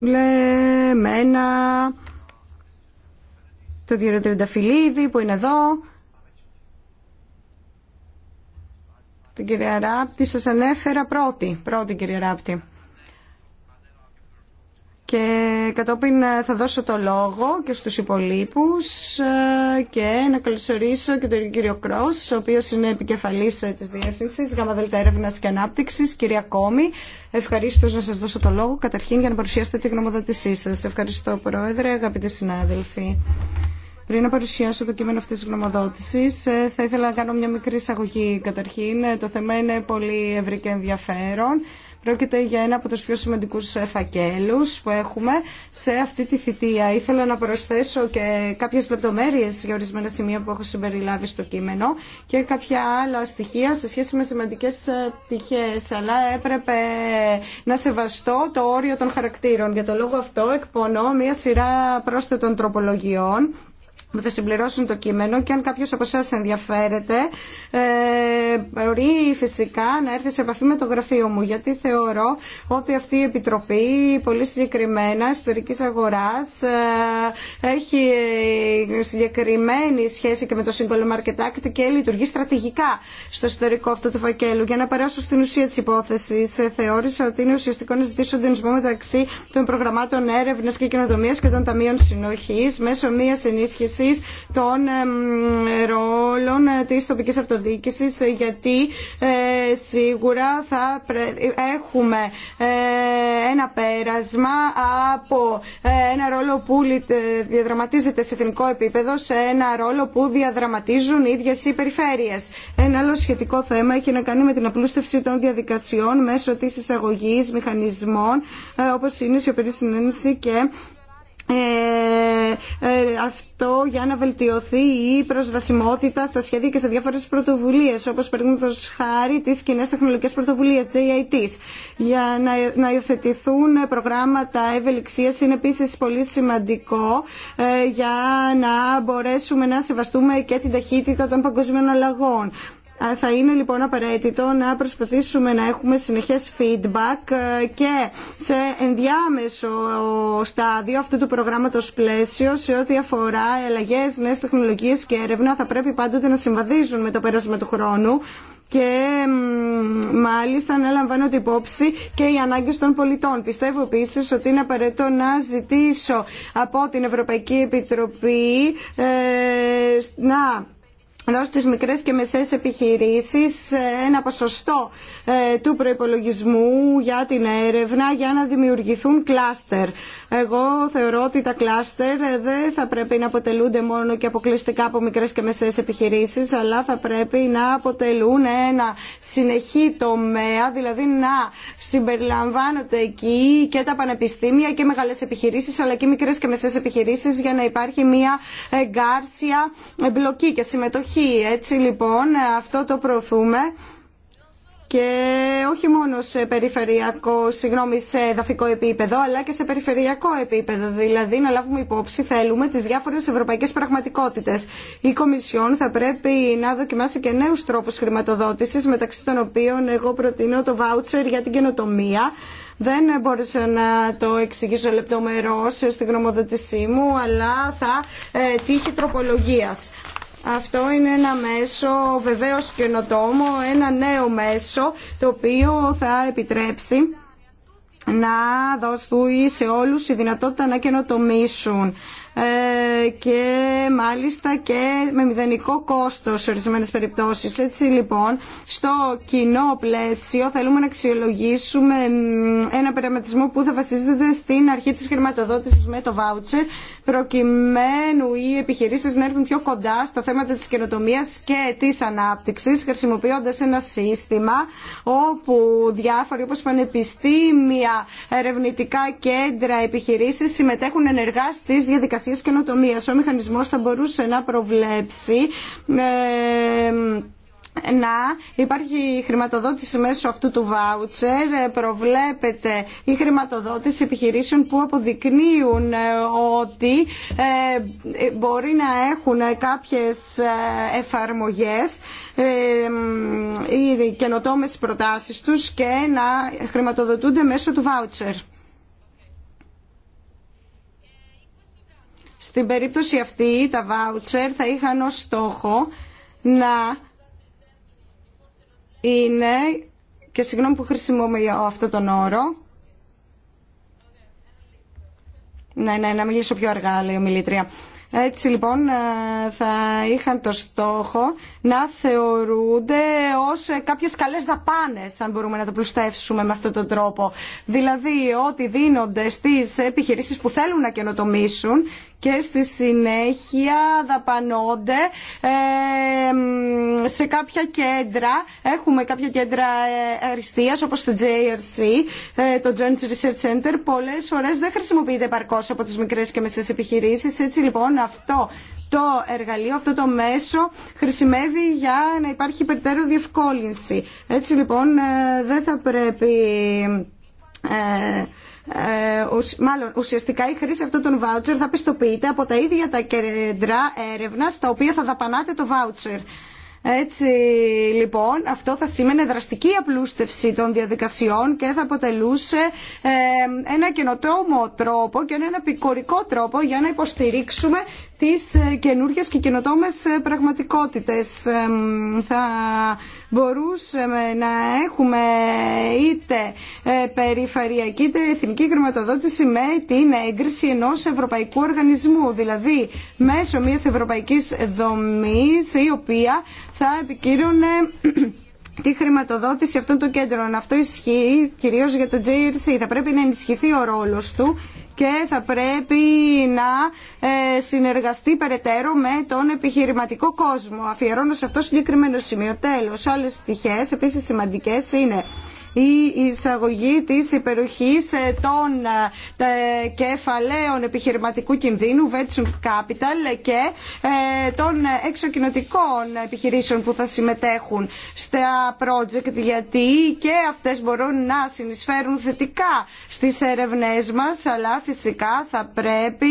Μένα το κύριο που είναι εδώ, την κυρία Ράπτη, σας ανέφερα πρώτη, πρώτη κυρία Ράπτη και κατόπιν ε, θα δώσω το λόγο και στους υπολείπους ε, και να καλωσορίσω και τον κύριο Κρός, ο οποίος είναι επικεφαλής ε, της Διεύθυνσης ΓΔΕΛΤΑ Έρευνας και Ανάπτυξης. Κυρία Κόμη, ευχαρίστω να σας δώσω το λόγο καταρχήν για να παρουσιάσετε τη γνωμοδότησή σας. Ευχαριστώ Πρόεδρε, αγαπητοί συνάδελφοι. Πριν να παρουσιάσω το κείμενο αυτής της γνωμοδότησης, θα ήθελα να κάνω μια μικρή εισαγωγή. Καταρχήν, το θέμα είναι πολύ ευρύ και ενδιαφέρον. Πρόκειται για ένα από τους πιο σημαντικούς ε, φακέλους που έχουμε σε αυτή τη θητεία. Ήθελα να προσθέσω και κάποιες λεπτομέρειες για ορισμένα σημεία που έχω συμπεριλάβει στο κείμενο και κάποια άλλα στοιχεία σε σχέση με σημαντικές ε, πτυχές. Αλλά έπρεπε να σεβαστώ το όριο των χαρακτήρων. Για το λόγο αυτό εκπονώ μια σειρά πρόσθετων τροπολογιών που θα συμπληρώσουν το κείμενο και αν κάποιο από εσά ενδιαφέρεται ε, μπορεί φυσικά να έρθει σε επαφή με το γραφείο μου γιατί θεωρώ ότι αυτή η Επιτροπή πολύ συγκεκριμένα ιστορικής αγοράς ε, έχει συγκεκριμένη σχέση και με το Single Market Act και λειτουργεί στρατηγικά στο ιστορικό αυτού του φακέλου. Για να περάσω στην ουσία της υπόθεσης ε, θεώρησα ότι είναι ουσιαστικό να ζητήσω συντονισμό μεταξύ των προγραμμάτων Έρευνα και κοινοτομία και των ταμείων συνοχή μέσω μία ενίσχυση των ρόλων της τοπικής αυτοδιοίκησης γιατί ε, σίγουρα θα έχουμε ε, ένα πέρασμα από ε, ένα ρόλο που διαδραματίζεται σε εθνικό επίπεδο σε ένα ρόλο που διαδραματίζουν οι ίδιες οι περιφέρειες. Ένα άλλο σχετικό θέμα έχει να κάνει με την απλούστευση των διαδικασιών μέσω της εισαγωγής μηχανισμών όπως είναι η σιωπηρή συνένεση και ε, ε, αυτό για να βελτιωθεί η προσβασιμότητα στα σχέδια και σε διάφορες πρωτοβουλίες όπως το χάρη τις κοινέ τεχνολογικές πρωτοβουλίες JITs για να, να υιοθετηθούν προγράμματα ευελιξίας είναι επίσης πολύ σημαντικό ε, για να μπορέσουμε να σεβαστούμε και την ταχύτητα των παγκοσμίων αλλαγών θα είναι λοιπόν απαραίτητο να προσπαθήσουμε να έχουμε συνεχές feedback ε, και σε ενδιάμεσο στάδιο αυτού του προγράμματος πλαίσιο σε ό,τι αφορά ελλαγέ, νέες τεχνολογίες και έρευνα θα πρέπει πάντοτε να συμβαδίζουν με το πέρασμα του χρόνου και μάλιστα να λαμβάνω την υπόψη και οι ανάγκε των πολιτών. Πιστεύω επίση ότι είναι απαραίτητο να ζητήσω από την Ευρωπαϊκή Επιτροπή ε, να ενώ τις μικρές και μεσαίες επιχειρήσεις ε, ένα ποσοστό ε, του προϋπολογισμού για την έρευνα για να δημιουργηθούν κλάστερ. Εγώ θεωρώ ότι τα κλάστερ ε, δεν θα πρέπει να αποτελούνται μόνο και αποκλειστικά από μικρές και μεσαίες επιχειρήσεις αλλά θα πρέπει να αποτελούν ένα συνεχή τομέα δηλαδή να συμπεριλαμβάνονται εκεί και τα πανεπιστήμια και μεγάλες επιχειρήσεις αλλά και μικρές και μεσαίες επιχειρήσεις για να υπάρχει μια εγκάρσια εμπλοκή και συμμετοχή έτσι λοιπόν αυτό το προωθούμε και όχι μόνο σε περιφερειακό, συγγνώμη, σε εδαφικό επίπεδο, αλλά και σε περιφερειακό επίπεδο. Δηλαδή, να λάβουμε υπόψη, θέλουμε τις διάφορες ευρωπαϊκές πραγματικότητε. Η Κομισιόν θα πρέπει να δοκιμάσει και νέου τρόπους χρηματοδότησης, μεταξύ των οποίων εγώ προτείνω το βάουτσερ για την καινοτομία. Δεν μπόρεσα να το εξηγήσω λεπτομερώ στη γνωμοδότησή μου, αλλά θα ε, τύχει τροπολογία. Αυτό είναι ένα μέσο βεβαίως καινοτόμο, ένα νέο μέσο το οποίο θα επιτρέψει να δοθούν σε όλους η δυνατότητα να καινοτομήσουν. Ε, και μάλιστα και με μηδενικό κόστος σε ορισμένες περιπτώσεις. Έτσι λοιπόν, στο κοινό πλαίσιο θέλουμε να αξιολογήσουμε ένα πειραματισμό που θα βασίζεται στην αρχή της χρηματοδότησης με το βάουτσερ προκειμένου οι επιχειρήσεις να έρθουν πιο κοντά στα θέματα της καινοτομία και της ανάπτυξης χρησιμοποιώντας ένα σύστημα όπου διάφοροι όπως πανεπιστήμια, ερευνητικά κέντρα, επιχειρήσεις συμμετέχουν ενεργά στις διαδικασίες ο μηχανισμό θα μπορούσε να προβλέψει ε, να υπάρχει χρηματοδότηση μέσω αυτού του βάουτσερ. Προβλέπεται η χρηματοδότηση επιχειρήσεων που αποδεικνύουν ε, ότι ε, μπορεί να έχουν κάποιες εφαρμογές ή καινοτόμες προτάσεις τους και να χρηματοδοτούνται μέσω του βάουτσερ. Στην περίπτωση αυτή τα βάουτσερ θα είχαν ως στόχο να είναι, και συγγνώμη που χρησιμοποιώ αυτό τον όρο, ναι, ναι, να μιλήσω πιο αργά, λέει ο μιλήτρια. Έτσι λοιπόν ε, θα είχαν το στόχο να θεωρούνται ως κάποιες καλές δαπάνες, αν μπορούμε να το πλουστεύσουμε με αυτόν τον τρόπο. Δηλαδή ότι δίνονται στις επιχειρήσεις που θέλουν να καινοτομήσουν και στη συνέχεια δαπανώνται ε, σε κάποια κέντρα. Έχουμε κάποια κέντρα ε, αριστείας όπω το JRC, ε, το Joint Research Center. Πολλέ φορέ δεν χρησιμοποιείται παρκώ από τι μικρέ και μεσέ επιχειρήσει. Έτσι λοιπόν αυτό το εργαλείο, αυτό το μέσο χρησιμεύει για να υπάρχει περιττέρω διευκόλυνση. Έτσι λοιπόν δεν θα πρέπει... Ε, μάλλον ουσιαστικά η χρήση αυτών των βάουτσερ θα πιστοποιείται από τα ίδια τα κέντρα έρευνα, τα οποία θα δαπανάτε το βάουτσερ. Έτσι λοιπόν αυτό θα σήμαινε δραστική απλούστευση των διαδικασιών και θα αποτελούσε ε, ένα καινοτόμο τρόπο και ένα επικορικό τρόπο για να υποστηρίξουμε τις ε, καινούργιες και καινοτόμες ε, πραγματικότητες. Θα μπορούσαμε να έχουμε είτε ε, περιφερειακή είτε εθνική χρηματοδότηση με την έγκριση ενός ευρωπαϊκού οργανισμού, δηλαδή μέσω μιας ευρωπαϊκής δομής η οποία θα επικύρωνε τη χρηματοδότηση αυτών των κέντρων. Αυτό ισχύει κυρίως για το JRC. Θα πρέπει να ενισχυθεί ο ρόλος του και θα πρέπει να ε, συνεργαστεί περαιτέρω με τον επιχειρηματικό κόσμο. Αφιερώνω σε αυτό συγκεκριμένο σημείο. Τέλο. Άλλε πτυχέ επίση σημαντικές είναι η εισαγωγή της υπεροχής ε, των ε, κεφαλαίων επιχειρηματικού κινδύνου, venture capital και ε, των εξοκοινοτικών επιχειρήσεων που θα συμμετέχουν στα project γιατί και αυτές μπορούν να συνεισφέρουν θετικά στις έρευνές μας αλλά φυσικά θα πρέπει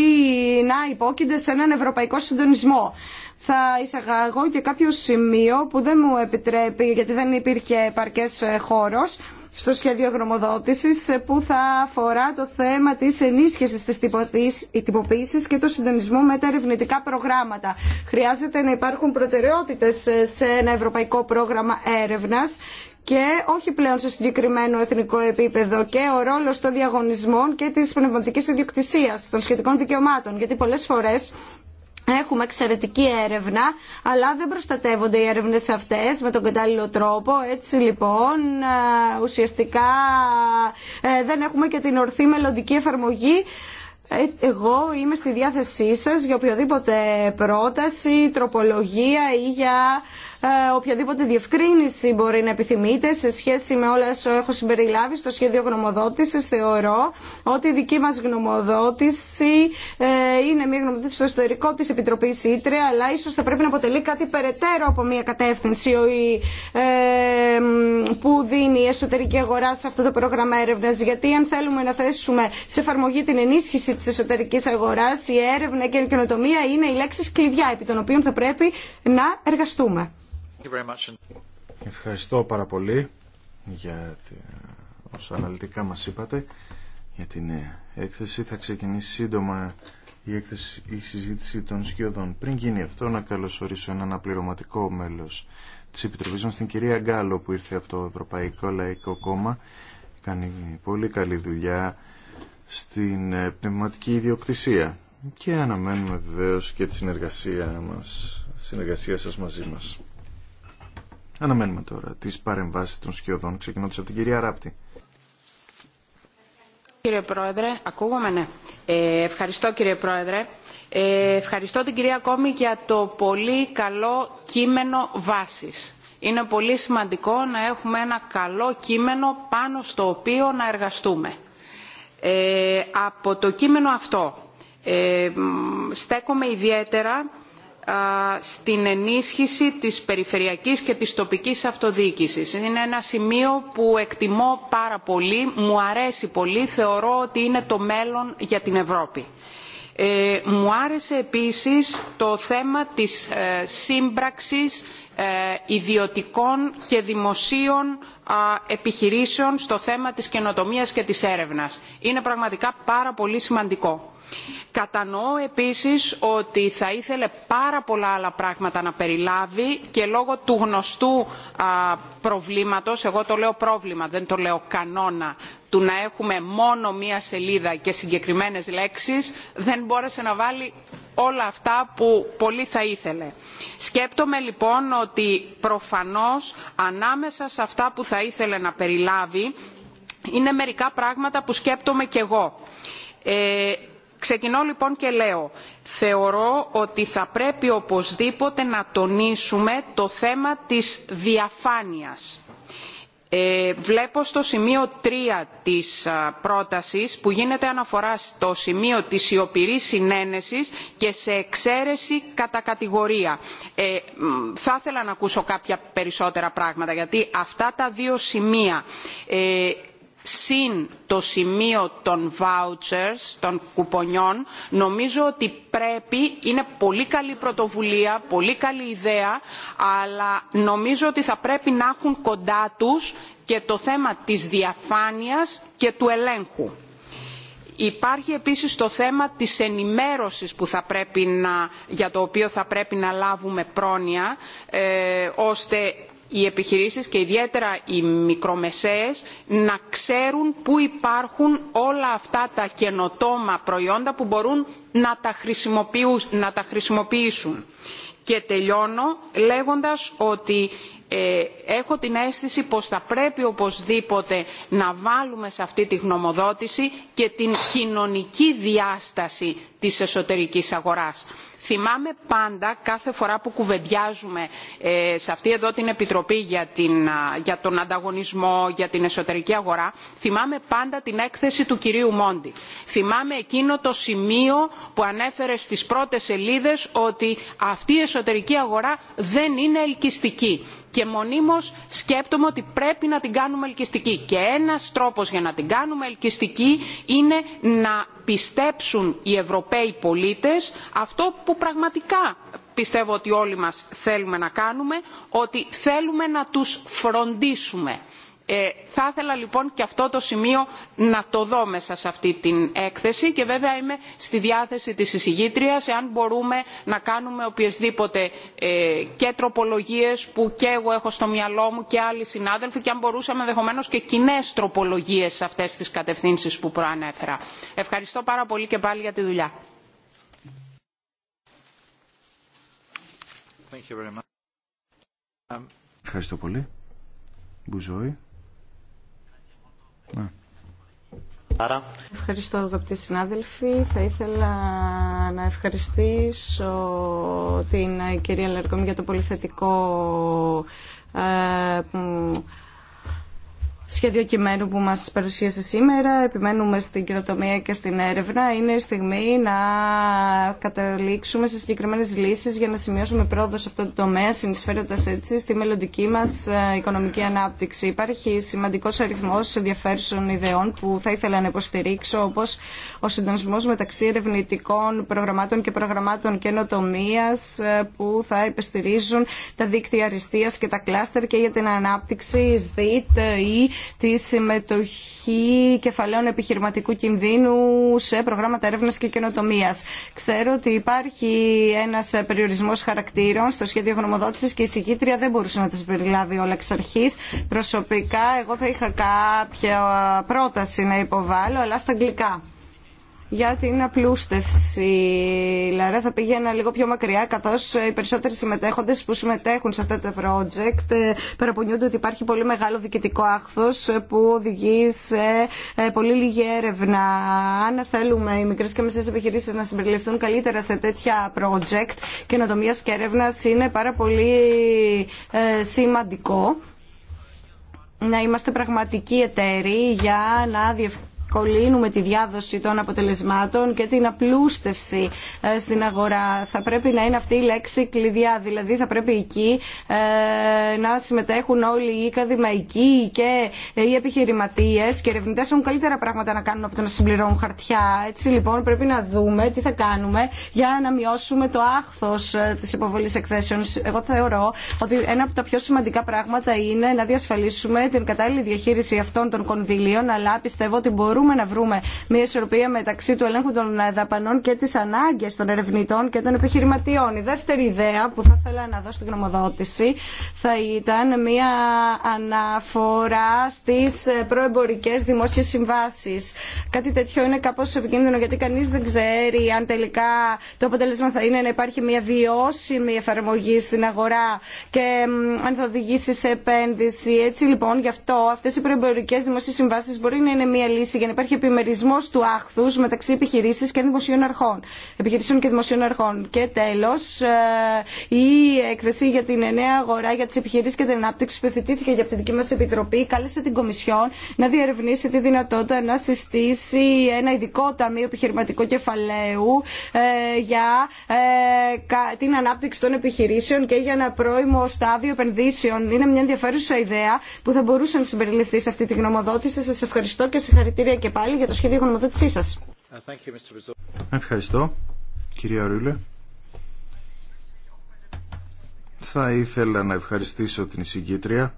να υπόκεινται σε έναν ευρωπαϊκό συντονισμό θα εισαγάγω και κάποιο σημείο που δεν μου επιτρέπει γιατί δεν υπήρχε επαρκές χώρος στο σχέδιο γνωμοδότησης που θα αφορά το θέμα της ενίσχυσης της τυποποίησης και του συντονισμού με τα ερευνητικά προγράμματα. Χρειάζεται να υπάρχουν προτεραιότητες ε, σε ένα ευρωπαϊκό πρόγραμμα έρευνας και όχι πλέον σε συγκεκριμένο εθνικό επίπεδο και ο ρόλο των διαγωνισμών και τη πνευματική ιδιοκτησία των σχετικών δικαιωμάτων. Γιατί πολλέ φορέ Έχουμε εξαιρετική έρευνα, αλλά δεν προστατεύονται οι έρευνες αυτές με τον κατάλληλο τρόπο. Έτσι λοιπόν, ε, ουσιαστικά ε, δεν έχουμε και την ορθή μελλοντική εφαρμογή ε, εγώ είμαι στη διάθεσή σας για οποιοδήποτε πρόταση, τροπολογία ή για ε, οποιαδήποτε διευκρίνηση μπορεί να επιθυμείτε σε σχέση με όλα όσα έχω συμπεριλάβει στο σχέδιο γνωμοδότησης. Θεωρώ ότι η δική μας γνωμοδότηση ε, είναι μια γνωμοδότηση στο εσωτερικό της Επιτροπής Ήτρε, αλλά ίσως θα πρέπει να αποτελεί κάτι περαιτέρω από μια κατεύθυνση ε, που δίνει η εσωτερική αγορά σε αυτό το πρόγραμμα έρευνα. Γιατί αν θέλουμε να θέσουμε σε εφαρμογή την ενίσχυση της εσωτερικής αγοράς η έρευνα και η καινοτομία είναι οι λέξεις κλειδιά επί των οποίων θα πρέπει να εργαστούμε. Ευχαριστώ πάρα πολύ για όσα αναλυτικά μας είπατε για την ε, έκθεση. Θα ξεκινήσει σύντομα η, έκθεση, η συζήτηση των σκιωδών. Πριν γίνει αυτό, να καλωσορίσω έναν απληρωματικό μέλος της Επιτροπής μας, την κυρία Γκάλο που ήρθε από το Ευρωπαϊκό Λαϊκό Κόμμα. Κάνει πολύ καλή δουλειά στην ε, πνευματική ιδιοκτησία και αναμένουμε βεβαίω και τη συνεργασία, μας, συνεργασία σας μαζί μας. Αναμένουμε τώρα τις παρεμβάσεις των σκιωδών, ξεκινώντας από την κυρία Ράπτη. Κύριε Πρόεδρε, ακούγομαι, ναι. Ε, ευχαριστώ κύριε Πρόεδρε. Ε, ευχαριστώ την κυρία Κόμη για το πολύ καλό κείμενο βάσης. Είναι πολύ σημαντικό να έχουμε ένα καλό κείμενο πάνω στο οποίο να εργαστούμε. Ε, από το κείμενο αυτό στέκομαι ιδιαίτερα στην ενίσχυση της περιφερειακής και της τοπικής αυτοδιοίκησης. Είναι ένα σημείο που εκτιμώ πάρα πολύ, μου αρέσει πολύ, θεωρώ ότι είναι το μέλλον για την Ευρώπη. Ε, μου άρεσε επίσης το θέμα της ε, σύμπραξης ε, ιδιωτικών και δημοσίων επιχειρήσεων στο θέμα της καινοτομίας και της έρευνας. Είναι πραγματικά πάρα πολύ σημαντικό. Κατανοώ επίσης ότι θα ήθελε πάρα πολλά άλλα πράγματα να περιλάβει και λόγω του γνωστού προβλήματος, εγώ το λέω πρόβλημα, δεν το λέω κανόνα, του να έχουμε μόνο μία σελίδα και συγκεκριμένες λέξεις, δεν μπόρεσε να βάλει όλα αυτά που πολύ θα ήθελε. Σκέπτομαι λοιπόν ότι προφανώς ανάμεσα σε αυτά που θα θα ήθελε να περιλάβει είναι μερικά πράγματα που σκέπτομαι κι εγώ. Ε, ξεκινώ λοιπόν και λέω θεωρώ ότι θα πρέπει οπωσδήποτε να τονίσουμε το θέμα της διαφάνειας ε, βλέπω στο σημείο 3 της πρότασης που γίνεται αναφορά στο σημείο της σιωπηρής συνένεσης και σε εξαίρεση κατά κατηγορία. Ε, θα ήθελα να ακούσω κάποια περισσότερα πράγματα γιατί αυτά τα δύο σημεία ε, συν το σημείο των vouchers, των κουπονιών, νομίζω ότι πρέπει, είναι πολύ καλή πρωτοβουλία, πολύ καλή ιδέα, αλλά νομίζω ότι θα πρέπει να έχουν κοντά τους και το θέμα της διαφάνειας και του ελέγχου. Υπάρχει επίσης το θέμα της ενημέρωσης που θα πρέπει να, για το οποίο θα πρέπει να λάβουμε πρόνοια, ε, ώστε οι επιχειρήσεις και ιδιαίτερα οι μικρομεσαίες να ξέρουν πού υπάρχουν όλα αυτά τα καινοτόμα προϊόντα που μπορούν να τα, να τα χρησιμοποιήσουν. Και τελειώνω λέγοντας ότι ε, έχω την αίσθηση πως θα πρέπει οπωσδήποτε να βάλουμε σε αυτή τη γνωμοδότηση και την κοινωνική διάσταση της εσωτερικής αγοράς θυμάμαι πάντα κάθε φορά που κουβεντιάζουμε ε, σε αυτή εδώ την επιτροπή για, για τον ανταγωνισμό για την εσωτερική αγορά θυμάμαι πάντα την έκθεση του κυρίου μόντι. θυμάμαι εκείνο το σημείο που ανέφερε στις πρώτες σελίδες ότι αυτή η εσωτερική αγορά δεν είναι ελκυστική και μονίμως σκέπτομαι ότι πρέπει να την κάνουμε ελκυστική και ένας τρόπος για να την κάνουμε ελκυστική είναι να πιστέψουν οι Ευρωπαίοι πολίτες αυτό που πραγματικά πιστεύω ότι όλοι μας θέλουμε να κάνουμε, ότι θέλουμε να τους φροντίσουμε ε, θα ήθελα λοιπόν και αυτό το σημείο να το δω μέσα σε αυτή την έκθεση και βέβαια είμαι στη διάθεση της εισηγήτριας εάν μπορούμε να κάνουμε οποιασδήποτε ε, και τροπολογίες που και εγώ έχω στο μυαλό μου και άλλοι συνάδελφοι και αν μπορούσαμε ενδεχομένω και κοινέ τροπολογίες σε αυτές τις κατευθύνσεις που προανέφερα. Ευχαριστώ πάρα πολύ και πάλι για τη δουλειά. Ευχαριστώ πολύ. Μπουζόη. Ναι. Ευχαριστώ αγαπητοί συνάδελφοι. Θα ήθελα να ευχαριστήσω την κυρία Λερκόμη για το πολυθετικό ε, που σχέδιο κειμένου που μας παρουσίασε σήμερα. Επιμένουμε στην κοινοτομία και στην έρευνα. Είναι η στιγμή να καταλήξουμε σε συγκεκριμένες λύσεις για να σημειώσουμε πρόοδο σε αυτό το τομέα, συνεισφέροντας έτσι στη μελλοντική μας ε, οικονομική ανάπτυξη. Υπάρχει σημαντικός αριθμός ενδιαφέρουσων ιδεών που θα ήθελα να υποστηρίξω, όπως ο συντονισμός μεταξύ ερευνητικών προγραμμάτων και προγραμμάτων καινοτομία ε, που θα υποστηρίζουν τα δίκτυα αριστείας και τα κλάστερ και για την ανάπτυξη ΣΔΙΤ ή τη συμμετοχή κεφαλαίων επιχειρηματικού κινδύνου σε προγράμματα έρευνα και καινοτομία. Ξέρω ότι υπάρχει ένα περιορισμό χαρακτήρων στο σχέδιο γνωμοδότηση και η συγκήτρια δεν μπορούσε να τις περιλάβει όλα εξ αρχή. Προσωπικά, εγώ θα είχα κάποια πρόταση να υποβάλω, αλλά στα αγγλικά για την απλούστευση. Λαρά θα πήγαινα λίγο πιο μακριά, καθώ οι περισσότεροι συμμετέχοντε που συμμετέχουν σε αυτά τα project ε, παραπονιούνται ότι υπάρχει πολύ μεγάλο διοικητικό άχθο ε, που οδηγεί σε ε, πολύ λίγη έρευνα. Αν θέλουμε οι μικρέ και μεσαίες επιχειρήσει να συμπεριληφθούν καλύτερα σε τέτοια project, καινοτομία και έρευνα είναι πάρα πολύ σημαντικό να είμαστε πραγματικοί εταίροι για να διευκολύνουμε κολλήνουμε τη διάδοση των αποτελεσμάτων και την απλούστευση ε, στην αγορά. Θα πρέπει να είναι αυτή η λέξη κλειδιά, δηλαδή θα πρέπει εκεί ε, να συμμετέχουν όλοι οι ακαδημαϊκοί και οι επιχειρηματίες και ερευνητέ έχουν καλύτερα πράγματα να κάνουν από το να συμπληρώνουν χαρτιά. Έτσι λοιπόν πρέπει να δούμε τι θα κάνουμε για να μειώσουμε το άχθος ε, της υποβολής εκθέσεων. Εγώ θεωρώ ότι ένα από τα πιο σημαντικά πράγματα είναι να διασφαλίσουμε την κατάλληλη διαχείριση αυτών των κονδυλίων, αλλά πιστεύω ότι μπορούμε μπορούμε να βρούμε μια ισορροπία μεταξύ του ελέγχου των δαπανών και τι ανάγκης των ερευνητών και των επιχειρηματιών. Η δεύτερη ιδέα που θα ήθελα να δώσω στην γνωμοδότηση θα ήταν μια αναφορά στι προεμπορικέ δημόσιε συμβάσει. Κάτι τέτοιο είναι κάπως επικίνδυνο γιατί κανεί δεν ξέρει αν τελικά το αποτέλεσμα θα είναι να υπάρχει μια βιώσιμη εφαρμογή στην αγορά και αν θα οδηγήσει σε επένδυση. Έτσι λοιπόν γι' αυτό αυτέ οι προεμπορικέ δημόσιε συμβάσει μπορεί να είναι μια λύση να υπάρχει επιμερισμό του άχθου μεταξύ επιχειρήσει και δημοσίων αρχών. Επιχειρήσεων και δημοσίων αρχών. Και τέλο, ε, η έκθεση για την νέα αγορά για τι επιχειρήσει και την ανάπτυξη που εθετήθηκε για την δική μα επιτροπή κάλεσε την Κομισιόν να διερευνήσει τη δυνατότητα να συστήσει ένα ειδικό ταμείο επιχειρηματικού κεφαλαίου ε, για ε, την ανάπτυξη των επιχειρήσεων και για ένα πρώιμο στάδιο επενδύσεων. Είναι μια ενδιαφέρουσα ιδέα που θα μπορούσε να συμπεριληφθεί σε αυτή τη γνωμοδότηση. Σα ευχαριστώ και συγχαρητήρια και πάλι για το σχέδιο γνωμοθέτησή σας. Ευχαριστώ, κυρία Ρούλε. Θα ήθελα να ευχαριστήσω την εισηγήτρια.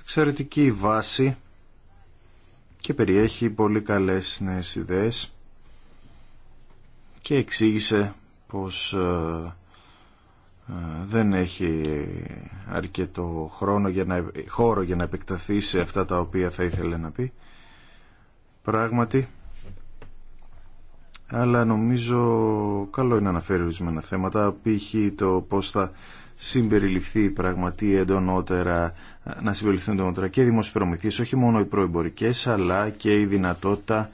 Εξαιρετική βάση και περιέχει πολύ καλές νέες ιδέες και εξήγησε πως ε, ε, δεν έχει αρκετό χρόνο για να, χώρο για να επεκταθεί σε αυτά τα οποία θα ήθελε να πει πράγματι αλλά νομίζω καλό είναι να αναφέρει ορισμένα θέματα π.χ. το πώς θα συμπεριληφθεί πραγματί εντονότερα να συμπεριληφθούν εντονότερα και οι δημοσιοπρομηθείες όχι μόνο οι προεμπορικές αλλά και η δυνατότητα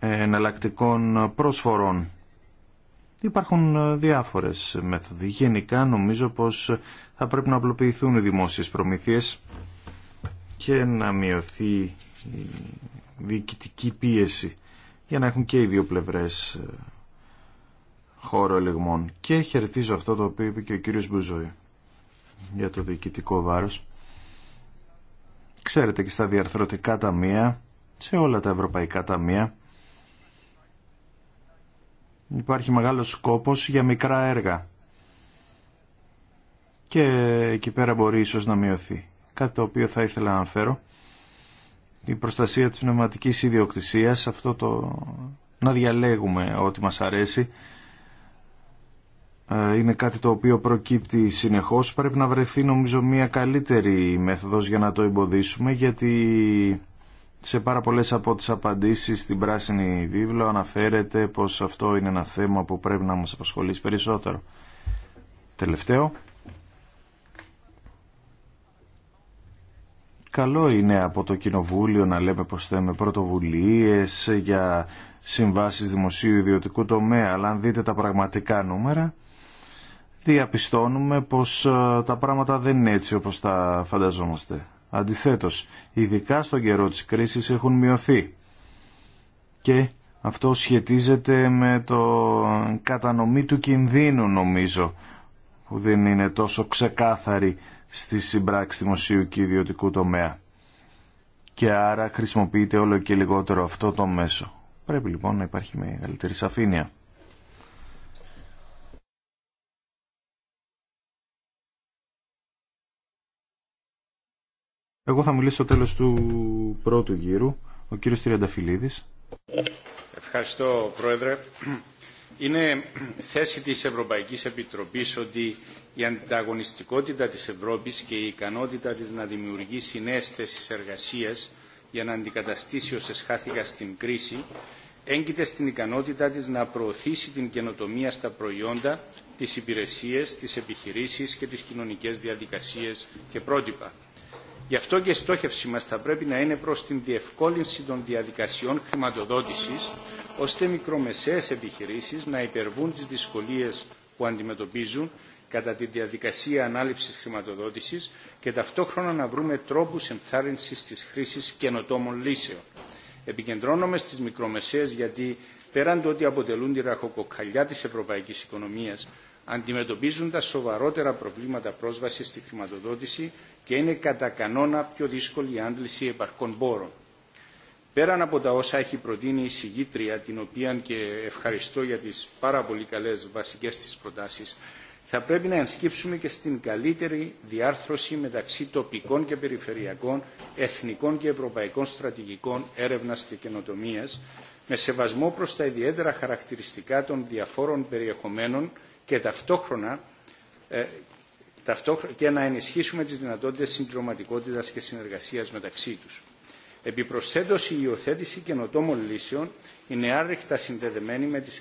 εναλλακτικών πρόσφορων Υπάρχουν ε, διάφορες μέθοδοι. Γενικά νομίζω πως θα πρέπει να απλοποιηθούν οι προμηθειες οχι μονο οι προεμπορικες αλλα και η δυνατοτητα εναλλακτικων προσφορων υπαρχουν προμήθειες και να μειωθεί η διοικητική πίεση για να έχουν και οι δύο πλευρές ε, χώρο ελεγμών. Και χαιρετίζω αυτό το οποίο είπε και ο κύριος Μπουζόη για το διοικητικό βάρος. Ξέρετε και στα διαρθρωτικά ταμεία, σε όλα τα ευρωπαϊκά ταμεία, υπάρχει μεγάλος σκόπος για μικρά έργα. Και εκεί πέρα μπορεί ίσως να μειωθεί. Κάτι το οποίο θα ήθελα να αναφέρω η προστασία της πνευματικής ιδιοκτησίας, αυτό το να διαλέγουμε ό,τι μας αρέσει, ε, είναι κάτι το οποίο προκύπτει συνεχώς. Πρέπει να βρεθεί νομίζω μια καλύτερη μέθοδος για να το εμποδίσουμε, γιατί σε πάρα πολλές από τις απαντήσεις στην πράσινη βίβλο αναφέρεται πως αυτό είναι ένα θέμα που πρέπει να μας απασχολήσει περισσότερο. Τελευταίο. Καλό είναι από το Κοινοβούλιο να λέμε πως θέμε πρωτοβουλίες για συμβάσεις δημοσίου ιδιωτικού τομέα, αλλά αν δείτε τα πραγματικά νούμερα, διαπιστώνουμε πως ε, τα πράγματα δεν είναι έτσι όπως τα φανταζόμαστε. Αντιθέτως, ειδικά στον καιρό της κρίσης έχουν μειωθεί. Και αυτό σχετίζεται με το κατανομή του κινδύνου νομίζω, που δεν είναι τόσο ξεκάθαρη στη συμπράξη δημοσίου και ιδιωτικού τομέα. Και άρα χρησιμοποιείται όλο και λιγότερο αυτό το μέσο. Πρέπει λοιπόν να υπάρχει μεγαλύτερη σαφήνεια. Εγώ θα μιλήσω στο τέλος του πρώτου γύρου, ο κύριος Τριανταφυλλίδης. Ευχαριστώ, Πρόεδρε. Είναι θέση της Ευρωπαϊκής Επιτροπής ότι η ανταγωνιστικότητα της Ευρώπης και η ικανότητα της να δημιουργήσει νέες θέσεις εργασίας για να αντικαταστήσει όσες χάθηκαν στην κρίση, έγκυται στην ικανότητα της να προωθήσει την καινοτομία στα προϊόντα, τις υπηρεσίες, τις επιχειρήσεις και τις κοινωνικές διαδικασίες και πρότυπα. Γι' αυτό και η στόχευση μας θα πρέπει να είναι προς την διευκόλυνση των διαδικασιών χρηματοδότησης, ώστε μικρομεσαίες επιχειρήσεις να υπερβούν τις δυσκολίες που αντιμετωπίζουν κατά τη διαδικασία ανάληψης χρηματοδότησης και ταυτόχρονα να βρούμε τρόπους ενθάρρυνσης της χρήσης καινοτόμων λύσεων. Επικεντρώνομαι στις μικρομεσαίες γιατί πέραν το ότι αποτελούν τη ραχοκοκαλιά της ευρωπαϊκής οικονομίας, αντιμετωπίζουν τα σοβαρότερα προβλήματα πρόσβασης στη χρηματοδότηση και είναι κατά κανόνα πιο δύσκολη η άντληση επαρκών πόρων. Πέραν από τα όσα έχει προτείνει η συγγήτρια, την οποία και ευχαριστώ για τις πάρα πολύ καλές βασικές της προτάσεις, θα πρέπει να ενσκύψουμε και στην καλύτερη διάρθρωση μεταξύ τοπικών και περιφερειακών, εθνικών και ευρωπαϊκών στρατηγικών έρευνας και καινοτομίας, με σεβασμό προς τα ιδιαίτερα χαρακτηριστικά των διαφόρων περιεχομένων και ταυτόχρονα ε, και να ενισχύσουμε τις δυνατότητες συντροματικότητας και συνεργασίας μεταξύ τους. Επιπροσθέτως, η υιοθέτηση καινοτόμων λύσεων είναι άρρηκτα συνδεδεμένη με τις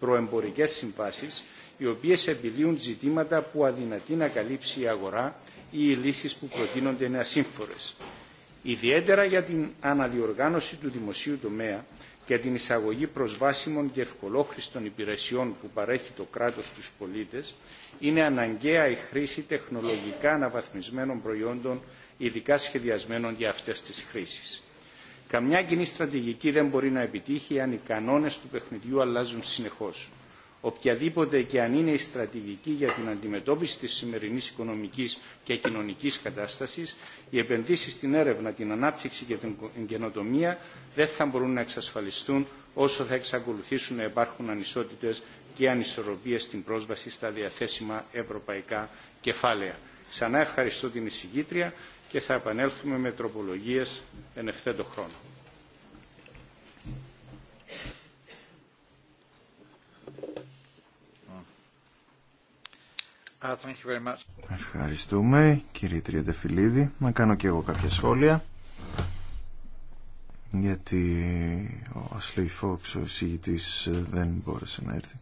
προεμπορικές συμβάσεις οι οποίες επιλύουν ζητήματα που αδυνατεί να καλύψει η αγορά ή οι λύσεις που προτείνονται είναι ασύμφορες. Ιδιαίτερα για την αναδιοργάνωση του δημοσίου τομέα και την εισαγωγή προσβάσιμων και ευκολόχρηστων υπηρεσιών που παρέχει το κράτος στους πολίτες, είναι αναγκαία η χρήση τεχνολογικά αναβαθμισμένων προϊόντων, ειδικά σχεδιασμένων για αυτές τις χρήσεις. Καμιά κοινή στρατηγική δεν μπορεί να επιτύχει αν οι κανόνες του παιχνιδιού αλλάζουν συνεχώς οποιαδήποτε και αν είναι η στρατηγική για την αντιμετώπιση της σημερινής οικονομικής και κοινωνικής κατάστασης, οι επενδύσεις στην έρευνα, την ανάπτυξη και την καινοτομία δεν θα μπορούν να εξασφαλιστούν όσο θα εξακολουθήσουν να υπάρχουν ανισότητες και ανισορροπίες στην πρόσβαση στα διαθέσιμα ευρωπαϊκά κεφάλαια. Ξανά ευχαριστώ την εισηγήτρια και θα επανέλθουμε με τροπολογίες εν ευθέτω χρόνο. Uh, Ευχαριστούμε κύριε Τριαντεφυλλίδη. Να κάνω και εγώ κάποια σχόλια γιατί ο Σλιφ Φόξ ο εισηγητής δεν μπόρεσε να έρθει.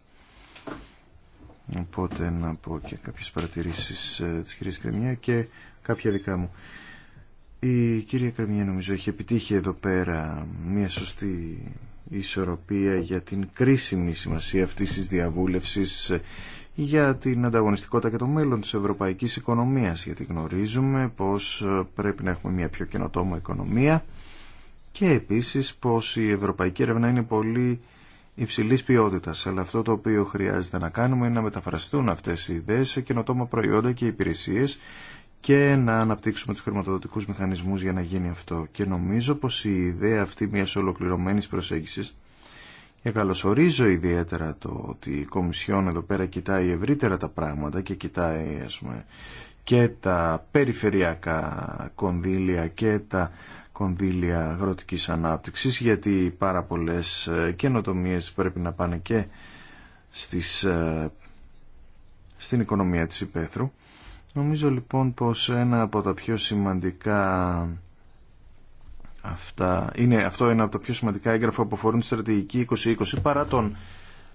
Οπότε να πω και κάποιες παρατηρήσεις ε, της κυρίας Κρεμιά και κάποια δικά μου. Η κυρία Κρεμιά νομίζω έχει επιτύχει εδώ πέρα μια σωστή ισορροπία για την κρίσιμη σημασία αυτής της διαβούλευσης για την ανταγωνιστικότητα και το μέλλον της ευρωπαϊκής οικονομίας γιατί γνωρίζουμε πως ε, πρέπει να έχουμε μια πιο καινοτόμο οικονομία και επίσης πως η ευρωπαϊκή έρευνα είναι πολύ υψηλής ποιότητας αλλά αυτό το οποίο χρειάζεται να κάνουμε είναι να μεταφραστούν αυτές οι ιδέες σε καινοτόμα προϊόντα και υπηρεσίες και να αναπτύξουμε τους χρηματοδοτικούς μηχανισμούς για να γίνει αυτό. Και νομίζω πως η ιδέα αυτή μιας ολοκληρωμένης προσέγγισης και ε, καλωσορίζω ιδιαίτερα το ότι η Κομισιόν εδώ πέρα κοιτάει ευρύτερα τα πράγματα και κοιτάει ας και τα περιφερειακά κονδύλια και τα κονδύλια αγροτικής ανάπτυξης γιατί πάρα πολλές ε, καινοτομίες πρέπει να πάνε και στις, ε, στην οικονομία της υπαίθρου. Νομίζω λοιπόν πως ένα από τα πιο σημαντικά Αυτά είναι αυτό είναι από τα πιο σημαντικά έγγραφα που αφορούν τη στρατηγική 2020 παρά τον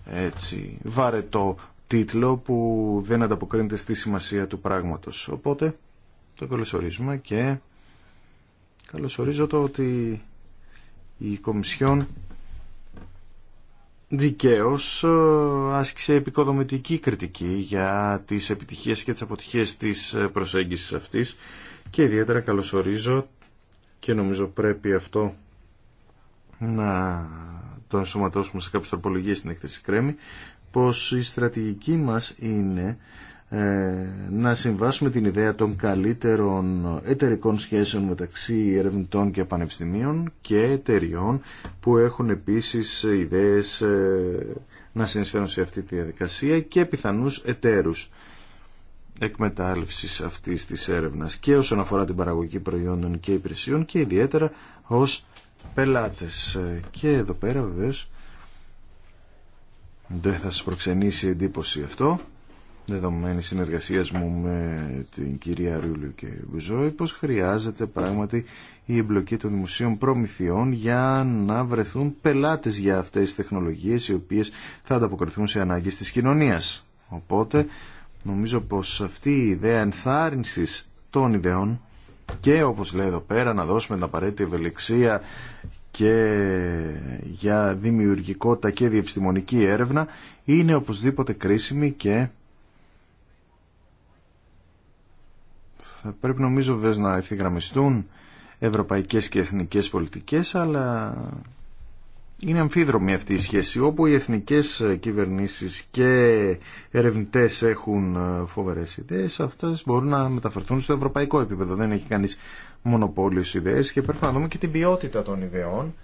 έτσι, βαρετό τίτλο που δεν ανταποκρίνεται στη σημασία του πράγματος. Οπότε το καλωσορίζουμε και καλωσορίζω το ότι η Κομισιόν δικαίως ε, άσκησε επικοδομητική κριτική για τις επιτυχίες και τις αποτυχίες της ε, προσέγγισης αυτής και ιδιαίτερα καλωσορίζω και νομίζω πρέπει αυτό να το ενσωματώσουμε σε κάποιες τροπολογίες στην εκθέση Κρέμη, πως η στρατηγική μας είναι ε, να συμβάσουμε την ιδέα των καλύτερων εταιρικών σχέσεων μεταξύ ερευνητών και πανεπιστημίων και εταιριών που έχουν επίσης ιδέες ε, να συνεισφέρουν σε αυτή τη διαδικασία και πιθανούς εταίρους εκμετάλλευσης αυτής της έρευνας και όσον αφορά την παραγωγή προϊόντων και υπηρεσιών και ιδιαίτερα ως πελάτες. Και εδώ πέρα βεβαίως δεν θα σας προξενήσει εντύπωση αυτό δεδομένη συνεργασία μου με την κυρία Ρούλιο και Μπουζόη πως χρειάζεται πράγματι η εμπλοκή των δημοσίων προμηθειών για να βρεθούν πελάτες για αυτές τις τεχνολογίες οι οποίες θα ανταποκριθούν σε ανάγκες της κοινωνίας. Οπότε Νομίζω πως αυτή η ιδέα ενθάρρυνσης των ιδεών και όπως λέει εδώ πέρα να δώσουμε την απαραίτητη ευελιξία και για δημιουργικότητα και διεπιστημονική έρευνα είναι οπωσδήποτε κρίσιμη και θα πρέπει νομίζω βέβαια να ευθυγραμμιστούν ευρωπαϊκές και εθνικές πολιτικές αλλά είναι αμφίδρομη αυτή η σχέση, όπου οι εθνικές κυβερνήσεις και ερευνητές έχουν ε, φοβερές ιδέες, αυτές μπορούν να μεταφερθούν στο ευρωπαϊκό επίπεδο. Δεν έχει κανείς μονοπόλιο στις ιδέες και πρέπει να δούμε και την ποιότητα των ιδεών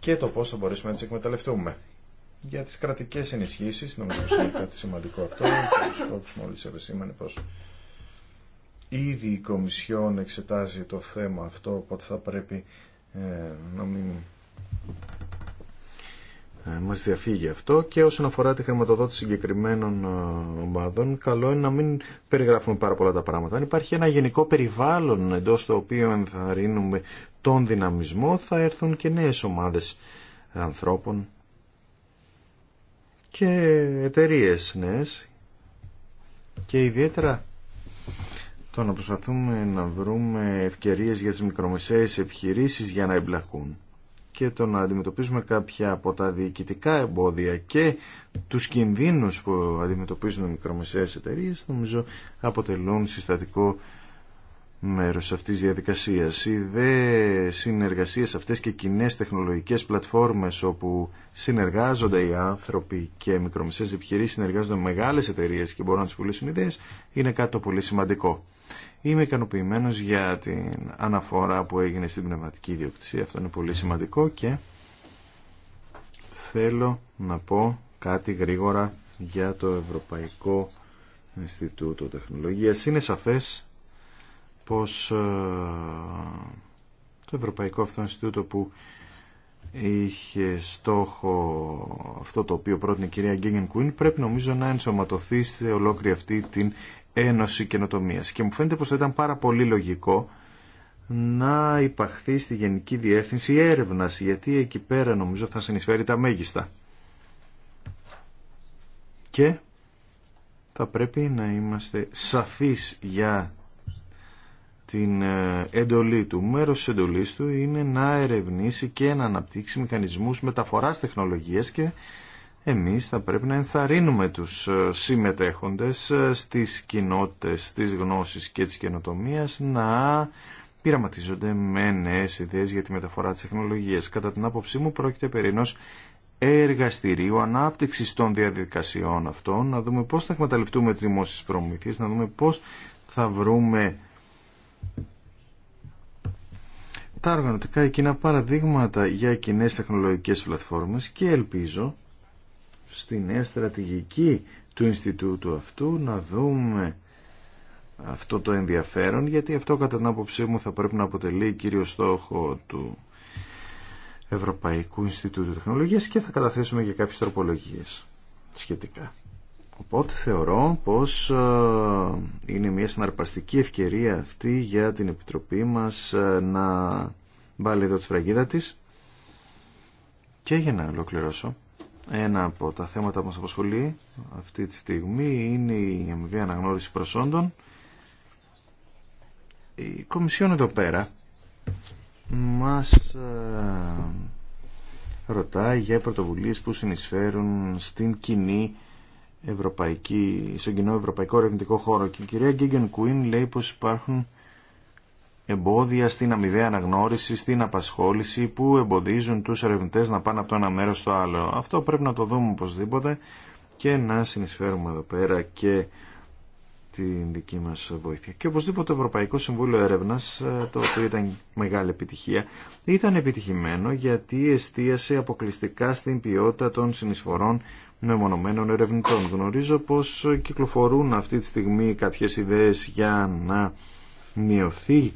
και το πώς θα μπορέσουμε να τις εκμεταλλευτούμε. Για τις κρατικές ενισχύσεις, νομίζω ότι είναι κάτι σημαντικό αυτό, μόλις πως ήδη η Κομισιόν εξετάζει το θέμα αυτό, οπότε θα πρέπει ε, να μην μας διαφύγει αυτό και όσον αφορά τη χρηματοδότηση συγκεκριμένων ε, ομάδων καλό είναι να μην περιγράφουμε πάρα πολλά τα πράγματα. Αν υπάρχει ένα γενικό περιβάλλον εντός το οποίο ενθαρρύνουμε τον δυναμισμό θα έρθουν και νέες ομάδες ανθρώπων και εταιρείε νέες και ιδιαίτερα το να προσπαθούμε να βρούμε ευκαιρίες για τις μικρομεσαίες επιχειρήσεις για να εμπλακούν και το να αντιμετωπίζουμε κάποια από τα διοικητικά εμπόδια και τους κινδύνους που αντιμετωπίζουν οι μικρομεσαίες εταιρείες νομίζω αποτελούν συστατικό μέρος αυτής της διαδικασίας. Οι δε σε αυτές και κοινέ τεχνολογικές πλατφόρμες όπου συνεργάζονται οι άνθρωποι και μικρομεσαίες επιχειρήσεις συνεργάζονται με μεγάλες εταιρείες και μπορούν να τους πουλήσουν ιδέες είναι κάτι το πολύ σημαντικό. Είμαι ικανοποιημένο για την αναφορά που έγινε στην πνευματική ιδιοκτησία. Αυτό είναι πολύ σημαντικό και θέλω να πω κάτι γρήγορα για το Ευρωπαϊκό Ινστιτούτο Τεχνολογίας. Είναι σαφές πως ε, το Ευρωπαϊκό αυτό Ινστιτούτο που είχε στόχο αυτό το οποίο πρότεινε η κυρία Γκίγεν Κουίν πρέπει νομίζω να ενσωματωθεί σε ολόκληρη αυτή την Ένωση καινοτομία. Και μου φαίνεται πω θα ήταν πάρα πολύ λογικό να υπαχθεί στη Γενική Διεύθυνση έρευνα γιατί εκεί πέρα νομίζω θα συνεισφέρει τα μέγιστα. Και θα πρέπει να είμαστε σαφείς για την ε, εντολή του. Μέρος της εντολή του είναι να ερευνήσει και να αναπτύξει μηχανισμούς μεταφοράς τεχνολογίες και εμείς θα πρέπει να ενθαρρύνουμε τους ε, συμμετέχοντες ε, στις κοινότητες της γνώσης και της καινοτομίας να πειραματίζονται με νέες ιδέες για τη μεταφορά της τεχνολογίας. Κατά την άποψή μου πρόκειται περί ενός εργαστηρίου ανάπτυξης των διαδικασιών αυτών, να δούμε πώς θα εκμεταλλευτούμε τις δημόσιες προμήθειες, να δούμε πώς θα βρούμε τα οργανωτικά εκείνα παραδείγματα για κοινέ τεχνολογικές πλατφόρμες και ελπίζω στη νέα στρατηγική του Ινστιτούτου αυτού να δούμε αυτό το ενδιαφέρον γιατί αυτό κατά την άποψή μου θα πρέπει να αποτελεί κύριο στόχο του Ευρωπαϊκού Ινστιτούτου Τεχνολογίας και θα καταθέσουμε και κάποιες τροπολογίες σχετικά. Οπότε θεωρώ πως ε, είναι μια συναρπαστική ευκαιρία αυτή για την Επιτροπή μας ε, να βάλει εδώ τη φραγίδα της και για να ολοκληρώσω ένα από τα θέματα που μας απασχολεί αυτή τη στιγμή είναι η αμοιβή αναγνώριση προσόντων. Η Κομισιόν εδώ πέρα μας ε, ρωτάει για πρωτοβουλίες που συνεισφέρουν στην κοινή ευρωπαϊκή, στον κοινό ευρωπαϊκό ερευνητικό χώρο. Και η κυρία Γκίγκεν Κουίν λέει πως υπάρχουν εμπόδια στην αμοιβαία αναγνώριση, στην απασχόληση που εμποδίζουν τους ερευνητέ να πάνε από το ένα μέρος στο άλλο. Αυτό πρέπει να το δούμε οπωσδήποτε και να συνεισφέρουμε εδώ πέρα και την δική μας βοήθεια. Και οπωσδήποτε το Ευρωπαϊκό Συμβούλιο Έρευνας, ε, το οποίο ήταν μεγάλη επιτυχία, ήταν επιτυχημένο γιατί εστίασε αποκλειστικά στην ποιότητα των συνεισφορών μεμονωμένων ερευνητών. Γνωρίζω πως κυκλοφορούν αυτή τη στιγμή κάποιες ιδέες για να μειωθεί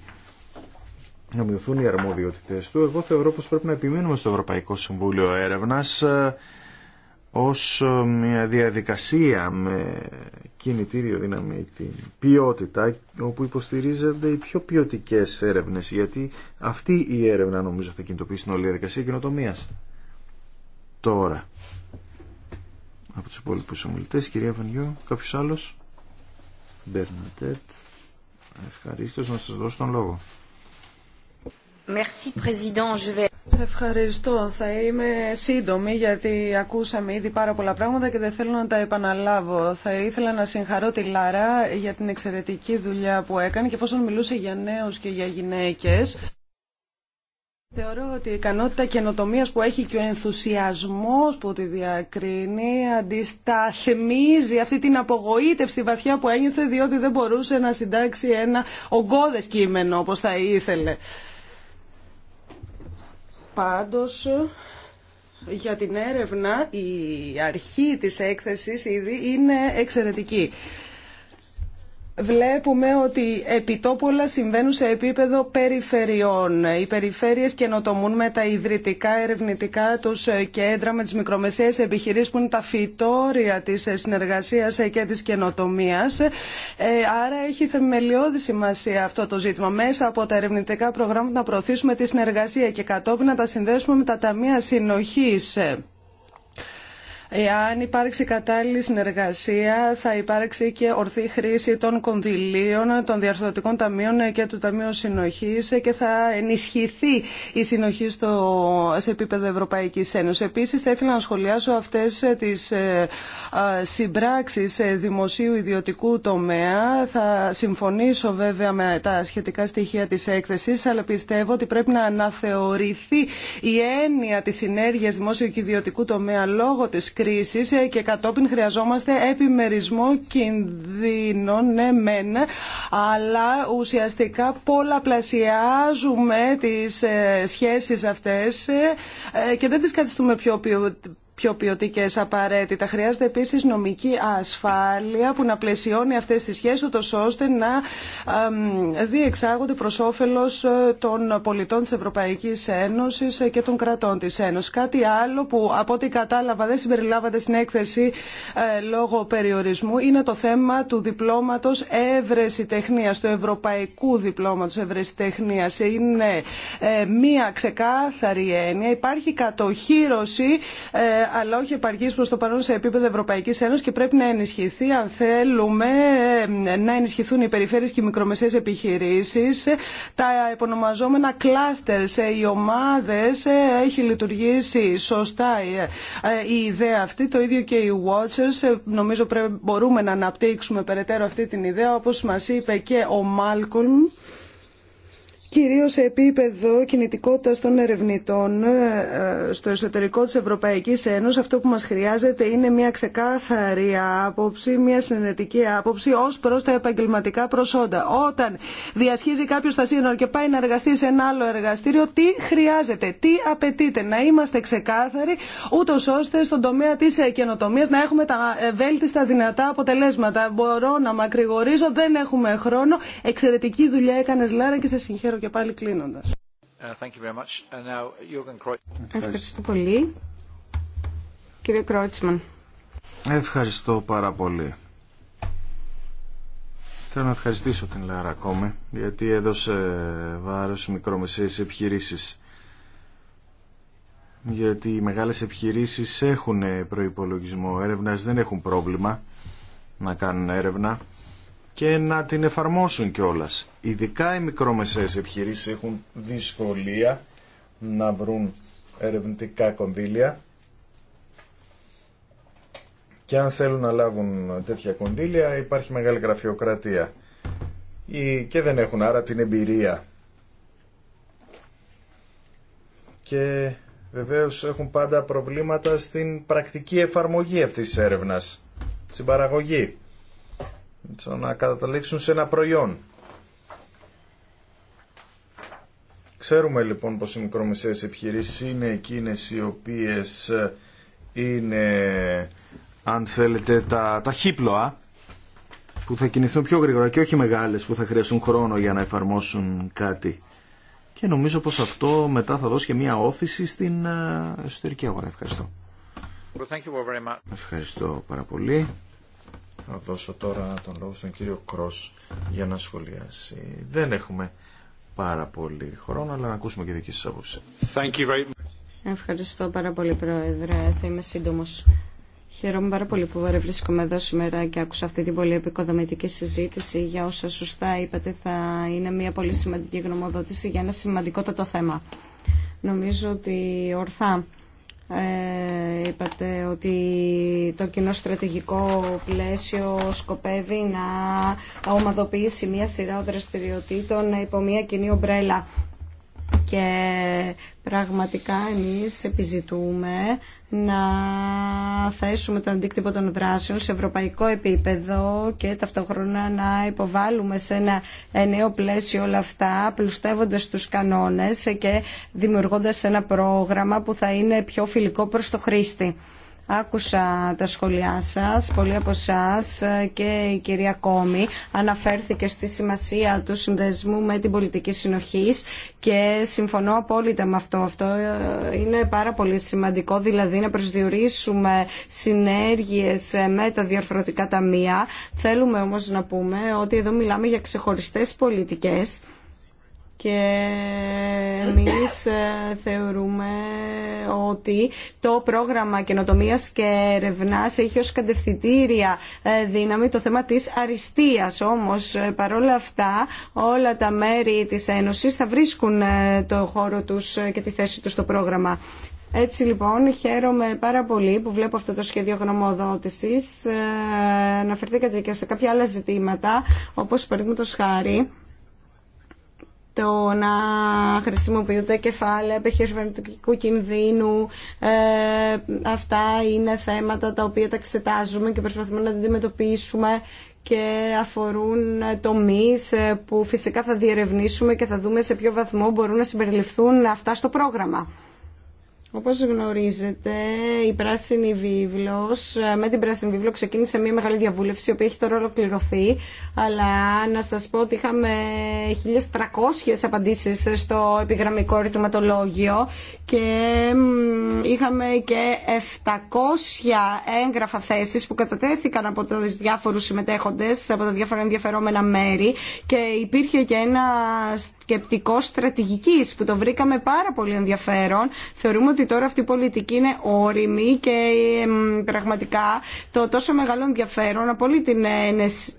να μειωθούν οι αρμοδιότητες του. Εγώ θεωρώ πως πρέπει να επιμείνουμε στο Ευρωπαϊκό Συμβούλιο Έρευνας ε, ως ε, μια διαδικασία με κινητήριο δύναμη την ποιότητα όπου υποστηρίζονται οι πιο ποιοτικέ έρευνες γιατί αυτή η έρευνα νομίζω θα κινητοποιήσει την όλη διαδικασία καινοτομία. Τώρα από τους υπόλοιπους ομιλητές κυρία Βανιού, κάποιος άλλος Μπερνατέτ ευχαρίστως να σας δώσω τον λόγο Ευχαριστώ. Θα είμαι σύντομη γιατί ακούσαμε ήδη πάρα πολλά πράγματα και δεν θέλω να τα επαναλάβω. Θα ήθελα να συγχαρώ τη Λάρα για την εξαιρετική δουλειά που έκανε και πόσο μιλούσε για νέους και για γυναίκες. Θεωρώ ότι η ικανότητα καινοτομία που έχει και ο ενθουσιασμό που τη διακρίνει αντισταθμίζει αυτή την απογοήτευση βαθιά που ένιωθε διότι δεν μπορούσε να συντάξει ένα ογκώδε κείμενο όπω θα ήθελε. Πάντως, για την έρευνα η αρχή της έκθεσης ήδη είναι εξαιρετική βλέπουμε ότι επιτόπολα συμβαίνουν σε επίπεδο περιφερειών. Οι περιφέρειες καινοτομούν με τα ιδρυτικά ερευνητικά τους κέντρα, με τις μικρομεσαίες επιχειρήσεις που είναι τα φυτόρια της συνεργασίας και της καινοτομίας. Ε, άρα έχει θεμελιώδη σημασία αυτό το ζήτημα. Μέσα από τα ερευνητικά προγράμματα να προωθήσουμε τη συνεργασία και κατόπιν να τα συνδέσουμε με τα ταμεία συνοχής. Εάν υπάρξει κατάλληλη συνεργασία, θα υπάρξει και ορθή χρήση των κονδυλίων, των διαρθρωτικών ταμείων και του Ταμείου Συνοχή και θα ενισχυθεί η συνοχή στο, σε επίπεδο Ευρωπαϊκή Ένωση. Επίση, θα ήθελα να σχολιάσω αυτέ τι ε, συμπράξει δημοσίου ιδιωτικού τομέα. Θα συμφωνήσω βέβαια με τα σχετικά στοιχεία τη έκθεση, αλλά πιστεύω ότι πρέπει να αναθεωρηθεί η έννοια τη συνέργεια δημόσιου και ιδιωτικού τομέα λόγω τη κρίσης ε, και κατόπιν χρειαζόμαστε επιμερισμό κινδύνων, ναι μεν, αλλά ουσιαστικά πολλαπλασιάζουμε τις ε, σχέσεις αυτές ε, και δεν τις καθιστούμε πιο πιο ποιοτικέ απαραίτητα. Χρειάζεται επίση νομική ασφάλεια που να πλαισιώνει αυτέ τι σχέσει, ώστε να διεξάγονται προ όφελο ε, των πολιτών τη Ευρωπαϊκή Ένωση ε, και των κρατών τη Ένωση. Κάτι άλλο που από ό,τι κατάλαβα δεν συμπεριλάβατε στην έκθεση ε, λόγω περιορισμού είναι το θέμα του διπλώματο τεχνία, του ευρωπαϊκού διπλώματο ευρεσιτεχνία. Είναι μία ξεκάθαρη έννοια. Υπάρχει κατοχήρωση αλλά όχι επαρκής προς το παρόν σε επίπεδο Ευρωπαϊκής Ένωσης και πρέπει να ενισχυθεί αν θέλουμε ε, να ενισχυθούν οι περιφέρειες και οι μικρομεσαίες επιχειρήσεις. Τα επωνομαζόμενα κλάστερς, οι ομάδες, ε, έχει λειτουργήσει σωστά ε, η ιδέα αυτή. Το ίδιο και οι Watchers. Νομίζω πρέπει, μπορούμε να αναπτύξουμε περαιτέρω αυτή την ιδέα όπως μας είπε και ο Μάλκολμ κυρίως σε επίπεδο κινητικότητας των ερευνητών ε, ε, στο εσωτερικό της Ευρωπαϊκής Ένωσης αυτό που μας χρειάζεται είναι μια ξεκάθαρη άποψη, μια συνενετική άποψη ως προς τα επαγγελματικά προσόντα. Όταν διασχίζει κάποιος τα σύνορα και πάει να εργαστεί σε ένα άλλο εργαστήριο, τι χρειάζεται, τι απαιτείται. Να είμαστε ξεκάθαροι ούτω ώστε στον τομέα της ε, καινοτομία να έχουμε τα βέλτιστα δυνατά αποτελέσματα. Μπορώ να μακρηγορίζω, δεν έχουμε χρόνο. Εξαιρετική δουλειά έκανες Λάρα και σε συγχαίρω και πάλι κλείνοντα. Uh, Ευχαριστώ πολύ. Κύριε Κρότσμαν. Ευχαριστώ πάρα πολύ. Θέλω να ευχαριστήσω την Λάρα ακόμη, γιατί έδωσε βάρος μικρομεσαίες επιχειρήσεις. Γιατί οι μεγάλες επιχειρήσεις έχουν προϋπολογισμό έρευνας, δεν έχουν πρόβλημα να κάνουν έρευνα και να την εφαρμόσουν κιόλας. Ειδικά οι μικρομεσαίες επιχειρήσεις έχουν δυσκολία να βρουν ερευνητικά κονδύλια και αν θέλουν να λάβουν τέτοια κονδύλια υπάρχει μεγάλη γραφειοκρατία και δεν έχουν άρα την εμπειρία και βεβαίως έχουν πάντα προβλήματα στην πρακτική εφαρμογή αυτής της έρευνας στην παραγωγή έτσι να καταταλήξουν σε ένα προϊόν. Ξέρουμε λοιπόν πως οι μικρομεσαίες επιχειρήσεις είναι εκείνες οι οποίες ε, είναι αν θέλετε τα, τα χύπλοα που θα κινηθούν πιο γρήγορα και όχι μεγάλες που θα χρειαστούν χρόνο για να εφαρμόσουν κάτι. Και νομίζω πως αυτό μετά θα δώσει και μια όθηση στην ε, εσωτερική αγορά. Ευχαριστώ. Ευχαριστώ πάρα πολύ να δώσω τώρα τον λόγο στον κύριο Κρός για να σχολιάσει. Δεν έχουμε πάρα πολύ χρόνο, αλλά να ακούσουμε και δική σας άποψη. Ευχαριστώ πάρα πολύ, Πρόεδρε. Θα είμαι σύντομο. Χαίρομαι πάρα πολύ που βρίσκομαι εδώ σήμερα και άκουσα αυτή την πολύ επικοδομητική συζήτηση για όσα σωστά είπατε θα είναι μια πολύ σημαντική γνωμοδότηση για ένα σημαντικότατο θέμα. Νομίζω ότι ορθά ε, είπατε ότι το κοινό στρατηγικό πλαίσιο σκοπεύει να ομαδοποιήσει μια σειρά δραστηριοτήτων υπό μια κοινή ομπρέλα και πραγματικά εμείς επιζητούμε να θέσουμε τον αντίκτυπο των δράσεων σε ευρωπαϊκό επίπεδο και ταυτόχρονα να υποβάλουμε σε ένα νέο πλαίσιο όλα αυτά, πλουστεύοντας τους κανόνες και δημιουργώντας ένα πρόγραμμα που θα είναι πιο φιλικό προς το χρήστη. Άκουσα τα σχόλιά σας, πολλοί από εσά και η κυρία Κόμη αναφέρθηκε στη σημασία του συνδεσμού με την πολιτική συνοχής και συμφωνώ απόλυτα με αυτό. Αυτό είναι πάρα πολύ σημαντικό, δηλαδή να προσδιορίσουμε συνέργειες με τα διαρθρωτικά ταμεία. Θέλουμε όμως να πούμε ότι εδώ μιλάμε για ξεχωριστές πολιτικές και εμείς ε, θεωρούμε ότι το πρόγραμμα καινοτομία και έρευνά έχει ως κατευθυντήρια ε, δύναμη το θέμα της αριστείας. Όμως ε, παρόλα αυτά όλα τα μέρη της Ένωσης θα βρίσκουν το χώρο τους και τη θέση τους στο πρόγραμμα. Έτσι λοιπόν χαίρομαι πάρα πολύ που βλέπω αυτό το σχέδιο γνωμοδότησης. Αναφερθήκατε και σε κάποια άλλα ζητήματα όπως παραδείγματος χάρη το να χρησιμοποιούνται κεφάλαια επιχειρηματικού κινδύνου. Ε, αυτά είναι θέματα τα οποία τα εξετάζουμε και προσπαθούμε να τα αντιμετωπίσουμε και αφορούν τομεί ε, που φυσικά θα διερευνήσουμε και θα δούμε σε ποιο βαθμό μπορούν να συμπεριληφθούν αυτά στο πρόγραμμα. Όπως γνωρίζετε, η Πράσινη Βίβλος, ε, με την Πράσινη Βίβλο ξεκίνησε μια μεγάλη διαβούλευση, η οποία έχει τώρα ολοκληρωθεί, αλλά να σας πω ότι είχαμε 1.300 απαντήσεις στο επιγραμμικό ρητοματολόγιο και είχαμε και 700 έγγραφα θέσεις που κατατέθηκαν από τους διάφορους συμμετέχοντες, από τα διάφορα ενδιαφερόμενα μέρη και υπήρχε και ένα σκεπτικό στρατηγικής που το βρήκαμε πάρα πολύ ενδιαφέρον. Θεωρούμε ότι τώρα αυτή η πολιτική είναι όρημη και πραγματικά το τόσο μεγάλο ενδιαφέρον από όλη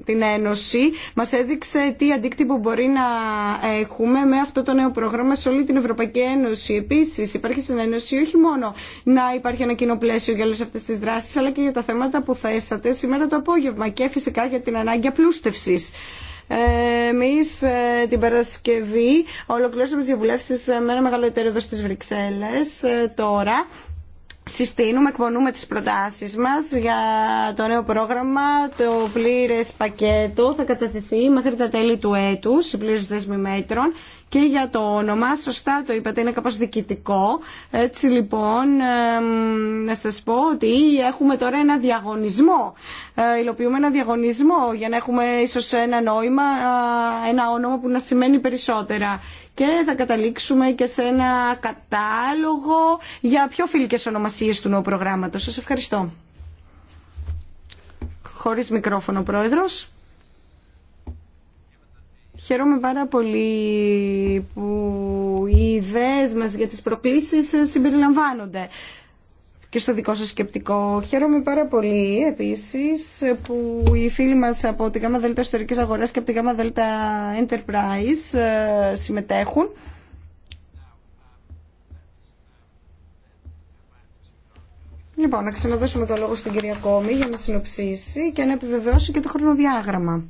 την Ένωση μας έδειξε τι αντίκτυπο μπορεί να έχουμε με αυτό το νέο πρόγραμμα σε όλη την Ευρωπαϊκή Ένωση. Επίσης υπάρχει στην Ένωση όχι μόνο να υπάρχει ένα κοινό πλαίσιο για όλες αυτές τις δράσεις αλλά και για τα θέματα που θέσατε σήμερα το απόγευμα και φυσικά για την ανάγκη απλούστευσης. Εμείς ε, την Παρασκευή ολοκληρώσαμε τι διαβουλεύσει με ένα μεγαλύτερο εδώ στις Βρυξέλλες ε, τώρα συστήνουμε, εκπονούμε τις προτάσεις μας για το νέο πρόγραμμα. Το πλήρες πακέτο θα κατατεθεί μέχρι τα τέλη του έτους, οι πλήρες δέσμοι μέτρων. Και για το όνομα, σωστά το είπατε, είναι κάπως διοικητικό. Έτσι λοιπόν, να σας πω ότι έχουμε τώρα ένα διαγωνισμό. Ε, υλοποιούμε ένα διαγωνισμό για να έχουμε ίσως ένα νόημα, ένα όνομα που να σημαίνει περισσότερα και θα καταλήξουμε και σε ένα κατάλογο για πιο φιλικές ονομασίες του νέου προγράμματος. Σας ευχαριστώ. Χωρίς μικρόφωνο, Πρόεδρος. Χαίρομαι πάρα πολύ που οι ιδέες μας για τις προκλήσεις ε, συμπεριλαμβάνονται και στο δικό σας σκεπτικό. Χαίρομαι πάρα πολύ επίσης που οι φίλοι μας από τη ΓΑΜΑ ΔΕΛΤΑ Ιστορικής Αγοράς και από τη ΓΑΜΑ ΔΕΛΤΑ Enterprise ε, συμμετέχουν. Λοιπόν, να ξαναδώσουμε το λόγο στην κυρία Κόμη για να συνοψίσει και να επιβεβαιώσει και το χρονοδιάγραμμα.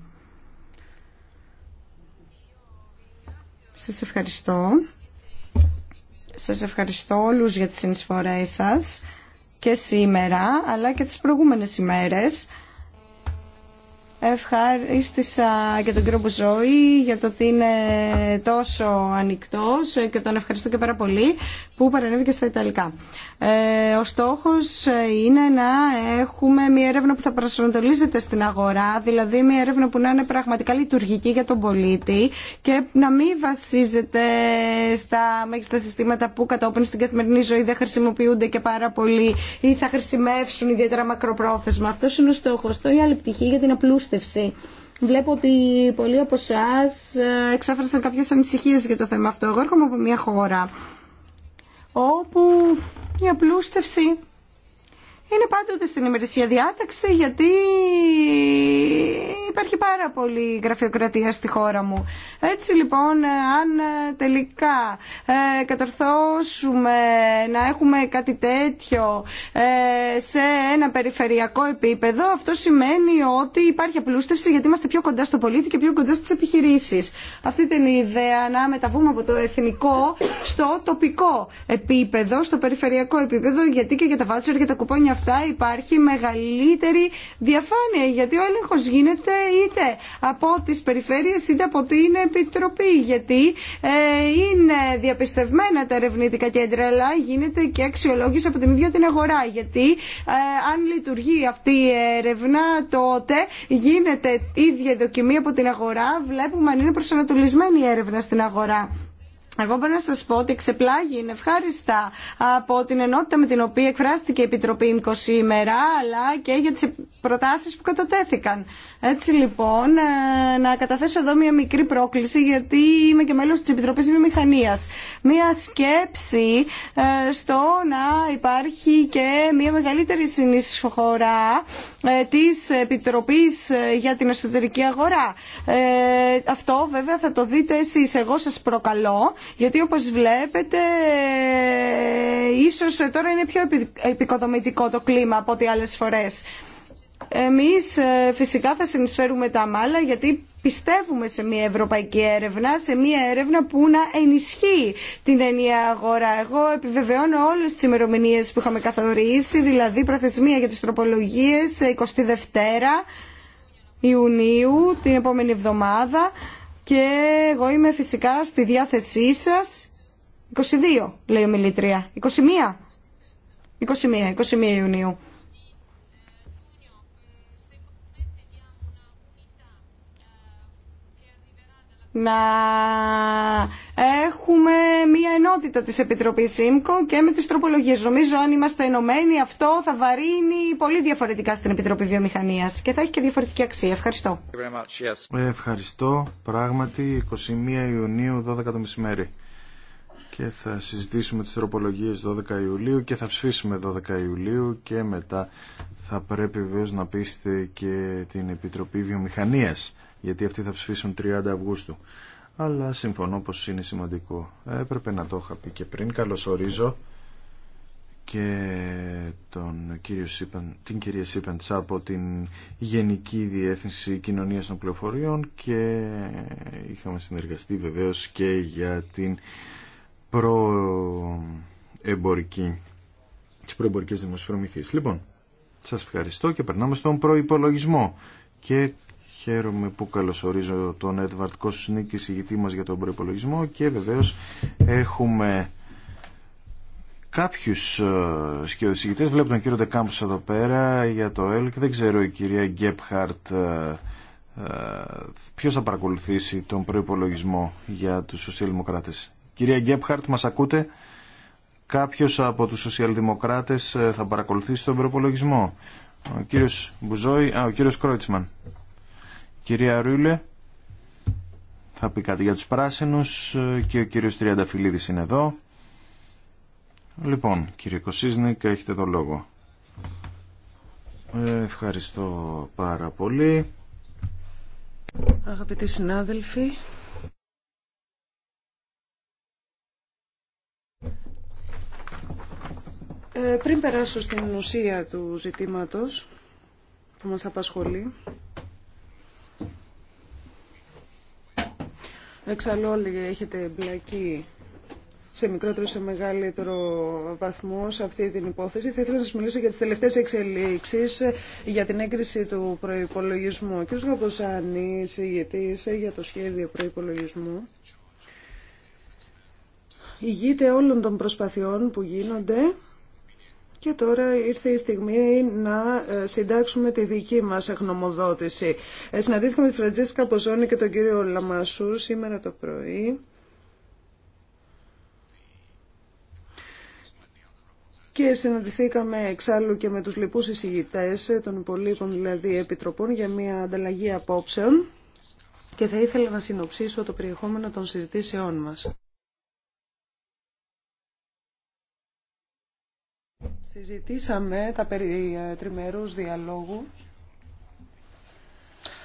Σας ευχαριστώ. Σας ευχαριστώ όλους για τις συνεισφορές σας και σήμερα αλλά και τις προηγούμενες ημέρες Ευχαρίστησα και τον κύριο Μπουζόη για το ότι είναι τόσο ανοιχτό και τον ευχαριστώ και πάρα πολύ που παρενέβηκε στα Ιταλικά. Ε, ο στόχος είναι να έχουμε μια έρευνα που θα προσανατολίζεται στην αγορά, δηλαδή μια έρευνα που να είναι πραγματικά λειτουργική για τον πολίτη και να μην βασίζεται στα μέγιστα συστήματα που κατόπιν στην καθημερινή ζωή δεν χρησιμοποιούνται και πάρα πολύ ή θα χρησιμεύσουν ιδιαίτερα μακροπρόθεσμα. Αυτό είναι ο στόχος. Το η άλλη για την απλούστηση Βλέπω ότι πολλοί από εσά ε, εξάφρασαν κάποιες ανησυχίες για το θέμα αυτό. Εγώ έρχομαι από μια χώρα όπου η απλούστευση είναι πάντοτε στην ημερησία διάταξη γιατί υπάρχει πάρα πολύ γραφειοκρατία στη χώρα μου. Έτσι λοιπόν, αν τελικά ε, κατορθώσουμε να έχουμε κάτι τέτοιο ε, σε ένα περιφερειακό επίπεδο, αυτό σημαίνει ότι υπάρχει απλούστευση γιατί είμαστε πιο κοντά στο πολίτη και πιο κοντά στις επιχειρήσεις. Αυτή η ιδέα να μεταβούμε από το εθνικό στο τοπικό επίπεδο, στο περιφερειακό επίπεδο, γιατί και για τα βάτσερ και τα κουπόνια αυτά υπάρχει μεγαλύτερη διαφάνεια γιατί ο έλεγχο γίνεται είτε από τι περιφέρειες είτε από την Επιτροπή. Γιατί ε, είναι διαπιστευμένα τα ερευνητικά κέντρα αλλά γίνεται και αξιολόγηση από την ίδια την αγορά. Γιατί ε, αν λειτουργεί αυτή η έρευνα τότε γίνεται ίδια δοκιμή από την αγορά. Βλέπουμε αν είναι προσανατολισμένη η έρευνα στην αγορά. Εγώ μπορώ να σα πω ότι εξεπλάγει είναι ευχάριστα από την ενότητα με την οποία εκφράστηκε η Επιτροπή ΙΜΚΟ σήμερα, αλλά και για τι προτάσει που κατατέθηκαν. Έτσι λοιπόν, ε, να καταθέσω εδώ μία μικρή πρόκληση, γιατί είμαι και μέλο τη Επιτροπή Βιομηχανία. Μία σκέψη ε, στο να υπάρχει και μία μεγαλύτερη συνεισφορά ε, τη Επιτροπή για την Εσωτερική Αγορά. Αυτό βέβαια θα το δείτε εσεί. Εγώ σα προκαλώ γιατί όπως βλέπετε ε, ίσως τώρα είναι πιο επικοδομητικό το κλίμα από ό,τι άλλες φορές. Εμείς ε, φυσικά θα συνεισφέρουμε τα μάλλα γιατί πιστεύουμε σε μια ευρωπαϊκή έρευνα, σε μια έρευνα που να ενισχύει την ενιαία αγορά. Εγώ επιβεβαιώνω όλες τις ημερομηνίε που είχαμε καθορίσει, δηλαδή προθεσμία για τις τροπολογίες ε, 22 Ιουνίου την επόμενη εβδομάδα και εγώ είμαι φυσικά στη διάθεσή σας 22 λέει ο μιλήτρια 21 21, 21 Ιουνίου να έχουμε μία ενότητα της Επιτροπής ΣΥΜΚΟ και με τις τροπολογίες. Νομίζω αν είμαστε ενωμένοι αυτό θα βαρύνει πολύ διαφορετικά στην Επιτροπή Βιομηχανίας και θα έχει και διαφορετική αξία. Ευχαριστώ. Ευχαριστώ. Πράγματι 21 Ιουνίου 12 το μεσημέρι. Και θα συζητήσουμε τις τροπολογίες 12 Ιουλίου και θα ψηφίσουμε 12 Ιουλίου και μετά θα πρέπει βεβαίω να πείστε και την Επιτροπή Βιομηχανίας γιατί αυτοί θα ψηφίσουν 30 Αυγούστου. Αλλά συμφωνώ πως είναι σημαντικό. Έπρεπε να το είχα πει και πριν. Καλωσορίζω και τον κύριο Σίπεν, την κυρία Σίπεντς από την Γενική Διεύθυνση Κοινωνίας των Πληροφοριών και είχαμε συνεργαστεί βεβαίως και για την προεμπορική τις προεμπορικές δημοσιοπρομηθίες. Λοιπόν, σας ευχαριστώ και περνάμε στον προϋπολογισμό και Χαίρομαι που καλωσορίζω τον Έντβαρτ Κόσνικη, συγητή μας για τον προπολογισμό και βεβαίως έχουμε κάποιους ε, σκιοδησηγητές. Βλέπω τον κύριο Ντεκάμπους εδώ πέρα για το ΕΛΚ. Δεν ξέρω η κυρία Γκέπχαρτ ε, ε, ποιος θα παρακολουθήσει τον προπολογισμό για τους σοσιαλδημοκράτες. Κυρία Γκέπχαρτ, μας ακούτε. Κάποιος από τους σοσιαλδημοκράτες θα παρακολουθήσει τον προπολογισμό. Ο κύριος Μπουζόη, α, ο κύριος Κρόιτσμαν. Κυρία Ρούλε, θα πει κάτι για τους πράσινους και ο κύριος Τριανταφυλλίδης είναι εδώ. Λοιπόν, κύριε Κοσίσνικ, έχετε το λόγο. Ε, ευχαριστώ πάρα πολύ. Αγαπητοί συνάδελφοι, ε, πριν περάσω στην ουσία του ζητήματος που μας απασχολεί, Εξάλλου όλοι έχετε εμπλακεί σε μικρότερο σε μεγαλύτερο βαθμό σε αυτή την υπόθεση. Θα ήθελα να σας μιλήσω για τις τελευταίες εξελίξεις για την έγκριση του προϋπολογισμού. Κύριος Γαμποσάνη, συγγετής για το σχέδιο προϋπολογισμού, ηγείται όλων των προσπαθειών που γίνονται και τώρα ήρθε η στιγμή να ε, συντάξουμε τη δική μας γνωμοδότηση. Ε, συναντήθηκα με τη Φραντζέσκα Ποζόνη και τον κύριο Λαμασού σήμερα το πρωί. και συναντηθήκαμε εξάλλου και με τους λοιπούς εισηγητές των υπολείπων δηλαδή επιτροπών για μια ανταλλαγή απόψεων και θα ήθελα να συνοψίσω το περιεχόμενο των συζητήσεών μας. Συζητήσαμε τα περί ε, τριμερούς διαλόγου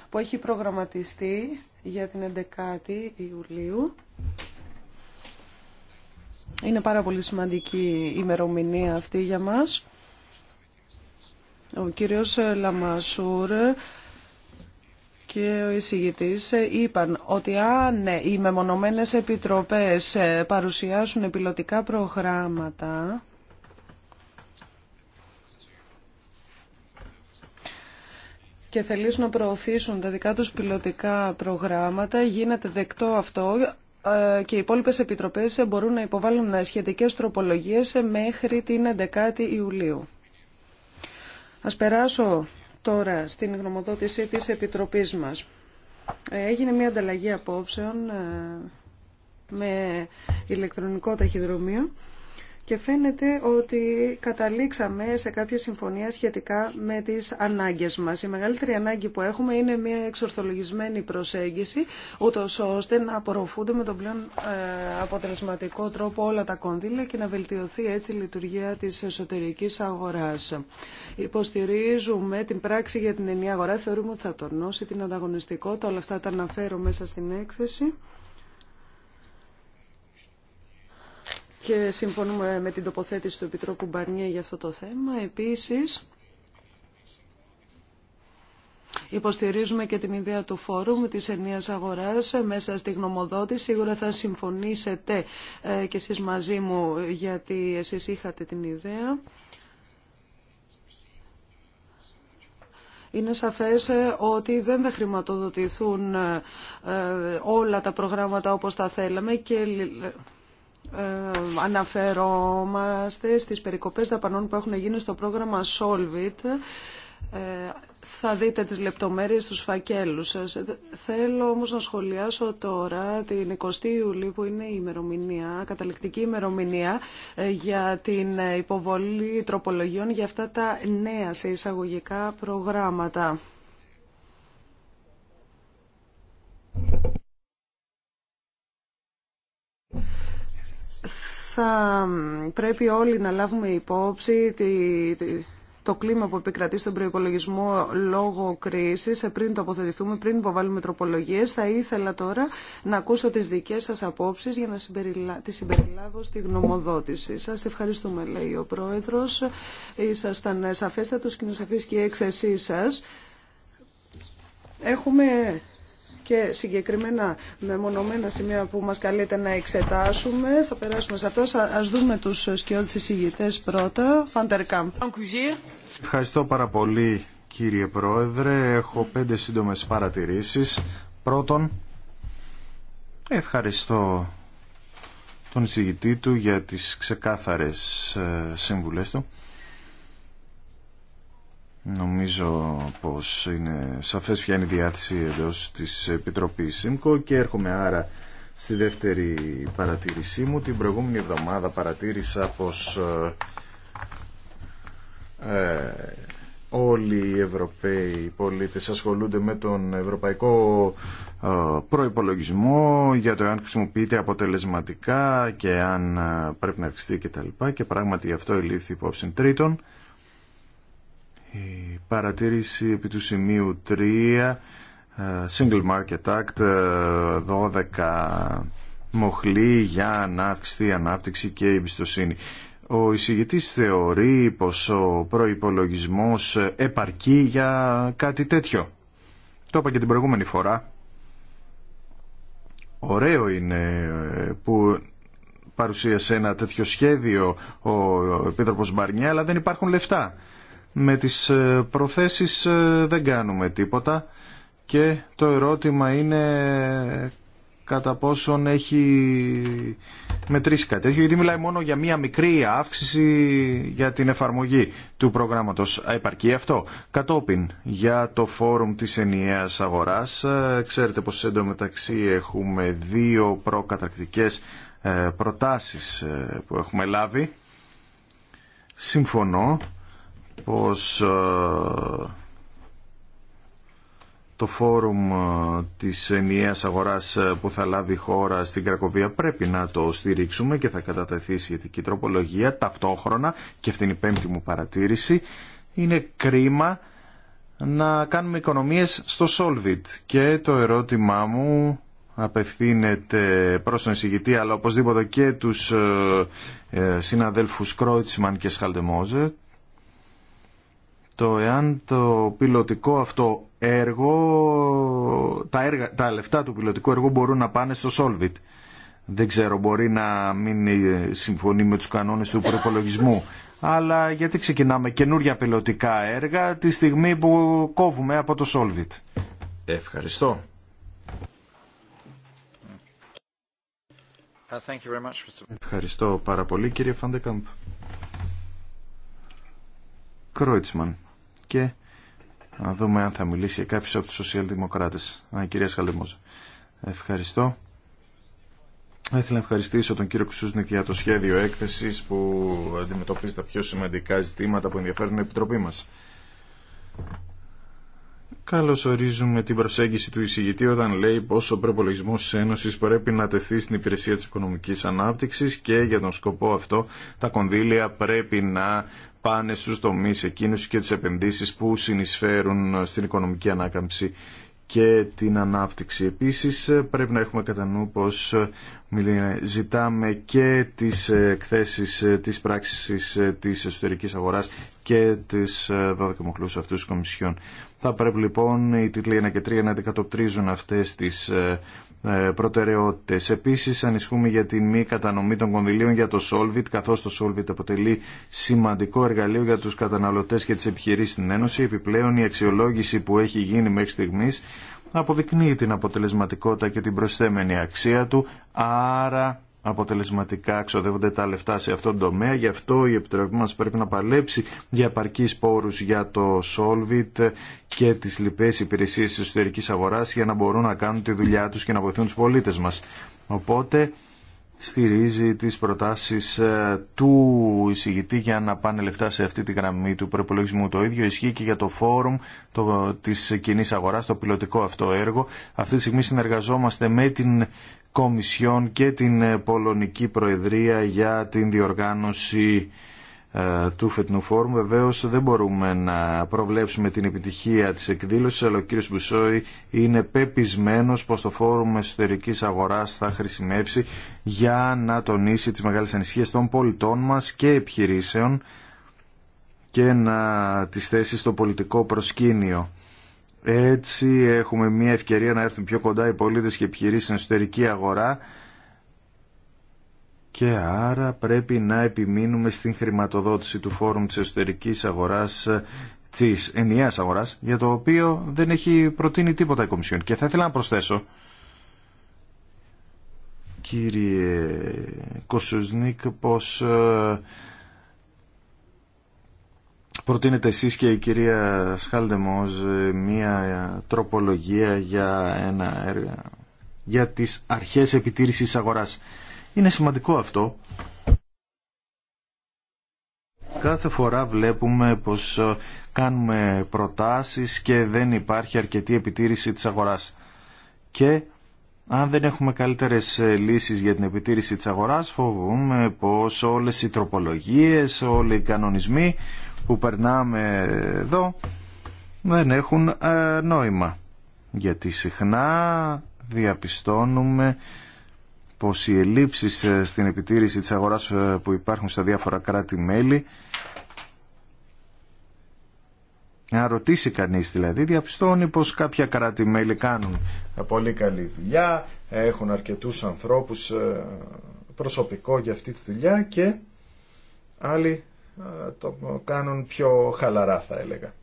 που έχει προγραμματιστεί για την 11η Ιουλίου. Είναι πάρα πολύ σημαντική η ημερομηνία αυτή για μας. Ο κύριος Λαμασούρ και ο εισηγητής είπαν ότι αν ναι, οι μεμονωμένες επιτροπές παρουσιάσουν πιλωτικά προγράμματα και θελήσουν να προωθήσουν τα δικά τους πιλωτικά προγράμματα. Γίνεται δεκτό αυτό ε, και οι υπόλοιπε επιτροπές μπορούν να υποβάλουν σχετικές τροπολογίες μέχρι την 11η Ιουλίου. Ας περάσω τώρα στην γνωμοδότησή της Επιτροπής μας. Έγινε μια ανταλλαγή απόψεων ε, με ηλεκτρονικό ταχυδρομείο και φαίνεται ότι καταλήξαμε σε κάποια συμφωνία σχετικά με τις ανάγκες μας. Η μεγαλύτερη ανάγκη που έχουμε είναι μια εξορθολογισμένη προσέγγιση, ούτω ώστε να απορροφούνται με τον πλέον ε, αποτελεσματικό τρόπο όλα τα κονδύλια και να βελτιωθεί έτσι η λειτουργία της εσωτερικής αγοράς. Υποστηρίζουμε την πράξη για την ενιαία αγορά, θεωρούμε ότι θα τονώσει την ανταγωνιστικότητα, όλα αυτά τα αναφέρω μέσα στην έκθεση. και συμφωνούμε με την τοποθέτηση του Επιτρόπου Μπαρνιέ για αυτό το θέμα. Επίσης, Υποστηρίζουμε και την ιδέα του φόρουμ της ενίας αγοράς μέσα στη γνωμοδότηση. Σίγουρα θα συμφωνήσετε ε, και εσείς μαζί μου γιατί εσείς είχατε την ιδέα. Είναι σαφές ε, ότι δεν θα χρηματοδοτηθούν ε, όλα τα προγράμματα όπως τα θέλαμε και ε, αναφερόμαστε στις περικοπές δαπανών που έχουν γίνει στο πρόγραμμα Solvit. Ε, θα δείτε τις λεπτομέρειες στους φακέλους σας. Ε, θέλω όμως να σχολιάσω τώρα την 20η Ιουλίου που είναι η ημερομηνία, καταληκτική ημερομηνία για την υποβολή τροπολογιών για αυτά τα νέα σε εισαγωγικά προγράμματα. θα πρέπει όλοι να λάβουμε υπόψη τη, το κλίμα που επικρατεί στον προϋπολογισμό λόγω κρίση, ε, πριν το αποθετηθούμε, πριν υποβάλουμε τροπολογίες. Θα ήθελα τώρα να ακούσω τις δικές σας απόψεις για να συμπεριλα... τι συμπεριλάβω στη γνωμοδότηση. σας. ευχαριστούμε, λέει ο πρόεδρος. Ήσασταν σαφέστατος και είναι σαφή και η έκθεσή σα. Έχουμε και συγκεκριμένα με μονομένα σημεία που μας καλείται να εξετάσουμε. Θα περάσουμε σε αυτό. Ας δούμε τους σκιώδες εισηγητές πρώτα. Ευχαριστώ πάρα πολύ κύριε Πρόεδρε. Έχω πέντε σύντομες παρατηρήσεις. Πρώτον, ευχαριστώ τον εισηγητή του για τις ξεκάθαρες ε, συμβουλές του. Νομίζω πως είναι σαφές ποια είναι η διάθεση εδώ της Επιτροπής ΣΥΜΚΟ και έρχομαι άρα στη δεύτερη παρατήρησή μου. Την προηγούμενη εβδομάδα παρατήρησα πως ε, ε, όλοι οι Ευρωπαίοι πολίτες ασχολούνται με τον ευρωπαϊκό ε, προϋπολογισμό για το αν χρησιμοποιείται αποτελεσματικά και αν ε, πρέπει να αυξηθεί κτλ. Και, πράγματι αυτό ελήφθη υπόψη τρίτον. Η παρατήρηση επί του σημείου 3, ε, Single Market Act, 12 ε, μοχλή για να ανάπτυξη και εμπιστοσύνη. Ο εισηγητής θεωρεί πως ο προϋπολογισμός επαρκεί για κάτι τέτοιο. Το είπα και την προηγούμενη φορά. Ωραίο είναι ε, που παρουσίασε ένα τέτοιο σχέδιο ο Επίτροπος Μπαρνιά, αλλά δεν υπάρχουν λεφτά. Με τις ε, προθέσεις ε, δεν κάνουμε τίποτα και το ερώτημα είναι κατά πόσον έχει μετρήσει κάτι τέτοιο, γιατί μιλάει μόνο για μία μικρή αύξηση για την εφαρμογή του προγράμματος. Επαρκεί αυτό. Κατόπιν, για το φόρουμ της ενιαίας αγοράς, ε, ξέρετε πως εντωμεταξύ έχουμε δύο προκαταρκτικές προτάσεις που έχουμε λάβει. Συμφωνώ πως ε, το φόρουμ ε, της ενιαίας αγοράς ε, που θα λάβει η χώρα στην Κρακοβία πρέπει να το στηρίξουμε και θα κατατεθεί σχετική τροπολογία ταυτόχρονα και αυτή είναι η πέμπτη μου παρατήρηση είναι κρίμα να κάνουμε οικονομίες στο Solvit και το ερώτημά μου απευθύνεται προς τον εισηγητή αλλά οπωσδήποτε και τους συναδέλφους Κρόιτσμαν και Σχαλτεμόζετ το εάν το πιλωτικό αυτό έργο, τα, έργα, τα λεφτά του πιλωτικού έργου μπορούν να πάνε στο Solvit. Δεν ξέρω, μπορεί να μην συμφωνεί με τους κανόνες του προπολογισμού. Αλλά γιατί ξεκινάμε καινούρια πιλωτικά έργα τη στιγμή που κόβουμε από το Solvit. Ευχαριστώ. Uh, Ευχαριστώ πάρα πολύ κύριε Φαντεκάμπ. Κρόιτσμαν και να δούμε αν θα μιλήσει για από τους σοσιαλδημοκράτες. Α, κυρία Σχαλεμόζα. Ευχαριστώ. Θα ήθελα να ευχαριστήσω τον κύριο Κουσούσνικ για το σχέδιο έκθεσης που αντιμετωπίζει τα πιο σημαντικά ζητήματα που ενδιαφέρουν την Επιτροπή μας. Καλώ ορίζουμε την προσέγγιση του εισηγητή όταν λέει πω ο προπολογισμό της Ένωσης πρέπει να τεθεί στην υπηρεσία τη οικονομική ανάπτυξη και για τον σκοπό αυτό τα κονδύλια πρέπει να πάνε στους τομείς εκείνους και τις επενδύσεις που συνεισφέρουν στην οικονομική ανάκαμψη και την ανάπτυξη. Επίσης πρέπει να έχουμε κατά νου πως ζητάμε και τις εκθέσεις της πράξης της εσωτερικής αγοράς και τις 12 μοχλούς αυτούς της Κομισιόν. Θα πρέπει λοιπόν οι τίτλοι 1 και 3 να αντικατοπτρίζουν αυτές τις ε, προτεραιότητες. Επίσης ανισχούμε για την μη κατανομή των κονδυλίων για το Solvit, καθώς το Solvit αποτελεί σημαντικό εργαλείο για τους καταναλωτές και τις επιχειρήσεις στην Ένωση. Επιπλέον η αξιολόγηση που έχει γίνει μέχρι στιγμή αποδεικνύει την αποτελεσματικότητα και την προσθέμενη αξία του, άρα αποτελεσματικά ξοδεύονται τα λεφτά σε αυτόν τον τομέα. Γι' αυτό η Επιτροπή μας πρέπει να παλέψει για επαρκείς πόρους για το Solvit και τις λοιπές υπηρεσίες της εσωτερικής αγοράς για να μπορούν να κάνουν τη δουλειά τους και να βοηθούν τους πολίτες μας. Οπότε στηρίζει τις προτάσεις ε, του εισηγητή για να πάνε λεφτά σε αυτή τη γραμμή του προπολογισμού. Το ίδιο ισχύει και για το φόρουμ το, της κοινή αγοράς, το πιλωτικό αυτό έργο. Αυτή τη στιγμή συνεργαζόμαστε με την Κομισιόν και την Πολωνική Προεδρία για την διοργάνωση ε, του φετινού φόρουμ. Βεβαίω δεν μπορούμε να προβλέψουμε την επιτυχία τη εκδήλωση, αλλά ο κ. Μπουσόη είναι πεπισμένο πω το φόρουμ εσωτερική αγορά θα χρησιμεύσει για να τονίσει τι μεγάλε ανησυχίε των πολιτών μα και επιχειρήσεων και να τι θέσει στο πολιτικό προσκήνιο. Έτσι έχουμε μια ευκαιρία να έρθουν πιο κοντά οι πολίτες και επιχειρήσεις στην εσωτερική αγορά και άρα πρέπει να επιμείνουμε στην χρηματοδότηση του φόρουμ της εσωτερικής αγοράς της ενιαίας αγοράς για το οποίο δεν έχει προτείνει τίποτα η Κομισιόν και θα ήθελα να προσθέσω κύριε Κοσουσνίκ πως ε, προτείνετε εσείς και η κυρία Σχάλντεμος ε, μία τροπολογία για ένα έργο για τις αρχές επιτήρησης αγοράς. Είναι σημαντικό αυτό. Κάθε φορά βλέπουμε πως ε, κάνουμε προτάσεις και δεν υπάρχει αρκετή επιτήρηση της αγοράς. Και αν δεν έχουμε καλύτερες ε, λύσεις για την επιτήρηση της αγοράς φοβούμε πως όλες οι τροπολογίες, όλοι οι κανονισμοί που περνάμε εδώ δεν έχουν ε, νόημα. Γιατί συχνά διαπιστώνουμε πως οι ελλείψεις ε, στην επιτήρηση της αγοράς ε, που υπάρχουν στα διάφορα κράτη-μέλη να ρωτήσει κανείς δηλαδή, διαπιστώνει πως κάποια κράτη-μέλη κάνουν πολύ καλή δουλειά, έχουν αρκετούς ανθρώπους ε, προσωπικό για αυτή τη δουλειά και άλλοι το κάνουν πιο χαλαρά θα έλεγα.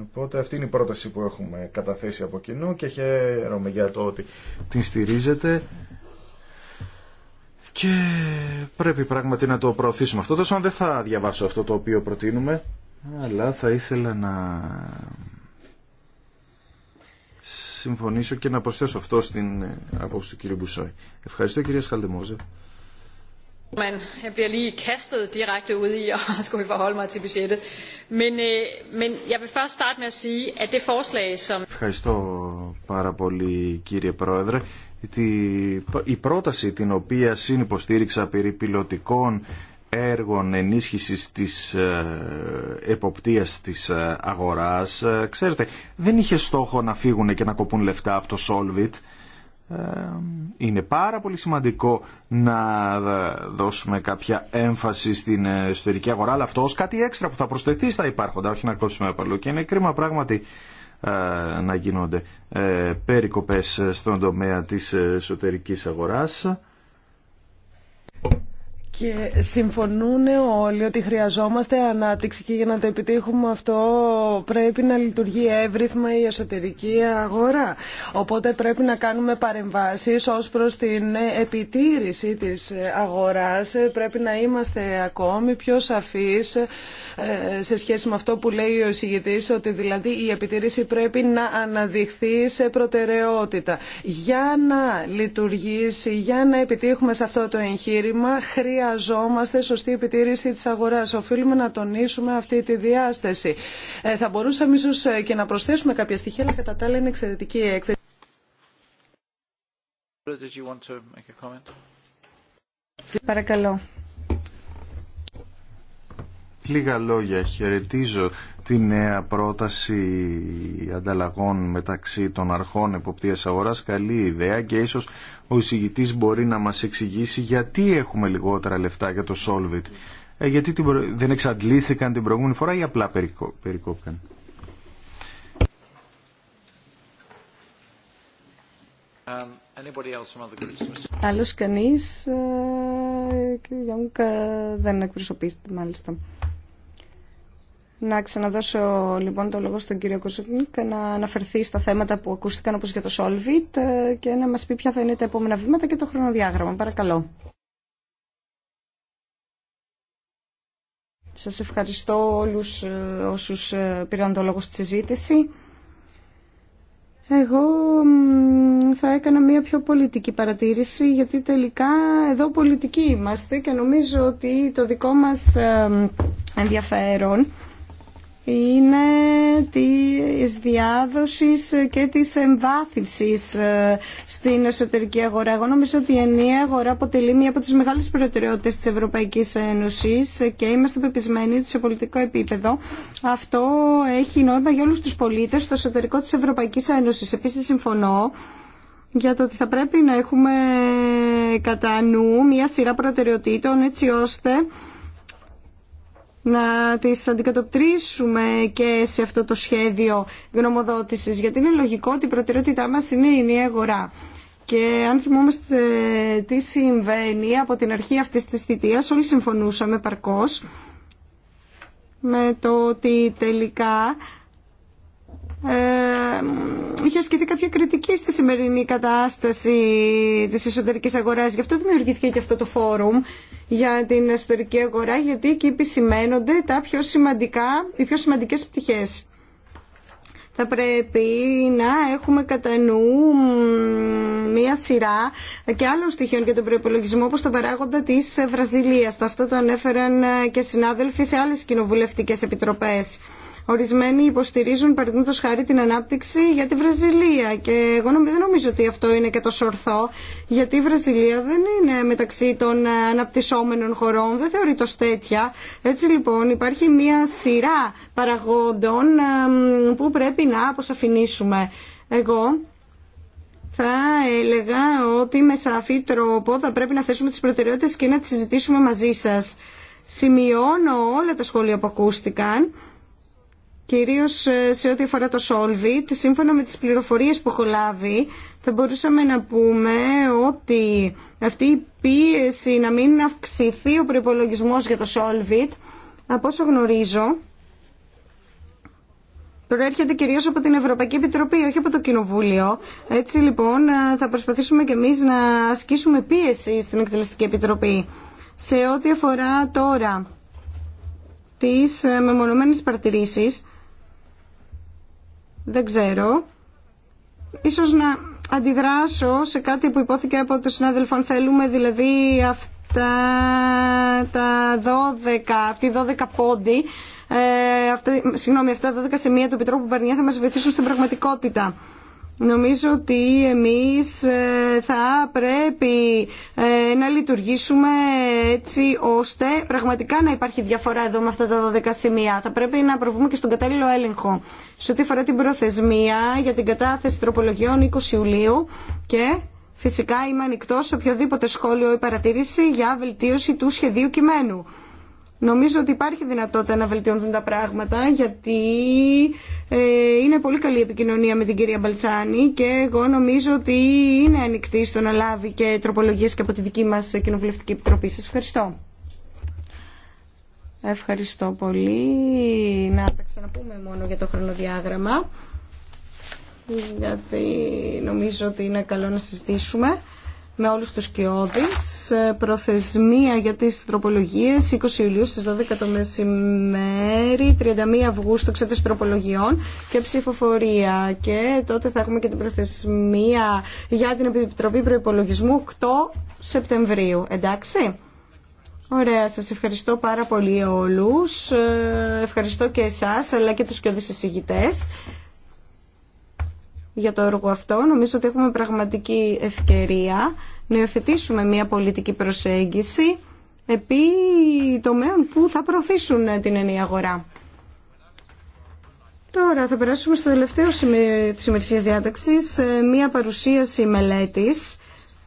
Οπότε αυτή είναι η πρόταση που έχουμε καταθέσει από κοινού και χαίρομαι για το ότι την στηρίζετε και πρέπει πράγματι να το προωθήσουμε αυτό. Τόσο δεν θα διαβάσω αυτό το οποίο προτείνουμε, αλλά θα ήθελα να συμφωνήσω και να προσθέσω αυτό στην απόψη του κύριου Μπουσόη. Ευχαριστώ κυρία Σχαλτεμόζε. Man, jeg bliver lige kastet direkte ud i at skulle forholde mig til budgettet. Men, øh, men jeg vil først starte med at sige, at det forslag som... Ευχαριστώ πάρα πολύ κύριε Πρόεδρε η πρόταση την οποία συνυποστήριξα περί πιλωτικών έργων ενίσχυσης της ε, εποπτείας της ε, αγοράς, ε, ξέρετε, δεν είχε στόχο να φύγουν και να κοπούν λεφτά από το Solvit. Είναι πάρα πολύ σημαντικό να δώσουμε κάποια έμφαση στην εσωτερική αγορά, αλλά αυτό κάτι έξτρα που θα προσθεθεί στα υπάρχοντα, όχι να κόψουμε απαλού. Και είναι κρίμα πράγματι να γίνονται ε, περικοπές στον τομέα της εσωτερικής αγοράς και συμφωνούν όλοι ότι χρειαζόμαστε ανάπτυξη και για να το επιτύχουμε αυτό πρέπει να λειτουργεί εύρυθμα η εσωτερική αγορά. Οπότε πρέπει να κάνουμε παρεμβάσεις ως προς την επιτήρηση της αγοράς. Πρέπει να είμαστε ακόμη πιο σαφείς ε, σε σχέση με αυτό που λέει ο εισηγητής ότι δηλαδή η επιτήρηση πρέπει να αναδειχθεί σε προτεραιότητα. Για να λειτουργήσει, για να επιτύχουμε αυτό το εγχείρημα χρειαζόμαστε σωστή επιτήρηση της αγοράς. Οφείλουμε να τονίσουμε αυτή τη διάσταση. Ε, θα μπορούσαμε ίσως ε, και να προσθέσουμε κάποια στοιχεία, αλλά κατά τα άλλα είναι εξαιρετική η έκθεση. Παρακαλώ λίγα λόγια χαιρετίζω τη νέα πρόταση ανταλλαγών μεταξύ των αρχών εποπτείας αγοράς. Καλή ιδέα και ίσως ο εισηγητής μπορεί να μας εξηγήσει γιατί έχουμε λιγότερα λεφτά για το Solvit. Ε, γιατί δεν εξαντλήθηκαν την προηγούμενη φορά ή απλά περικόπηκαν. Um, Άλλος κανείς, ε, κύριε δεν εκπροσωπείται μάλιστα. Να ξαναδώσω λοιπόν το λόγο στον κύριο Κοζούνικ να αναφερθεί στα θέματα που ακούστηκαν όπως για το Solvit ε, και να μας πει ποια θα είναι τα επόμενα βήματα και το χρονοδιάγραμμα. Παρακαλώ. Σας ευχαριστώ όλους ε, όσους ε, πήραν το λόγο στη συζήτηση. Εγώ θα έκανα μια πιο πολιτική παρατήρηση γιατί τελικά εδώ πολιτικοί είμαστε και νομίζω ότι το δικό μας ενδιαφέρον είναι της διάδοσης και της εμβάθυνσης ε, στην εσωτερική αγορά. Εγώ νομίζω ότι η ενιαία αγορά αποτελεί μία από τις μεγάλες προτεραιότητες της Ευρωπαϊκής Ένωσης και είμαστε πεπισμένοι ότι σε πολιτικό επίπεδο αυτό έχει νόημα για όλους τους πολίτες στο εσωτερικό της Ευρωπαϊκής Ένωσης. Επίσης συμφωνώ για το ότι θα πρέπει να έχουμε κατά νου μία σειρά προτεραιοτήτων έτσι ώστε να τις αντικατοπτρίσουμε και σε αυτό το σχέδιο γνωμοδότησης, γιατί είναι λογικό ότι η προτεραιότητά μας είναι η νέα αγορά. Και αν θυμόμαστε τι συμβαίνει από την αρχή αυτής της θητείας, όλοι συμφωνούσαμε παρκώς με το ότι τελικά ε, είχε ασκηθεί κάποια κριτική στη σημερινή κατάσταση της εσωτερικής αγοράς. Γι' αυτό δημιουργήθηκε και αυτό το φόρουμ για την εσωτερική αγορά, γιατί εκεί επισημαίνονται τα πιο σημαντικά, οι πιο σημαντικές πτυχές. Θα πρέπει να έχουμε κατά νου μία σειρά και άλλων στοιχείων για τον προπολογισμό όπως τα παράγοντα της Βραζιλίας. Το αυτό το ανέφεραν και συνάδελφοι σε άλλες κοινοβουλευτικές επιτροπές. Ορισμένοι υποστηρίζουν, παραδείγματο χάρη, την ανάπτυξη για τη Βραζιλία. Και εγώ δεν νομίζω ότι αυτό είναι και το σορθό, γιατί η Βραζιλία δεν είναι μεταξύ των ε, αναπτυσσόμενων χωρών, δεν θεωρείται ω τέτοια. Έτσι λοιπόν υπάρχει μία σειρά παραγόντων που πρέπει να αποσαφηνίσουμε. Εγώ θα έλεγα ότι με σαφή τρόπο θα πρέπει να θέσουμε τις προτεραιότητες και να τις συζητήσουμε μαζί σας. Σημειώνω όλα τα σχόλια που ακούστηκαν κυρίως ε, σε ό,τι αφορά το Solvit, σύμφωνα με τις πληροφορίες που έχω λάβει, θα μπορούσαμε να πούμε ότι αυτή η πίεση να μην αυξηθεί ο προπολογισμό για το Solvit, από όσο γνωρίζω, προέρχεται κυρίως από την Ευρωπαϊκή Επιτροπή, όχι από το Κοινοβούλιο. Έτσι λοιπόν ε, θα προσπαθήσουμε και εμείς να ασκήσουμε πίεση στην Εκτελεστική Επιτροπή. Σε ό,τι αφορά τώρα τις ε, μεμονωμένες παρατηρήσεις, δεν ξέρω. Ίσως να αντιδράσω σε κάτι που υπόθηκε από τον συνάδελφο αν θέλουμε, δηλαδή αυτά τα 12, αυτή 12 πόντι, ε, συγγνώμη, αυτά τα 12 σημεία του Επιτρόπου Μπαρνιά θα μας βοηθήσουν στην πραγματικότητα. Νομίζω ότι εμείς ε, θα πρέπει ε, να λειτουργήσουμε έτσι ώστε πραγματικά να υπάρχει διαφορά εδώ με αυτά τα 12 σημεία. Θα πρέπει να προβούμε και στον κατάλληλο έλεγχο. Σε ό,τι αφορά την προθεσμία για την κατάθεση τροπολογιών 20 Ιουλίου και φυσικά είμαι ανοιχτό σε οποιοδήποτε σχόλιο ή παρατήρηση για βελτίωση του σχεδίου κειμένου. Νομίζω ότι υπάρχει δυνατότητα να βελτιώνουν τα πράγματα γιατί ε, είναι πολύ καλή επικοινωνία με την κυρία Μπαλτσάνη και εγώ νομίζω ότι είναι ανοιχτή στο να λάβει και τροπολογίε και από τη δική μας Κοινοβουλευτική Επιτροπή. Σα ευχαριστώ. Ευχαριστώ πολύ. Να τα ξαναπούμε μόνο για το χρονοδιάγραμμα γιατί νομίζω ότι είναι καλό να συζητήσουμε με όλους τους κοιόδης. Ε, προθεσμία για τις τροπολογίες 20 Ιουλίου στις 12 το μεσημέρι, 31 Αυγούστου εξέταση τροπολογιών και ψηφοφορία. Και τότε θα έχουμε και την προθεσμία για την Επιτροπή Προϋπολογισμού 8 Σεπτεμβρίου. Εντάξει. Ωραία, σας ευχαριστώ πάρα πολύ όλους. Ε, ευχαριστώ και εσάς, αλλά και τους κοιόδης εισηγητές για το έργο αυτό. Νομίζω ότι έχουμε πραγματική ευκαιρία να υιοθετήσουμε μια πολιτική προσέγγιση επί τομέων που θα προωθήσουν την ενή αγορά. Τώρα θα περάσουμε στο τελευταίο σημείο της ημερησίας διάταξης, ε, μια παρουσίαση μελέτης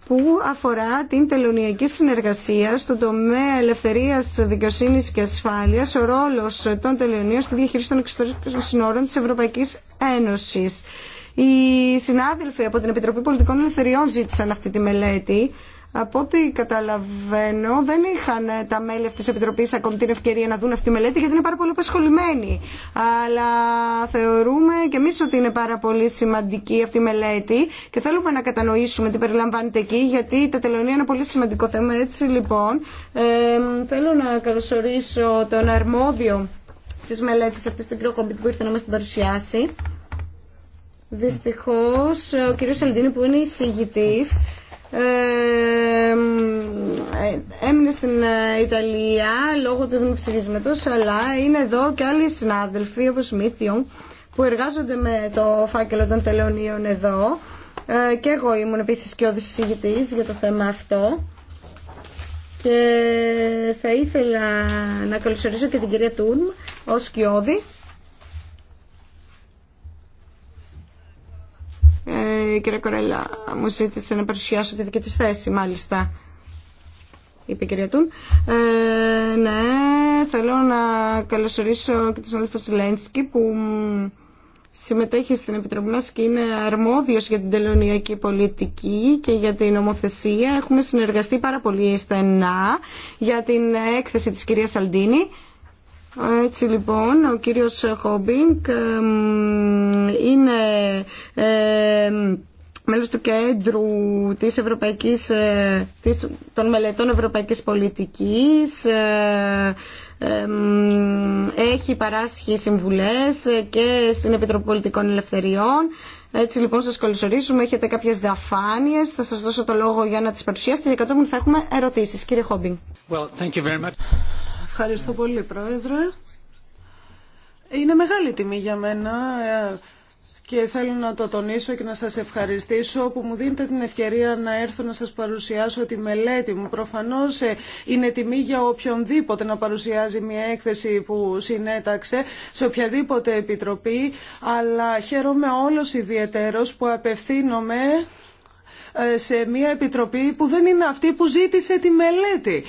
που αφορά την τελωνιακή συνεργασία στον τομέα ελευθερίας, δικαιοσύνης και ασφάλειας, ο ρόλος των τελωνίων στη διαχείριση των εξωτερικών συνόρων της Ευρωπαϊκής Ένωσης. Οι συνάδελφοι από την Επιτροπή Πολιτικών Ελευθεριών ζήτησαν αυτή τη μελέτη. Από ό,τι καταλαβαίνω, δεν είχαν τα μέλη αυτή τη Επιτροπή ακόμη την ευκαιρία να δουν αυτή τη μελέτη, γιατί είναι πάρα πολύ απασχολημένοι. Αλλά θεωρούμε και εμεί ότι είναι πάρα πολύ σημαντική αυτή η μελέτη και θέλουμε να κατανοήσουμε τι περιλαμβάνεται εκεί, γιατί τα τελωνία είναι ένα πολύ σημαντικό θέμα. Έτσι λοιπόν, ε, θέλω να καλωσορίσω τον αρμόδιο τη μελέτη αυτή, τον κύριο Κομπίτ, που ήρθε να μα την παρουσιάσει. Δυστυχώς ο κύριος Σαλντίνη που είναι εισηγητής ε, έμεινε στην ε, Ιταλία λόγω του δημοψηφίσματος αλλά είναι εδώ και άλλοι συνάδελφοι όπως Μίθιον που εργάζονται με το φάκελο των τελωνίων εδώ ε, και εγώ ήμουν επίσης και ο για το θέμα αυτό και θα ήθελα να καλωσορίσω και την κυρία Τούρμ ως κοιόδη Ε, η κυρία Κορέλα μου ζήτησε να παρουσιάσω τη δική της θέση, μάλιστα. Είπε η κυρία Τούν. Ε, ναι, θέλω να καλωσορίσω και τον συνάδελφο Σιλένσκι που συμμετέχει στην Επιτροπή μας και είναι αρμόδιος για την τελωνιακή πολιτική και για την ομοθεσία. Έχουμε συνεργαστεί πάρα πολύ στενά για την έκθεση της κυρίας Σαλντίνη. Έτσι λοιπόν, ο κύριος Χόμπινγκ είναι ε, ε, μέλος του κέντρου της Ευρωπαϊκής, ε, των μελετών Ευρωπαϊκής Πολιτικής, ε, έχει παράσχει συμβουλές και στην Επιτροπή Πολιτικών Ελευθεριών. Έτσι λοιπόν σας καλωσορίζουμε, έχετε κάποιες διαφάνειες, θα σας δώσω το λόγο για να τις παρουσιάσετε και κατόπιν θα έχουμε ερωτήσεις. Κύριε Χόμπινγκ. Well, Ευχαριστώ πολύ Πρόεδρε. Είναι μεγάλη τιμή για μένα και θέλω να το τονίσω και να σας ευχαριστήσω που μου δίνετε την ευκαιρία να έρθω να σας παρουσιάσω τη μελέτη μου. Προφανώς ε, είναι τιμή για οποιονδήποτε να παρουσιάζει μια έκθεση που συνέταξε σε οποιαδήποτε επιτροπή, αλλά χαίρομαι όλος ιδιαίτερος που απευθύνομαι ε, σε μια επιτροπή που δεν είναι αυτή που ζήτησε τη μελέτη.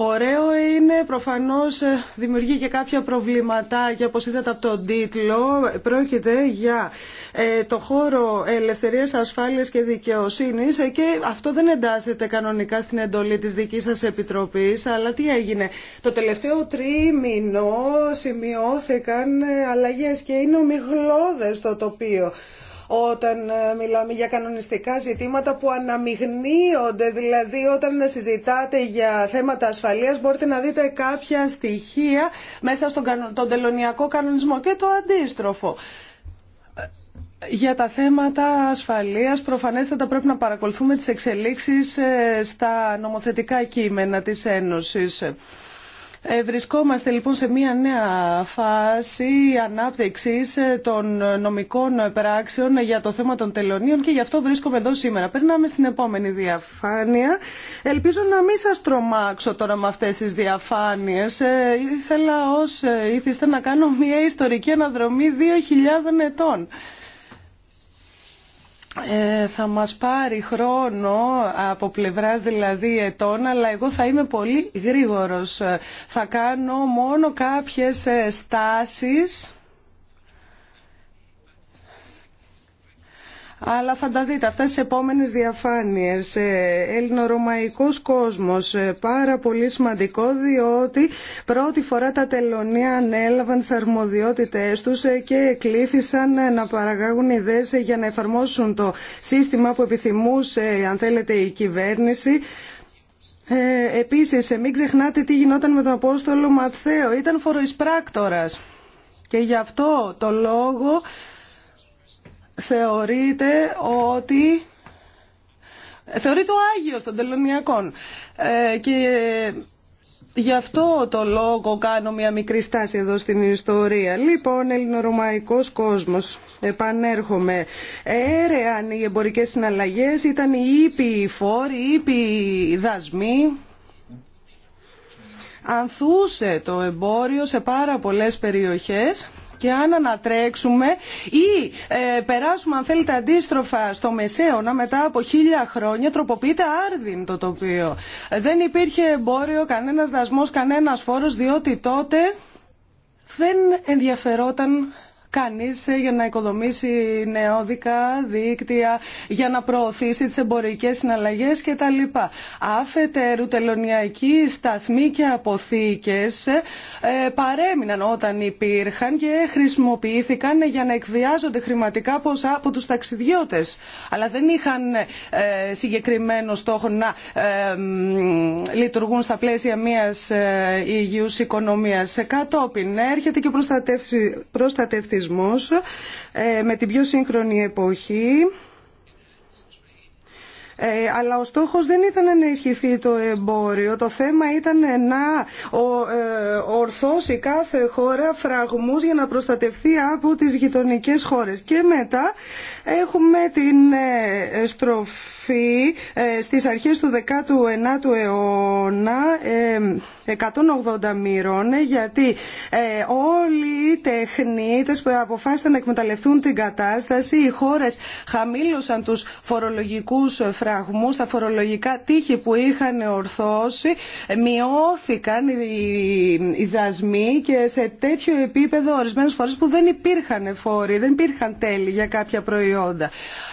Ωραίο είναι, προφανώς ε, δημιουργεί και κάποια προβληματάκια, όπως είδατε από τον τίτλο. Πρόκειται για ε, το χώρο ελευθερίας, ασφάλειας και δικαιοσύνης ε, και αυτό δεν εντάσσεται κανονικά στην εντολή της δικής σας επιτροπής, αλλά τι έγινε. Το τελευταίο τρίμηνο σημειώθηκαν αλλαγές και είναι ομιχλώδες το τοπίο όταν ε, μιλάμε για κανονιστικά ζητήματα που αναμειγνύονται. Δηλαδή όταν συζητάτε για θέματα ασφαλείας μπορείτε να δείτε κάποια στοιχεία μέσα στον τον τελωνιακό κανονισμό και το αντίστροφο. Για τα θέματα ασφαλείας προφανέστατα πρέπει να παρακολουθούμε τις εξελίξεις ε, στα νομοθετικά κείμενα της Ένωσης. Ε, βρισκόμαστε λοιπόν σε μια νέα φάση ανάπτυξης ε, των νομικών πράξεων για το θέμα των τελωνίων και γι' αυτό βρίσκομαι εδώ σήμερα. Περνάμε στην επόμενη διαφάνεια. Ελπίζω να μην σας τρομάξω τώρα με αυτές τις διαφάνειες. Ε, ήθελα ως ήθιστε να κάνω μια ιστορική αναδρομή 2.000 ετών. Ε, θα μας πάρει χρόνο από πλευράς δηλαδή ετών, αλλά εγώ θα είμαι πολύ γρήγορος. Ε, θα κάνω μόνο κάποιες ε, στάσεις αλλά θα τα δείτε αυτά στις επόμενες διαφάνειες. Ε, Ελληνορωμαϊκός κόσμος, ε, πάρα πολύ σημαντικό διότι πρώτη φορά τα τελωνία ανέλαβαν τις αρμοδιότητές τους ε, και κλήθησαν να παραγάγουν ιδέες για να εφαρμόσουν το σύστημα που επιθυμούσε, αν θέλετε, η κυβέρνηση. Ε, επίσης, μην ξεχνάτε τι γινόταν με τον Απόστολο Ματθαίο. Ήταν φοροεισπράκτορας. Και γι' αυτό το λόγο θεωρείται ότι θεωρείται ο Άγιος των Τελωνιακών ε, και γι' αυτό το λόγο κάνω μια μικρή στάση εδώ στην ιστορία. Λοιπόν, ελληνορωμαϊκός κόσμος, επανέρχομαι, έρεαν οι εμπορικές συναλλαγές, ήταν οι ήπιοι φόροι, οι ήπιοι δασμοί, ανθούσε το εμπόριο σε πάρα πολλές περιοχές και αν ανατρέξουμε ή ε, περάσουμε αν θέλετε αντίστροφα στο μεσαίωνα μετά από χίλια χρόνια τροποποιείται άρδιν το τοπίο. Δεν υπήρχε εμπόριο, κανένας δασμός, κανένας φόρος διότι τότε δεν ενδιαφερόταν ε, για να οικοδομήσει νεόδικα δίκτυα, για να προωθήσει τις εμπορικές συναλλαγές κτλ. Αφετέρου τελωνιακοί σταθμοί και αποθήκες ε, ε, παρέμειναν όταν υπήρχαν και χρησιμοποιήθηκαν για να εκβιάζονται χρηματικά ποσά από τους ταξιδιώτες. Αλλά δεν είχαν συγκεκριμένο στόχο να λειτουργούν στα πλαίσια μιας υγιού οικονομία. Κατόπιν έρχεται και ο προστατευτισμός ε, με την πιο σύγχρονη εποχή. Ε, αλλά ο στόχος δεν ήταν να ισχυθεί το εμπόριο. Το θέμα ήταν να ο, ε, ορθώσει κάθε χώρα φραγμούς για να προστατευτεί από τις γειτονικές χώρες. Και μετά Έχουμε την ε, στροφή ε, στις αρχές του 19ου αιώνα 180 ε, μοίρων γιατί όλοι οι τεχνίτες που αποφάσισαν να εκμεταλλευτούν την κατάσταση οι χώρες χαμήλωσαν τους φορολογικούς φραγμούς τα φορολογικά τείχη που είχαν ορθώσει μειώθηκαν οι δασμοί και σε τέτοιο επίπεδο ορισμένες φορές που δεν υπήρχαν φόροι, δεν υπήρχαν τέλη για κάποια προϊόντα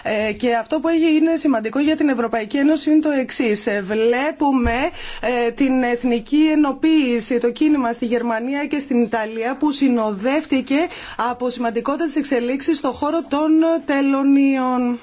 ε, και αυτό που είναι σημαντικό για την Ευρωπαϊκή Ένωση είναι το εξή. Ε, βλέπουμε ε, την εθνική ενοποίηση, το κίνημα στη Γερμανία και στην Ιταλία που συνοδεύτηκε από τη εξελίξεις στον χώρο των τελωνίων.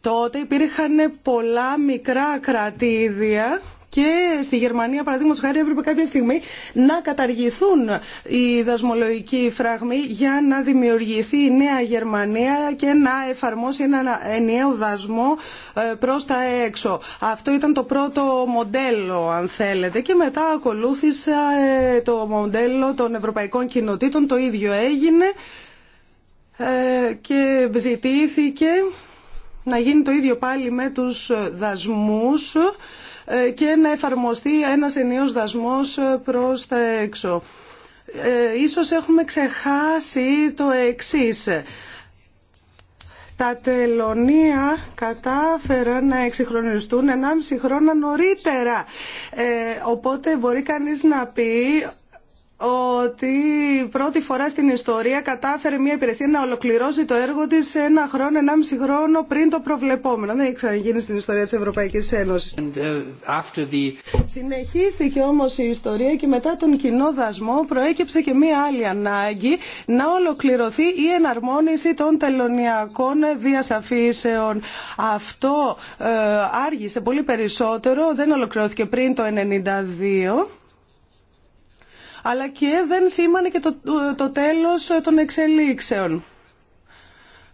Τότε υπήρχαν πολλά μικρά κρατήδια και στη Γερμανία, παραδείγματο χάρη, έπρεπε κάποια στιγμή να καταργηθούν οι δασμολογικοί φραγμοί για να δημιουργηθεί η νέα Γερμανία και να εφαρμόσει ένα ενιαίο δασμό ε, προ τα έξω. Αυτό ήταν το πρώτο μοντέλο, αν θέλετε. Και μετά ακολούθησε το μοντέλο των Ευρωπαϊκών Κοινοτήτων. Το ίδιο έγινε ε, και ζητήθηκε να γίνει το ίδιο πάλι με τους δασμούς ε, και να εφαρμοστεί ένας ενίος δασμός ε, προς τα έξω. Ε, ίσως έχουμε ξεχάσει το εξής. Τα τελωνία κατάφεραν να εξυγχρονιστούν 1,5 χρόνο νωρίτερα. οπότε μπορεί κανείς να πει ότι πρώτη φορά στην ιστορία κατάφερε μια υπηρεσία να ολοκληρώσει το έργο τη ένα χρόνο, μισή χρόνο πριν το προβλεπόμενο. Δεν έχει ξαναγίνει στην ιστορία τη Ευρωπαϊκή Ένωση. Ε, the... Συνεχίστηκε όμω η ιστορία και μετά τον κοινό δασμό προέκυψε και μια άλλη ανάγκη να ολοκληρωθεί η εναρμόνιση των τελωνιακών διασαφήσεων. Αυτό ε, άργησε πολύ περισσότερο, δεν ολοκληρώθηκε πριν το 1992 αλλά και δεν σήμανε και το, το τέλος των εξελίξεων.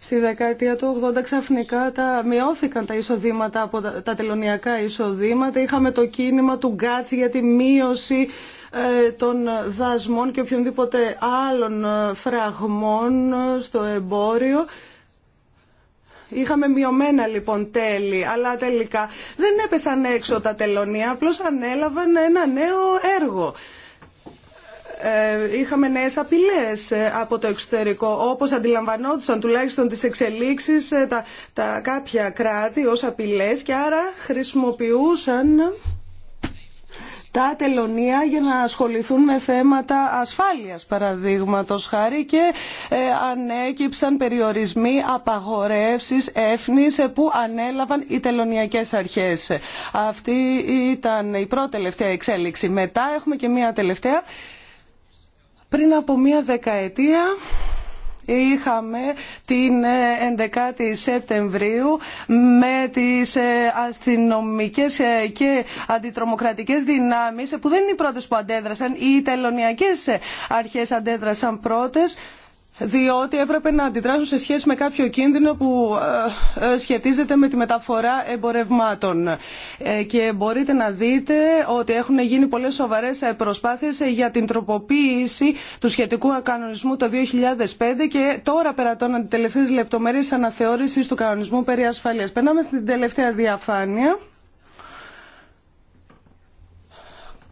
Στη δεκαετία του 80 ξαφνικά τα, μειώθηκαν τα εισοδήματα από τα, τα τελωνιακά εισοδήματα. Είχαμε το κίνημα του Γκάτς για τη μείωση ε, των δασμών και οποιονδήποτε άλλων ε, φραγμών ε, στο εμπόριο. Είχαμε μειωμένα λοιπόν τέλη, αλλά τελικά δεν έπεσαν έξω τα τελωνία, απλώς ανέλαβαν ένα νέο έργο. Ε, είχαμε νέες απειλές ε, από το εξωτερικό, όπως αντιλαμβανόντουσαν τουλάχιστον τις εξελίξεις ε, τα, τα κάποια κράτη ως απειλές και άρα χρησιμοποιούσαν τα τελωνία για να ασχοληθούν με θέματα ασφάλειας παραδείγματος χάρη και ανέκυψαν περιορισμοί απαγορεύσεις έφνης που ανέλαβαν οι τελωνιακές αρχές. Αυτή ήταν η πρώτη τελευταία εξέλιξη. Μετά έχουμε και μία τελευταία πριν από μία δεκαετία είχαμε την 11η ε, Σεπτεμβρίου με τις ε, αστυνομικές ε, και αντιτρομοκρατικές δυνάμεις που δεν είναι οι πρώτες που αντέδρασαν, οι τελωνιακές αρχές αντέδρασαν πρώτες διότι έπρεπε να αντιδράσουν σε σχέση με κάποιο κίνδυνο που ε, ε, σχετίζεται με τη μεταφορά εμπορευμάτων. Ε, και μπορείτε να δείτε ότι έχουν γίνει πολλές σοβαρές προσπάθειες για την τροποποίηση του σχετικού κανονισμού το 2005 και τώρα περατώναν τις τελευταίες λεπτομέρειες αναθεώρησης του κανονισμού περί ασφαλείας. Περνάμε στην τελευταία διαφάνεια.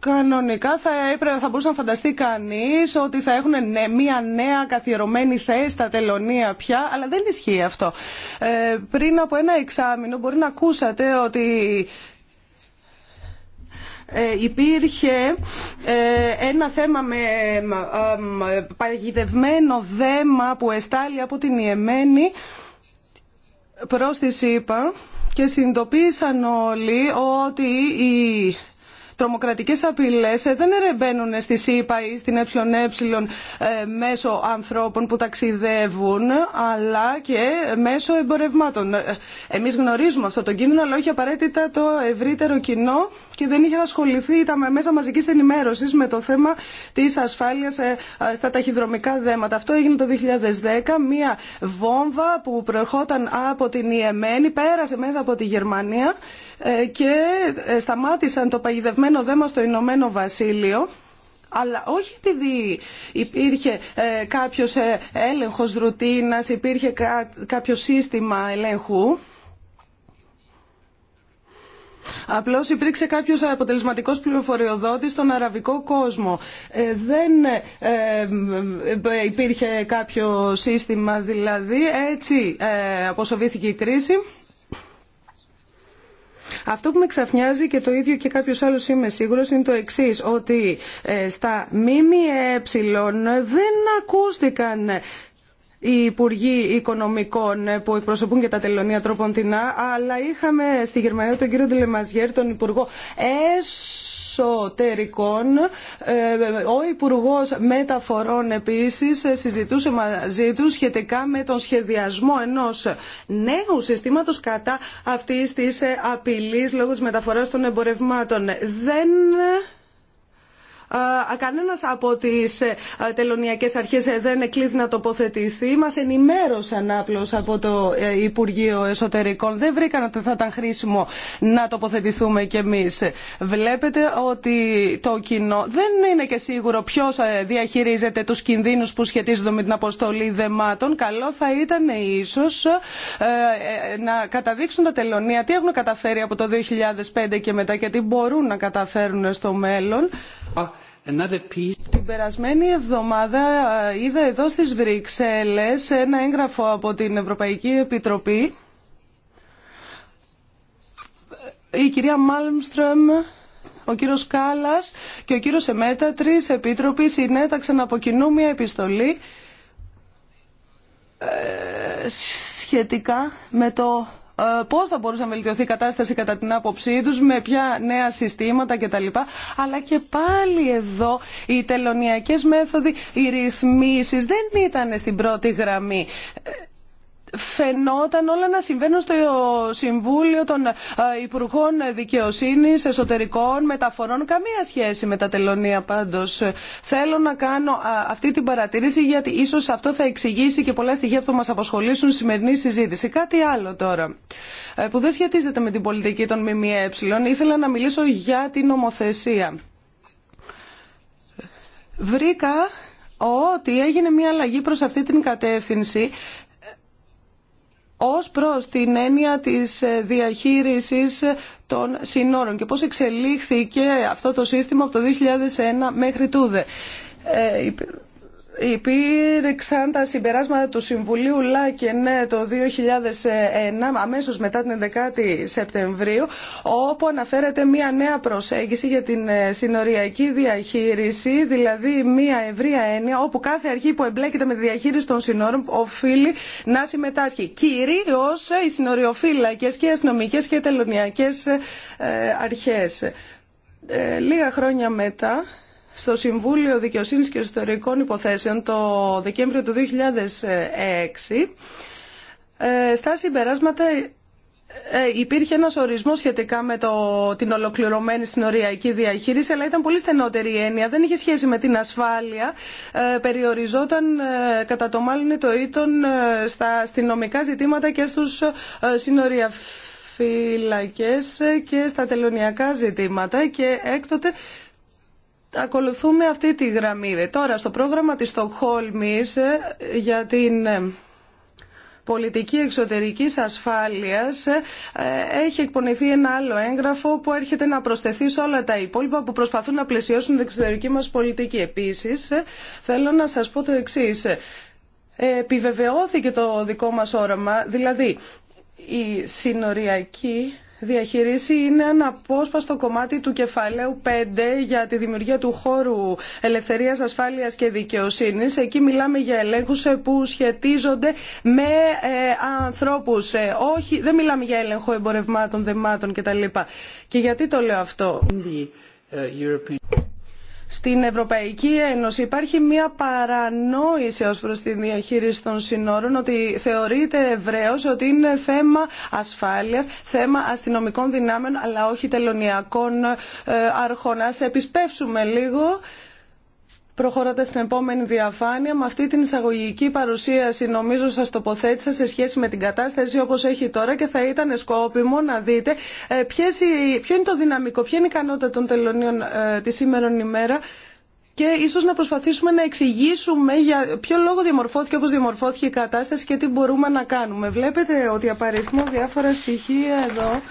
Κανονικά θα, θα μπορούσε να φανταστεί κανείς ότι θα έχουν μια νέα καθιερωμένη θέση στα τελωνία πια, αλλά δεν ισχύει αυτό. Ε, πριν από ένα εξάμεινο μπορεί να ακούσατε ότι ε, υπήρχε ε, ένα θέμα με ε, παγιδευμένο δέμα που εστάλει από την Ιεμένη προς τη ΣΥΠΑ και συνειδητοποίησαν όλοι ότι η Τρομοκρατικέ απειλέ ε, δεν ερεμπαίνουν στη ΣΥΠΑ ή στην ΕΕ ε, μέσω ανθρώπων που ταξιδεύουν αλλά και μέσω εμπορευμάτων. Ε, εμείς γνωρίζουμε αυτό το κίνδυνο αλλά όχι απαραίτητα το ευρύτερο κοινό και δεν είχε ασχοληθεί τα μέσα μαζική ενημέρωση με το θέμα της ασφάλειας ε, ε, στα ταχυδρομικά δέματα. Αυτό έγινε το 2010, μία βόμβα που προερχόταν από την Ιεμένη, πέρασε μέσα από τη Γερμανία ε, και σταμάτησαν το παγιδευμένο δέμα στο Ηνωμένο Βασίλειο αλλά όχι επειδή υπήρχε ε, κάποιος ε, έλεγχος ρουτίνας, υπήρχε κάποιο σύστημα ελέγχου Απλώ υπήρξε κάποιο αποτελεσματικός πληροφοριόδότη στον αραβικό κόσμο. Ε, δεν ε, ε, υπήρχε κάποιο σύστημα δηλαδή. Έτσι αποσοβήθηκε η κρίση. Αυτό που με ξαφνιάζει και το ίδιο και κάποιο άλλο είμαι σίγουρο είναι το εξή, ότι στα ΜΜΕ δεν ακούστηκαν οι Υπουργοί Οικονομικών που εκπροσωπούν και τα τελωνία τρόπον αλλά είχαμε στη Γερμανία τον κύριο Ντελεμαζιέρ, τον Υπουργό Εσωτερικών. Ε, ο Υπουργό Μεταφορών επίση, συζητούσε μαζί του σχετικά με τον σχεδιασμό ενός νέου συστήματο κατά αυτή τη απειλή λόγω τη μεταφορά των εμπορευμάτων. Δεν Κανένας από τι ε, τελωνιακέ αρχές ε, δεν εκλείθη να τοποθετηθεί. Μας ενημέρωσαν απλώ από το ε, Υπουργείο Εσωτερικών. Δεν βρήκαν ότι θα ήταν χρήσιμο να τοποθετηθούμε κι εμεί. Βλέπετε ότι το κοινό δεν είναι και σίγουρο ποιο διαχειρίζεται τους κινδύνου που σχετίζονται με την αποστολή δεμάτων. Καλό θα ήταν ίσω να καταδείξουν τα τελωνία τι έχουν καταφέρει από το 2005 και μετά και τι μπορούν να καταφέρουν στο μέλλον. Την περασμένη εβδομάδα ε, είδα εδώ στις Βρυξέλλες ένα έγγραφο από την Ευρωπαϊκή Επιτροπή. Ε, η κυρία Μάλμστρομ, ο κύριος Κάλλας και ο κύριος Εμέτα, τρεις επίτροποι, συνέταξαν από κοινού μια επιστολή ε, σχετικά με το ε, Πώ θα μπορούσε να βελτιωθεί η κατάσταση κατά την άποψή του με ποια νέα συστήματα κτλ. Αλλά και πάλι εδώ οι τελωνιακέ μέθοδοι, οι ρυθμίσει δεν ήταν στην πρώτη γραμμή. Ε, φαινόταν όλα να συμβαίνουν στο Συμβούλιο των ε, Υπουργών Δικαιοσύνης, Εσωτερικών, Μεταφορών. Καμία σχέση με τα τελωνία πάντως. Θέλω να κάνω αυτή την παρατήρηση γιατί ίσως αυτό θα εξηγήσει και πολλά στοιχεία που θα μας απασχολήσουν στη σημερινή συζήτηση. Κάτι άλλο τώρα ε, που δεν σχετίζεται με την πολιτική των ΜΜΕ. Ήθελα να μιλήσω για την νομοθεσία. Βρήκα ότι έγινε μια αλλαγή προς αυτή την κατεύθυνση ως προς την έννοια της ε, διαχείρισης ε, των συνόρων και πώς εξελίχθηκε αυτό το σύστημα από το 2001 μέχρι τούδε. Ε, Υπήρξαν τα συμπεράσματα του Συμβουλίου ΛΑΚΕΝ ναι, το 2001, αμέσως μετά την 11η Σεπτεμβρίου, όπου αναφέρεται μια νέα προσέγγιση για την ε, συνοριακή διαχείριση, δηλαδή μια ευρία έννοια, όπου κάθε αρχή που εμπλέκεται με τη διαχείριση των συνόρων οφείλει να συμμετάσχει. Κυρίως οι συνοριοφύλακες και οι αστυνομικές και τελωνιακές ε, ε, αρχές. Λίγα χρόνια μετά, στο Συμβούλιο Δικαιοσύνης και Ιστορικών Υποθέσεων το Δεκέμβριο του 2006 ε, στα συμπεράσματα ε, υπήρχε ένας ορισμός σχετικά με το, την ολοκληρωμένη συνοριακή διαχείριση αλλά ήταν πολύ στενότερη η έννοια, δεν είχε σχέση με την ασφάλεια ε, περιοριζόταν κατά το μάλλον το ήτον στα αστυνομικά ζητήματα και στους συνοριαφύλακες και στα τελωνιακά ζητήματα και έκτοτε ακολουθούμε αυτή τη γραμμή. Τώρα, στο πρόγραμμα της Στοκχόλμης ε, για την ε, πολιτική εξωτερικής ασφάλειας ε, έχει εκπονηθεί ένα άλλο έγγραφο που έρχεται να προσθεθεί σε όλα τα υπόλοιπα που προσπαθούν να πλαισιώσουν την εξωτερική μας πολιτική. Επίσης, θέλω να σας πω το εξής. Επιβεβαιώθηκε το δικό μας όραμα, δηλαδή η συνοριακή διαχειρίσει είναι ένα απόσπαστο κομμάτι του κεφαλαίου 5 για τη δημιουργία του χώρου ελευθερίας, ασφάλειας και δικαιοσύνης. Εκεί μιλάμε για ελέγχους ε, που σχετίζονται με ε, ανθρώπους. Ε, όχι, δεν μιλάμε για έλεγχο εμπορευμάτων, δεμάτων κτλ. Και γιατί το λέω αυτό. Ε, στην Ευρωπαϊκή Ένωση υπάρχει μια παρανόηση ως προς τη διαχείριση των συνόρων ότι θεωρείται ευρέως ότι είναι θέμα ασφάλειας, θέμα αστυνομικών δυνάμεων αλλά όχι τελωνιακών ε, αρχών. Ας επισπεύσουμε λίγο Προχωρώντα στην επόμενη διαφάνεια, με αυτή την εισαγωγική παρουσίαση νομίζω σα τοποθέτησα σε σχέση με την κατάσταση όπω έχει τώρα και θα ήταν σκόπιμο να δείτε ε, ποιες, ποιο είναι το δυναμικό, ποια είναι η ικανότητα των τελωνίων ε, τη σήμερα ημέρα και ίσω να προσπαθήσουμε να εξηγήσουμε για ποιο λόγο διαμορφώθηκε όπω διαμορφώθηκε η κατάσταση και τι μπορούμε να κάνουμε. Βλέπετε ότι απαριθμώ διάφορα στοιχεία εδώ.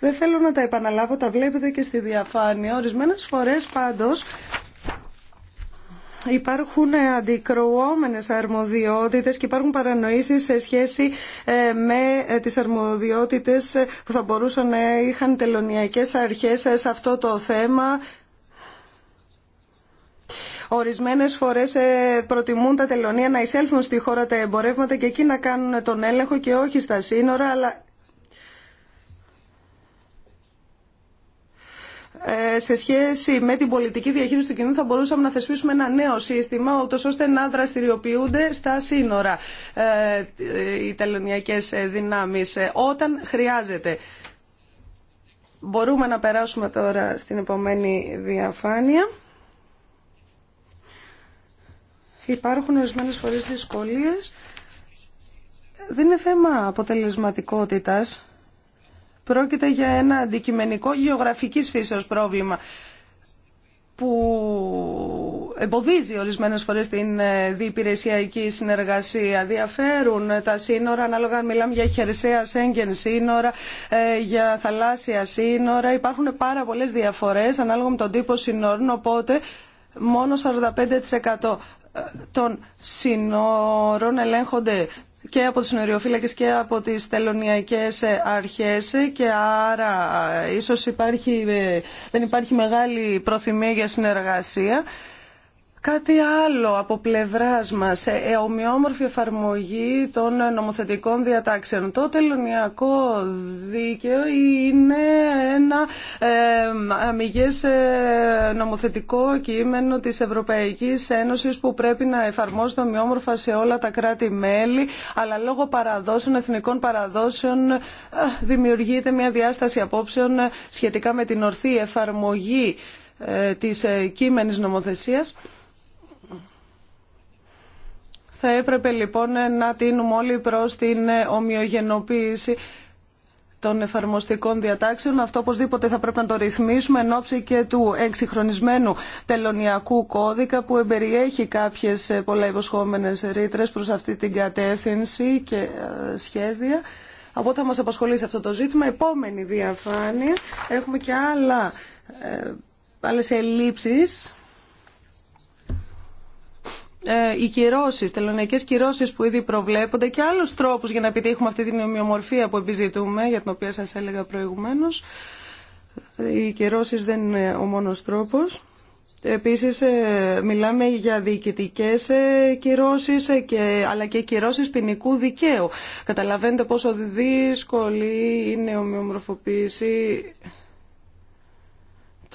Δεν θέλω να τα επαναλάβω, τα βλέπετε και στη διαφάνεια. Ορισμένε φορές πάντως υπάρχουν ε, αντικρουόμενες αρμοδιότητες και υπάρχουν παρανοήσεις σε σχέση ε, με ε, τις αρμοδιότητες που θα μπορούσαν να είχαν τελωνιακές αρχές σε αυτό το θέμα. Ορισμένες φορές προτιμούν τα τελωνία να εισέλθουν στη χώρα τα εμπορεύματα και εκεί να κάνουν τον έλεγχο και όχι στα σύνορα, αλλά Ε, σε σχέση με την πολιτική διαχείριση του κινδύνου θα μπορούσαμε να θεσπίσουμε ένα νέο σύστημα ούτως ώστε να δραστηριοποιούνται στα σύνορα ε, οι τελωνιακές δυνάμεις ε, όταν χρειάζεται. Μπορούμε να περάσουμε τώρα στην επόμενη διαφάνεια. Υπάρχουν ορισμένε φορέ δυσκολίες. Δεν είναι θέμα αποτελεσματικότητας Πρόκειται για ένα αντικειμενικό γεωγραφικής φύσεως πρόβλημα που εμποδίζει ορισμένες φορές την ε, διυπηρεσιακή συνεργασία. Διαφέρουν τα σύνορα, ανάλογα αν μιλάμε για χερσαία σέγγεν σύνορα, ε, για θαλάσσια σύνορα. Υπάρχουν πάρα πολλές διαφορές ανάλογα με τον τύπο σύνορων, οπότε μόνο 45% ε, των σύνορων ελέγχονται και από τους νοριοφύλακες και από τις τελωνιακές ε, αρχές ε, και άρα ε, ίσως υπάρχει, δεν υπάρχει μεγάλη προθυμία για συνεργασία. Κάτι άλλο από πλευρά μας, ε, ε, ομοιόμορφη εφαρμογή των νομοθετικών διατάξεων. Το τελωνιακό δίκαιο είναι ένα ε, ε νομοθετικό κείμενο της Ευρωπαϊκής Ένωση που πρέπει να εφαρμόζεται ομοιόμορφα σε όλα τα κράτη-μέλη, αλλά λόγω παραδόσεων, εθνικών παραδόσεων δημιουργείται μια διάσταση απόψεων σχετικά με την ορθή εφαρμογή της κείμενης νομοθεσίας. Θα έπρεπε λοιπόν να τίνουμε όλοι προς την ε, ομοιογενοποίηση των εφαρμοστικών διατάξεων. Αυτό οπωσδήποτε θα πρέπει να το ρυθμίσουμε εν ώψη και του εξυγχρονισμένου τελωνιακού κώδικα που εμπεριέχει κάποιες ε, πολλά υποσχόμενες ρήτρες προς αυτή την κατεύθυνση και ε, σχέδια. Από θα μας απασχολήσει αυτό το ζήτημα. Επόμενη διαφάνεια. Έχουμε και άλλα, άλλες ελλείψεις ε, οι κυρώσει, τελωνιακέ κυρώσει που ήδη προβλέπονται και άλλου τρόπου για να επιτύχουμε αυτή την ομοιομορφία που επιζητούμε, για την οποία σα έλεγα προηγουμένω. Οι κυρώσει δεν είναι ο μόνο τρόπο. Επίσης ε, μιλάμε για διοικητικές ε, κυρώσει, και, αλλά και κυρώσει ποινικού δικαίου. Καταλαβαίνετε πόσο δύσκολη είναι η ομοιομορφοποίηση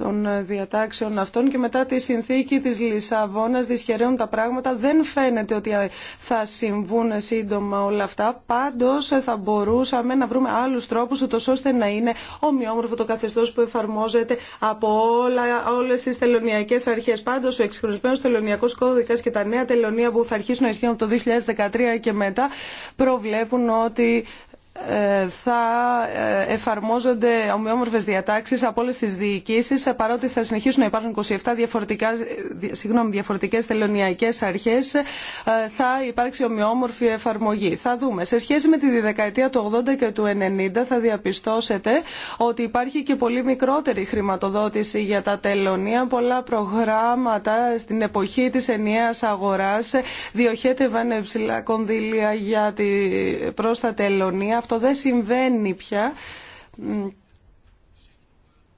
των διατάξεων αυτών και μετά τη συνθήκη της Λισαβόνας δυσχεραίνουν τα πράγματα. Δεν φαίνεται ότι θα συμβούν σύντομα όλα αυτά. Πάντως θα μπορούσαμε να βρούμε άλλους τρόπους ώστε να είναι ομοιόμορφο το καθεστώς που εφαρμόζεται από όλα, όλες τις τελωνιακές αρχές. Πάντως ο εξυγχρονισμένος τελωνιακός κώδικας και τα νέα τελωνία που θα αρχίσουν να ισχύουν από το 2013 και μετά προβλέπουν ότι θα ε, εφαρμόζονται ομοιόμορφες διατάξεις από όλες τις διοικήσεις ε, παρότι θα συνεχίσουν να υπάρχουν 27 διαφορετικά, συγγνώμη, διαφορετικές τελωνιακές αρχές ε, θα υπάρξει ομοιόμορφη εφαρμογή. Θα δούμε. Σε σχέση με τη δεκαετία του 80 και του 90 θα διαπιστώσετε ότι υπάρχει και πολύ μικρότερη χρηματοδότηση για τα τελωνία. Πολλά προγράμματα στην εποχή της ενιαίας αγοράς διοχέτευαν ψηλά κονδύλια για τη, προς τα τελωνία το δεν συμβαίνει πια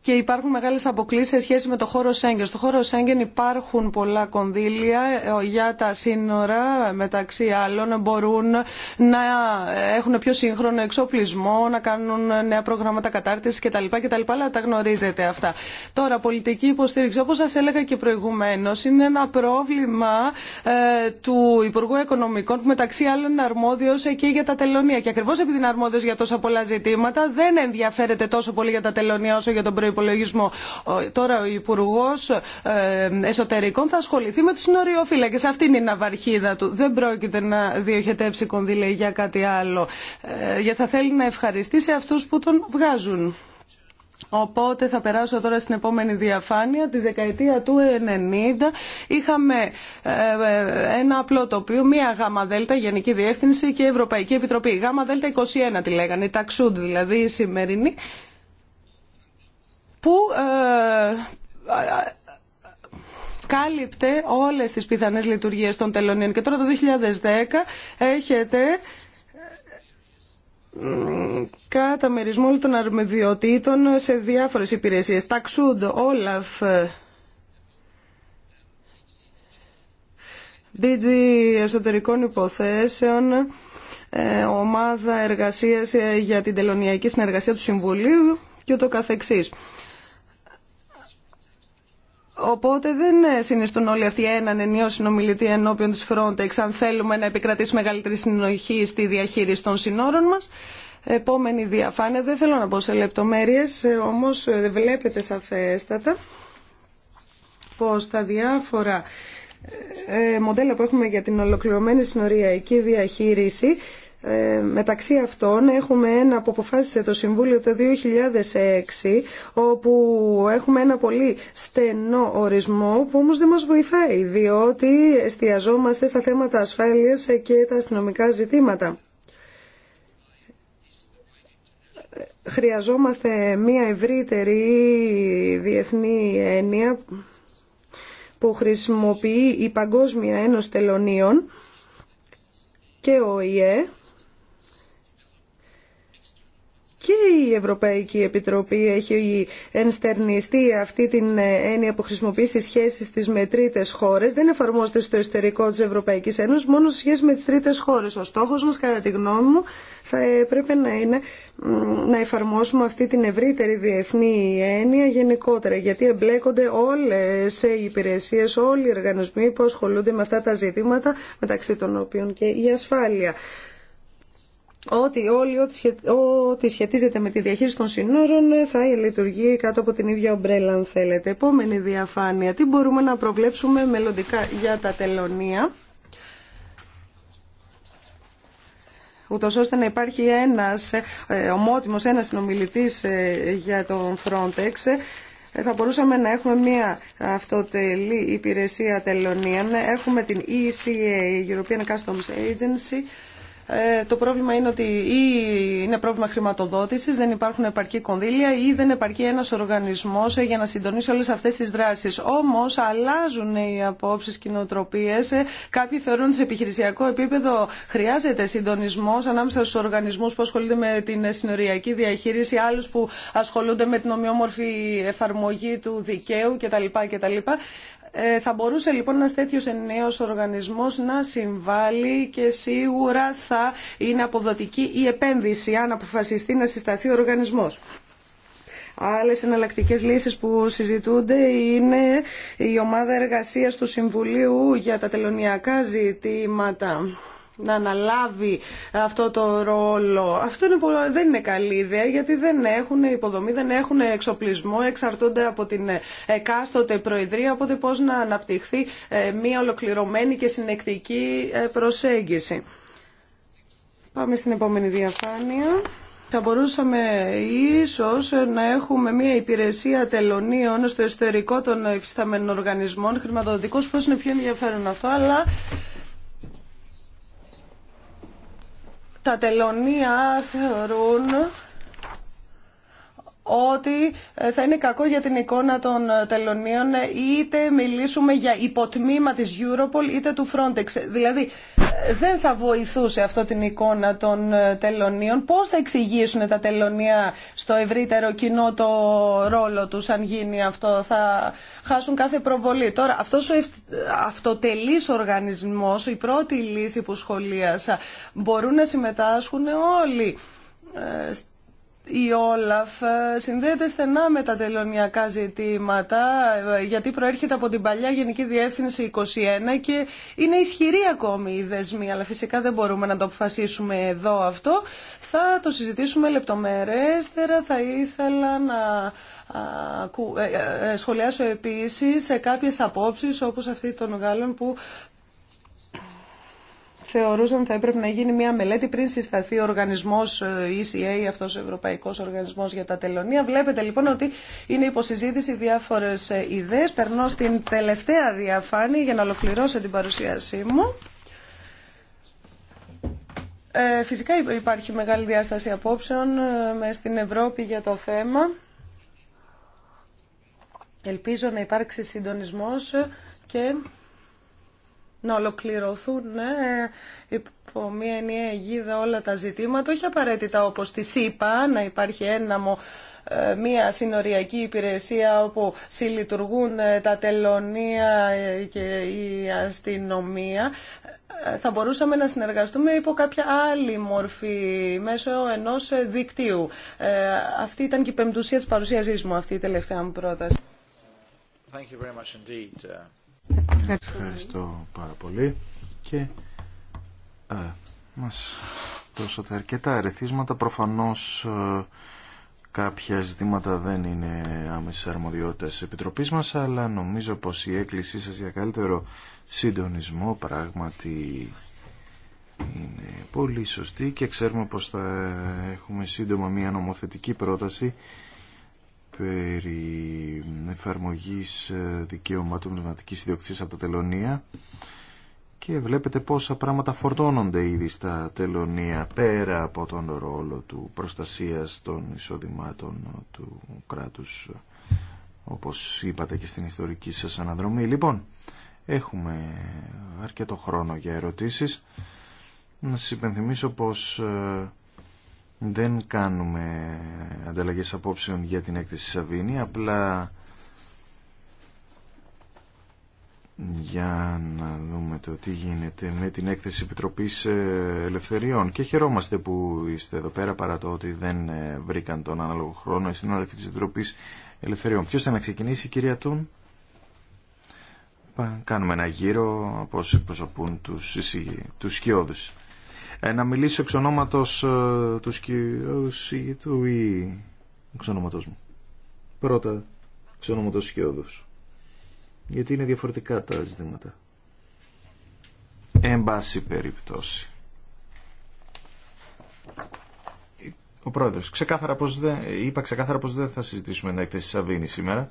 και υπάρχουν μεγάλε αποκλήσει σε σχέση με το χώρο Σέγγεν. Στο χώρο Σέγγεν υπάρχουν πολλά κονδύλια ε, για τα σύνορα μεταξύ άλλων. Μπορούν να έχουν πιο σύγχρονο εξοπλισμό, να κάνουν νέα προγράμματα κατάρτιση κτλ. κτλ αλλά τα γνωρίζετε αυτά. Τώρα, πολιτική υποστήριξη, όπω σα έλεγα και προηγουμένω, είναι ένα πρόβλημα ε, του Υπουργού Οικονομικών που μεταξύ άλλων είναι αρμόδιος και για τα τελωνία. Και ακριβώ επειδή είναι αρμόδιο για τόσα πολλά ζητήματα, δεν ενδιαφέρεται τόσο πολύ για τα τελωνία όσο για τον προηγούμενο προπολογισμό. Τώρα ο Υπουργό ε, Εσωτερικών θα ασχοληθεί με του συνοριοφύλακε. Αυτή είναι η ναυαρχίδα του. Δεν πρόκειται να διοχετεύσει κονδύλια για κάτι άλλο. Ε, για θα θέλει να ευχαριστήσει αυτού που τον βγάζουν. Οπότε θα περάσω τώρα στην επόμενη διαφάνεια. Τη δεκαετία του 90 είχαμε ε, ένα απλό τοπίο, μία γάμα δέλτα, Γενική Διεύθυνση και Ευρωπαϊκή Επιτροπή. Γάμα δέλτα 21 τη λέγανε, η ταξούντ δηλαδή η σημερινή που ε, κάλυπτε όλες τις πιθανές λειτουργίες των τελωνίων. Και τώρα το 2010 έχετε καταμερισμό όλων των αρμεδιοτήτων σε διάφορες υπηρεσίες. Ταξούντ, Όλαφ, DG Εσωτερικών Υποθέσεων, ε, Ομάδα Εργασίας ε, για την Τελωνιακή Συνεργασία του Συμβουλίου και το καθεξής. Οπότε δεν συνιστούν όλοι αυτοί έναν ενίο συνομιλητή ενώπιον της Frontex αν θέλουμε να επικρατήσει μεγαλύτερη συνοχή στη διαχείριση των συνόρων μας. Επόμενη διαφάνεια, δεν θέλω να πω σε λεπτομέρειες, ε, όμως ε, βλέπετε σαφέστατα πως τα διάφορα ε, μοντέλα που έχουμε για την ολοκληρωμένη συνοριακή διαχείριση ε, μεταξύ αυτών έχουμε ένα που αποφάσισε το Συμβούλιο το 2006 όπου έχουμε ένα πολύ στενό ορισμό που όμως δεν μας βοηθάει διότι εστιαζόμαστε στα θέματα ασφάλειας και τα αστυνομικά ζητήματα. Χρειαζόμαστε μια ευρύτερη διεθνή έννοια που χρησιμοποιεί η Παγκόσμια Ένωση Τελωνίων και ο ΙΕ και η Ευρωπαϊκή Επιτροπή έχει ενστερνιστεί αυτή την ε, έννοια που χρησιμοποιεί στις σχέσεις τη με τρίτε χώρες. Δεν εφαρμόζεται στο εσωτερικό της Ευρωπαϊκής Ένωσης, μόνο στις σχέσεις με τις τρίτες χώρες. Ο στόχος μας, κατά τη γνώμη μου, θα έπρεπε να είναι να εφαρμόσουμε αυτή την ευρύτερη διεθνή έννοια γενικότερα, γιατί εμπλέκονται όλες οι υπηρεσίες, όλοι οι οργανισμοί που ασχολούνται με αυτά τα ζητήματα, μεταξύ των οποίων και η ασφάλεια ότι όλοι ό,τι σχετίζεται με τη διαχείριση των συνόρων θα λειτουργεί κάτω από την ίδια ομπρέλα αν θέλετε. Επόμενη διαφάνεια. Τι μπορούμε να προβλέψουμε μελλοντικά για τα τελωνία. ούτω ώστε να υπάρχει ένας ε, ομότιμος, ένας συνομιλητής ε, για τον Frontex ε, θα μπορούσαμε να έχουμε μια αυτοτελή υπηρεσία τελωνίων. Έχουμε την ECA, European Customs Agency, ε, το πρόβλημα είναι ότι ή είναι πρόβλημα χρηματοδότησης, δεν υπάρχουν επαρκή κονδύλια ή δεν επαρκεί ένας οργανισμός ε, για να συντονίσει όλες αυτές τις δράσεις. Όμως αλλάζουν οι απόψεις κοινοτροπίες. οι ε, Κάποιοι θεωρούν ότι σε επιχειρησιακό επίπεδο χρειάζεται συντονισμός ανάμεσα στους οργανισμούς που ασχολούνται με την συνοριακή διαχείριση, άλλους που ασχολούνται με την ομοιόμορφη εφαρμογή του δικαίου κτλ. κτλ. Ε, θα μπορούσε λοιπόν ένας τέτοιος νέος οργανισμός να συμβάλλει και σίγουρα θα είναι αποδοτική η επένδυση αν αποφασιστεί να συσταθεί ο οργανισμός. Άλλες εναλλακτικέ λύσεις που συζητούνται είναι η ομάδα εργασίας του Συμβουλίου για τα τελωνιακά ζητήματα να αναλάβει αυτό το ρόλο. Αυτό δεν είναι καλή ιδέα γιατί δεν έχουν υποδομή, δεν έχουν εξοπλισμό, εξαρτώνται από την εκάστοτε προεδρία, οπότε πώς να αναπτυχθεί ε, μια ολοκληρωμένη και συνεκτική ε, προσέγγιση. Πάμε στην επόμενη διαφάνεια. Θα μπορούσαμε ίσως να έχουμε μια υπηρεσία τελωνίων στο εσωτερικό των υφισταμένων οργανισμών χρηματοδοτικούς, πώς είναι πιο ενδιαφέρον αυτό, αλλά τα τελωνία θεωρούν ότι ε, θα είναι κακό για την εικόνα των ε, τελωνίων ε, είτε μιλήσουμε για υποτμήμα της Europol είτε του Frontex. Δηλαδή δεν θα βοηθούσε αυτό την εικόνα των τελωνίων. Πώς θα εξηγήσουν τα τελωνία στο ευρύτερο κοινό το ρόλο τους αν γίνει αυτό. Θα χάσουν κάθε προβολή. Τώρα αυτός ο αυτοτελής οργανισμός, η πρώτη λύση που σχολίασα, μπορούν να συμμετάσχουν όλοι η Όλαφ ε, συνδέεται στενά με τα τελωνιακά ζητήματα ε, γιατί προέρχεται από την παλιά Γενική Διεύθυνση 21 και είναι ισχυρή ακόμη η δεσμή αλλά φυσικά δεν μπορούμε να το αποφασίσουμε εδώ αυτό. Θα το συζητήσουμε λεπτομερέστερα. Θα ήθελα να ε, σχολιάσω επίσης σε κάποιες απόψεις όπως αυτή των Γάλλων που θεωρούσαν ότι θα έπρεπε να γίνει μια μελέτη πριν συσταθεί ο οργανισμός ε, ECA, αυτός ο Ευρωπαϊκός Οργανισμός για τα Τελωνία. Βλέπετε λοιπόν ότι είναι υποσυζήτηση διάφορες ε, ιδέες. Περνώ στην τελευταία διαφάνεια για να ολοκληρώσω την παρουσίασή μου. Ε, φυσικά υπάρχει μεγάλη διάσταση απόψεων στην Ευρώπη για το θέμα. Ελπίζω να υπάρξει συντονισμός και να ολοκληρωθούν ναι, υπό μια ενιαία αιγίδα όλα τα ζητήματα, όχι απαραίτητα όπως τη είπα να υπάρχει μο, ε, μια συνοριακή υπηρεσία όπου συλλειτουργούν ε, τα τελωνία ε, και η αστυνομία. Θα μπορούσαμε να συνεργαστούμε υπό κάποια άλλη μορφή, μέσω ενός δικτύου. Αυτή ήταν και η πεμπτουσία της παρουσίασής μου, αυτή η τελευταία μου πρόταση. Uh, Ευχαριστώ πάρα πολύ και α, ε, μας δώσατε αρκετά ερεθίσματα. Προφανώς ε, κάποια ζητήματα δεν είναι άμεσης αρμοδιότητας της Επιτροπής μας, αλλά νομίζω πως η έκκλησή σας για καλύτερο συντονισμό πράγματι είναι πολύ σωστή και ξέρουμε πως θα έχουμε σύντομα μια νομοθετική πρόταση περί εφαρμογής ε, δικαιωμάτων πνευματικής ιδιοκτησίας από τα τελωνία και βλέπετε πόσα πράγματα φορτώνονται ήδη στα τελωνία πέρα από τον ρόλο του προστασίας των εισοδημάτων του κράτους όπως είπατε και στην ιστορική σας αναδρομή. Λοιπόν, έχουμε αρκετό χρόνο για ερωτήσεις. Να σας υπενθυμίσω πως ε, δεν κάνουμε ανταλλαγές απόψεων για την έκθεση Σαββίνη, απλά για να δούμε το τι γίνεται με την έκθεση Επιτροπής ε, Ελευθεριών. Και χαιρόμαστε που είστε εδώ πέρα παρά το ότι δεν ε, βρήκαν τον ανάλογο χρόνο στην συνάδελφοι της Επιτροπής Ελευθεριών. Ποιος θα να ξεκινήσει, κυρία Τούν? Κάνουμε ένα γύρο από όσοι προσωπούν τους, τους σκιώδους. Ε, να μιλήσω εξ ονόματος ε, του σκιώδου ή εξ ονόματος μου. Πρώτα εξ ονόματος σκιώδους. Γιατί είναι διαφορετικά τα ζητήματα. Εν πάση περιπτώσει. Ο πρόεδρος, ξεκάθαρα πως δεν, είπα ξεκάθαρα πως δεν θα συζητήσουμε την έκθεση Σαββίνη σήμερα.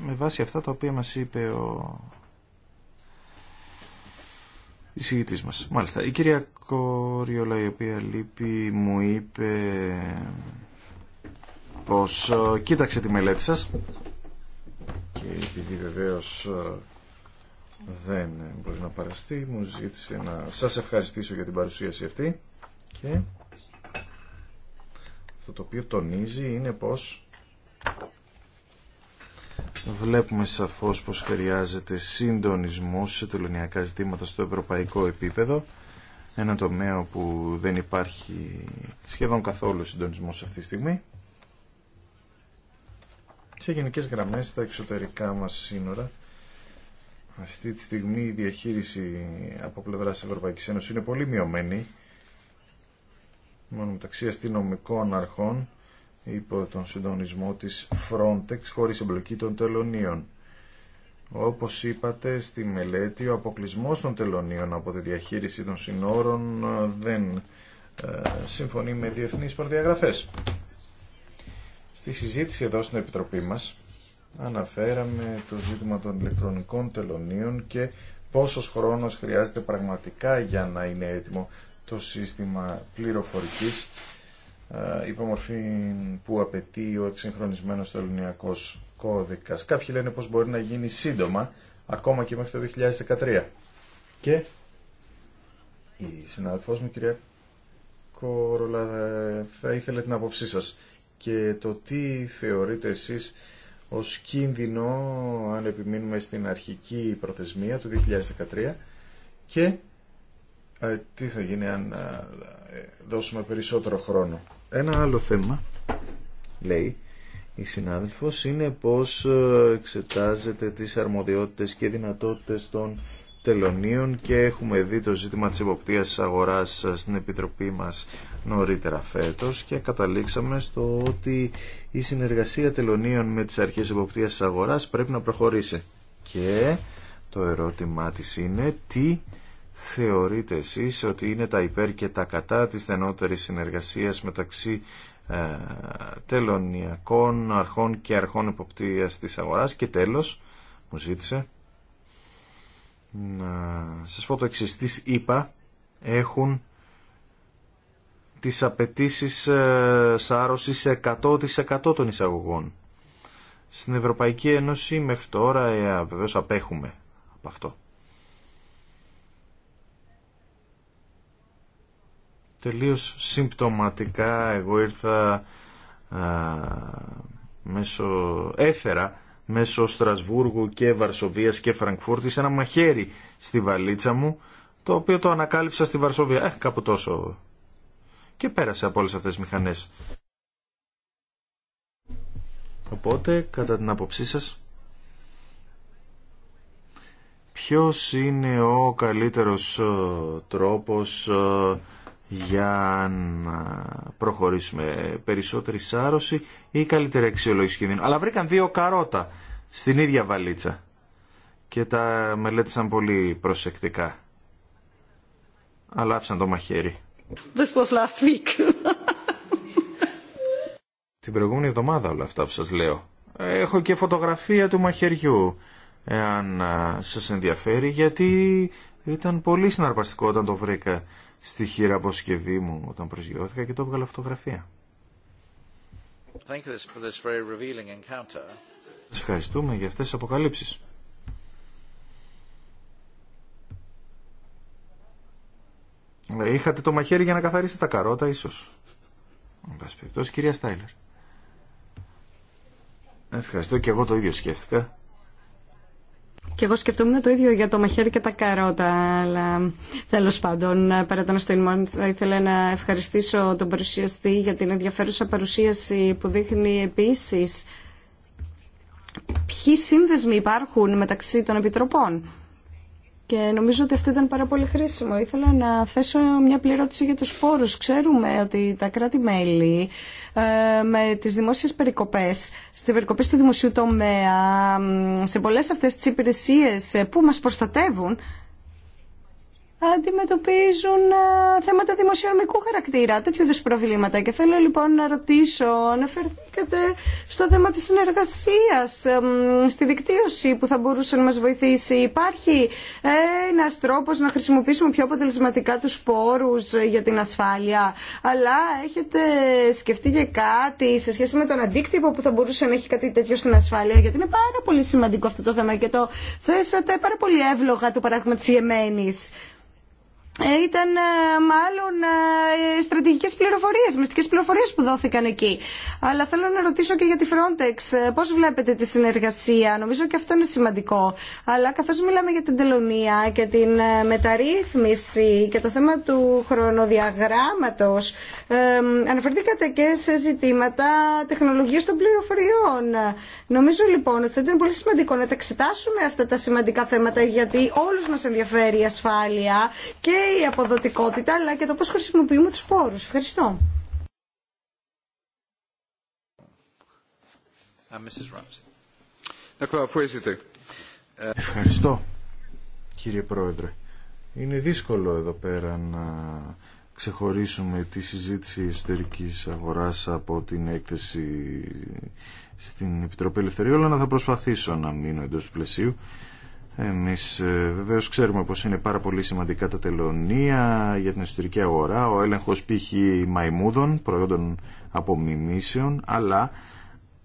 με βάση αυτά τα οποία μας είπε ο συγητή μα. Μάλιστα, η κυρία Κοριόλα η οποία λείπει μου είπε πως ε, κοίταξε τη μελέτη σα. και επειδή βεβαίω ε, δεν μπορεί να παραστεί μου ζήτησε να σας ευχαριστήσω για την παρουσίαση αυτή και αυτό το οποίο τονίζει είναι πως Βλέπουμε σαφώς πως χρειάζεται συντονισμός σε τελωνιακά ζητήματα στο ευρωπαϊκό επίπεδο. Ένα τομέα που δεν υπάρχει σχεδόν καθόλου συντονισμός αυτή τη στιγμή. Σε γενικές γραμμές στα εξωτερικά μας σύνορα αυτή τη στιγμή η διαχείριση από πλευρά τη Ευρωπαϊκής Ένωσης είναι πολύ μειωμένη μόνο μεταξύ αστυνομικών αρχών υπό τον συντονισμό της Frontex χωρίς εμπλοκή των τελωνίων. Όπως είπατε στη μελέτη, ο αποκλεισμός των τελωνίων από τη διαχείριση των συνόρων ε, δεν ε, συμφωνεί με διεθνείς προδιαγραφές. Στη συζήτηση εδώ στην Επιτροπή μας αναφέραμε το ζήτημα των ηλεκτρονικών τελωνίων και πόσος χρόνος χρειάζεται πραγματικά για να είναι έτοιμο το σύστημα πληροφορικής ε, υπομορφή που απαιτεί ο εξυγχρονισμένος ελληνιακός κώδικας. Κάποιοι λένε πως μπορεί να γίνει σύντομα, ακόμα και μέχρι το 2013. Και η συναδελφός μου, κυρία Κορολα, θα ήθελε την άποψή σας και το τι θεωρείτε εσείς ως κίνδυνο αν επιμείνουμε στην αρχική προθεσμία του 2013 και ε, τι θα γίνει αν ε, δώσουμε περισσότερο χρόνο. Ένα άλλο θέμα, λέει η συνάδελφος, είναι πως ε, εξετάζεται τις αρμοδιότητες και δυνατότητες των τελωνίων και έχουμε δει το ζήτημα της εποπτείας αγοράς ε, στην Επιτροπή μας νωρίτερα φέτος και καταλήξαμε στο ότι η συνεργασία τελωνίων με τις αρχές εποπτείας αγοράς πρέπει να προχωρήσει. Και το ερώτημά της είναι τι θεωρείτε εσείς ότι είναι τα υπέρ και τα κατά της στενότερης συνεργασίας μεταξύ ε, τελωνιακών αρχών και αρχών εποπτείας της αγοράς και τέλος μου ζήτησε να σας πω το εξής τις ΕΠΑ έχουν τις απαιτήσει ε, σάρωσης 100% των εισαγωγών στην Ευρωπαϊκή Ένωση μέχρι τώρα ε, βεβαίως απέχουμε από αυτό τελείως συμπτωματικά εγώ ήρθα α, μέσω, έφερα μέσω Στρασβούργου και Βαρσοβίας και Φραγκφούρτης ένα μαχαίρι στη βαλίτσα μου το οποίο το ανακάλυψα στη Βαρσοβία ε, κάπου τόσο και πέρασε από όλες αυτές τις μηχανές οπότε κατά την άποψή σας ποιος είναι ο καλύτερος τρόπος για να προχωρήσουμε περισσότερη σάρωση ή καλύτερη αξιολόγηση κινδύνου. Αλλά βρήκαν δύο καρότα στην ίδια βαλίτσα και τα μελέτησαν πολύ προσεκτικά. Αλλά άφησαν το μαχαίρι. This was last week. Την προηγούμενη εβδομάδα όλα αυτά που σας λέω. Έχω και φωτογραφία του μαχαιριού, εάν σας ενδιαφέρει, γιατί ήταν πολύ συναρπαστικό όταν το βρήκα στη χειραποσκευή μου όταν προσγειώθηκα και το έβγαλα φωτογραφία. Σας ευχαριστούμε για αυτές τις αποκαλύψεις. Ε, είχατε το μαχαίρι για να καθαρίσετε τα καρότα, ίσως. Εν κυρία Στάιλερ. Ευχαριστώ και εγώ το ίδιο σκέφτηκα. Και εγώ σκεφτόμουν το ίδιο για το μαχαίρι και τα καρότα, αλλά τέλο πάντων, πέρα των αστυνομών, θα ήθελα να ευχαριστήσω τον παρουσιαστή για την ενδιαφέρουσα παρουσίαση που δείχνει επίση ποιοι σύνδεσμοι υπάρχουν μεταξύ των επιτροπών. Και νομίζω ότι αυτό ήταν πάρα πολύ χρήσιμο. Ήθελα να θέσω μια πληρώτηση για τους σπόρους. Ξέρουμε ότι τα κράτη-μέλη ε, με τις δημόσιες περικοπές, στις περικοπές του δημοσίου τομέα, σε πολλές αυτές τις υπηρεσίες ε, που μας προστατεύουν, αντιμετωπίζουν ε, θέματα δημοσιονομικού χαρακτήρα, τέτοιου είδου προβλήματα. Και θέλω λοιπόν να ρωτήσω, αναφερθήκατε στο θέμα της συνεργασίας, στη δικτύωση που θα μπορούσε να μας βοηθήσει. Υπάρχει ένας τρόπος να χρησιμοποιήσουμε πιο αποτελεσματικά τους πόρους για την ασφάλεια, αλλά έχετε σκεφτεί για κάτι σε σχέση με τον αντίκτυπο που θα μπορούσε να έχει κάτι τέτοιο στην ασφάλεια, γιατί είναι πάρα πολύ σημαντικό αυτό το θέμα και το θέσατε πάρα πολύ εύλογα το παράδειγμα της Ιεμένης ε, ήταν ε, μάλλον ε, στρατηγικές πληροφορίες, μυστικές πληροφορίες που δόθηκαν εκεί. Αλλά θέλω να ρωτήσω και για τη Frontex. Πώς βλέπετε τη συνεργασία, νομίζω και αυτό είναι σημαντικό. Αλλά καθώς μιλάμε για την τελωνία και την μεταρρύθμιση και το θέμα του χρονοδιαγράμματος, αναφερθήκατε και σε ζητήματα τεχνολογίας των πληροφοριών. Νομίζω λοιπόν ότι θα ήταν πολύ σημαντικό να τα εξετάσουμε αυτά τα σημαντικά θέματα, γιατί όλους μας ενδιαφέρει η ασφάλεια και η αποδοτικότητα, αλλά και το πώς χρησιμοποιούμε τους πόρους. Ευχαριστώ. Uh, euh, Ευχαριστώ, κύριε Πρόεδρε. Είναι δύσκολο εδώ πέρα να ξεχωρίσουμε τη συζήτηση εσωτερικής αγοράς από την έκθεση στην Επιτροπή Ελευθεριών, αλλά θα προσπαθήσω να μείνω εντός του πλαισίου εμείς ε, βεβαίως ξέρουμε πως είναι πάρα πολύ σημαντικά τα τελωνία για την εσωτερική αγορά, ο έλεγχος π.χ. μαϊμούδων, προϊόντων απομιμήσεων, αλλά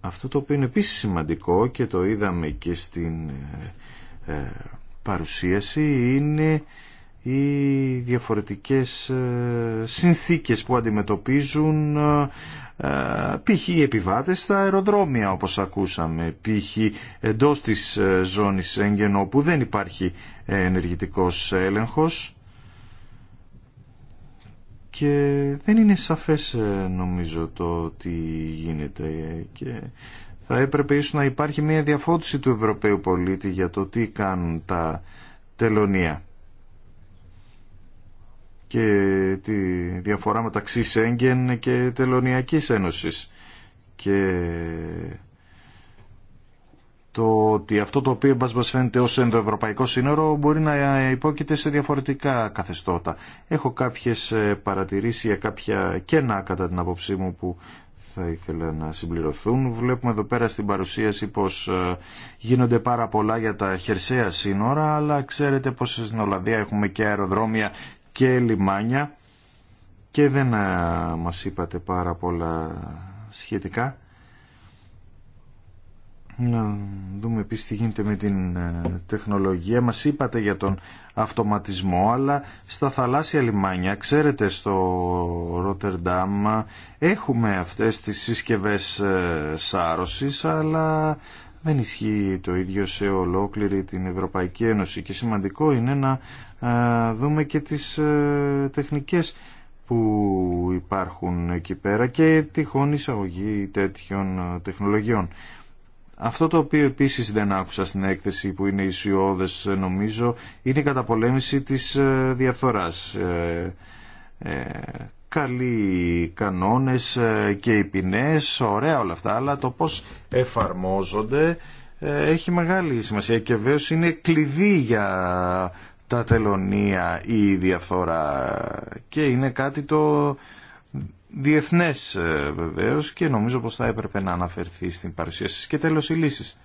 αυτό το οποίο είναι επίσης σημαντικό και το είδαμε και στην ε, ε, παρουσίαση είναι ή διαφορετικές ε, συνθήκες που αντιμετωπίζουν ε, ε, π.χ. οι επιβάτες στα αεροδρόμια όπως ακούσαμε, π.χ. εντός της ζώνης έγκαινο που δεν υπάρχει ενεργητικός έλεγχος και δεν είναι σαφές νομίζω το τι γίνεται και θα έπρεπε ίσως να υπάρχει μια διαφώτιση του Ευρωπαίου πολίτη για το τι κάνουν τα τελωνία και τη διαφορά μεταξύ Σέγγεν και Τελωνιακής Ένωσης. Και το ότι αυτό το οποίο μας φαίνεται ως ενδοευρωπαϊκό σύνορο μπορεί να υπόκειται σε διαφορετικά καθεστώτα. Έχω κάποιες ε, παρατηρήσεις για κάποια κένα κατά την απόψή μου που θα ήθελα να συμπληρωθούν. Βλέπουμε εδώ πέρα στην παρουσίαση πως ε, γίνονται πάρα πολλά για τα χερσαία σύνορα, αλλά ξέρετε πως στην Ολλανδία έχουμε και αεροδρόμια και λιμάνια και δεν ε, μας είπατε πάρα πολλά σχετικά. Να δούμε επίσης τι γίνεται με την ε, τεχνολογία. Μας είπατε για τον αυτοματισμό, αλλά στα θαλάσσια λιμάνια, ξέρετε στο Ρότερνταμ, έχουμε αυτές τις συσκευές ε, σάρωσης, αλλά δεν ισχύει το ίδιο σε ολόκληρη την Ευρωπαϊκή Ένωση και σημαντικό είναι να δούμε και τις ε, τεχνικές που υπάρχουν εκεί πέρα και τυχόν εισαγωγή τέτοιων ε, τεχνολογιών. Αυτό το οποίο επίσης δεν άκουσα στην έκθεση που είναι ισιώδες ε, νομίζω είναι η καταπολέμηση της διαφθοράς. Ε, ε, καλοί κανόνες και οι ποινές, ωραία όλα αυτά, αλλά το πώς εφαρμόζονται έχει μεγάλη σημασία και βέβαια είναι κλειδί για τα τελωνία ή η διαφθορά και είναι κάτι το διεθνές ε, βεβαίως και νομίζω πως θα έπρεπε να αναφερθεί στην παρουσίαση Και τέλος οι λύσεις.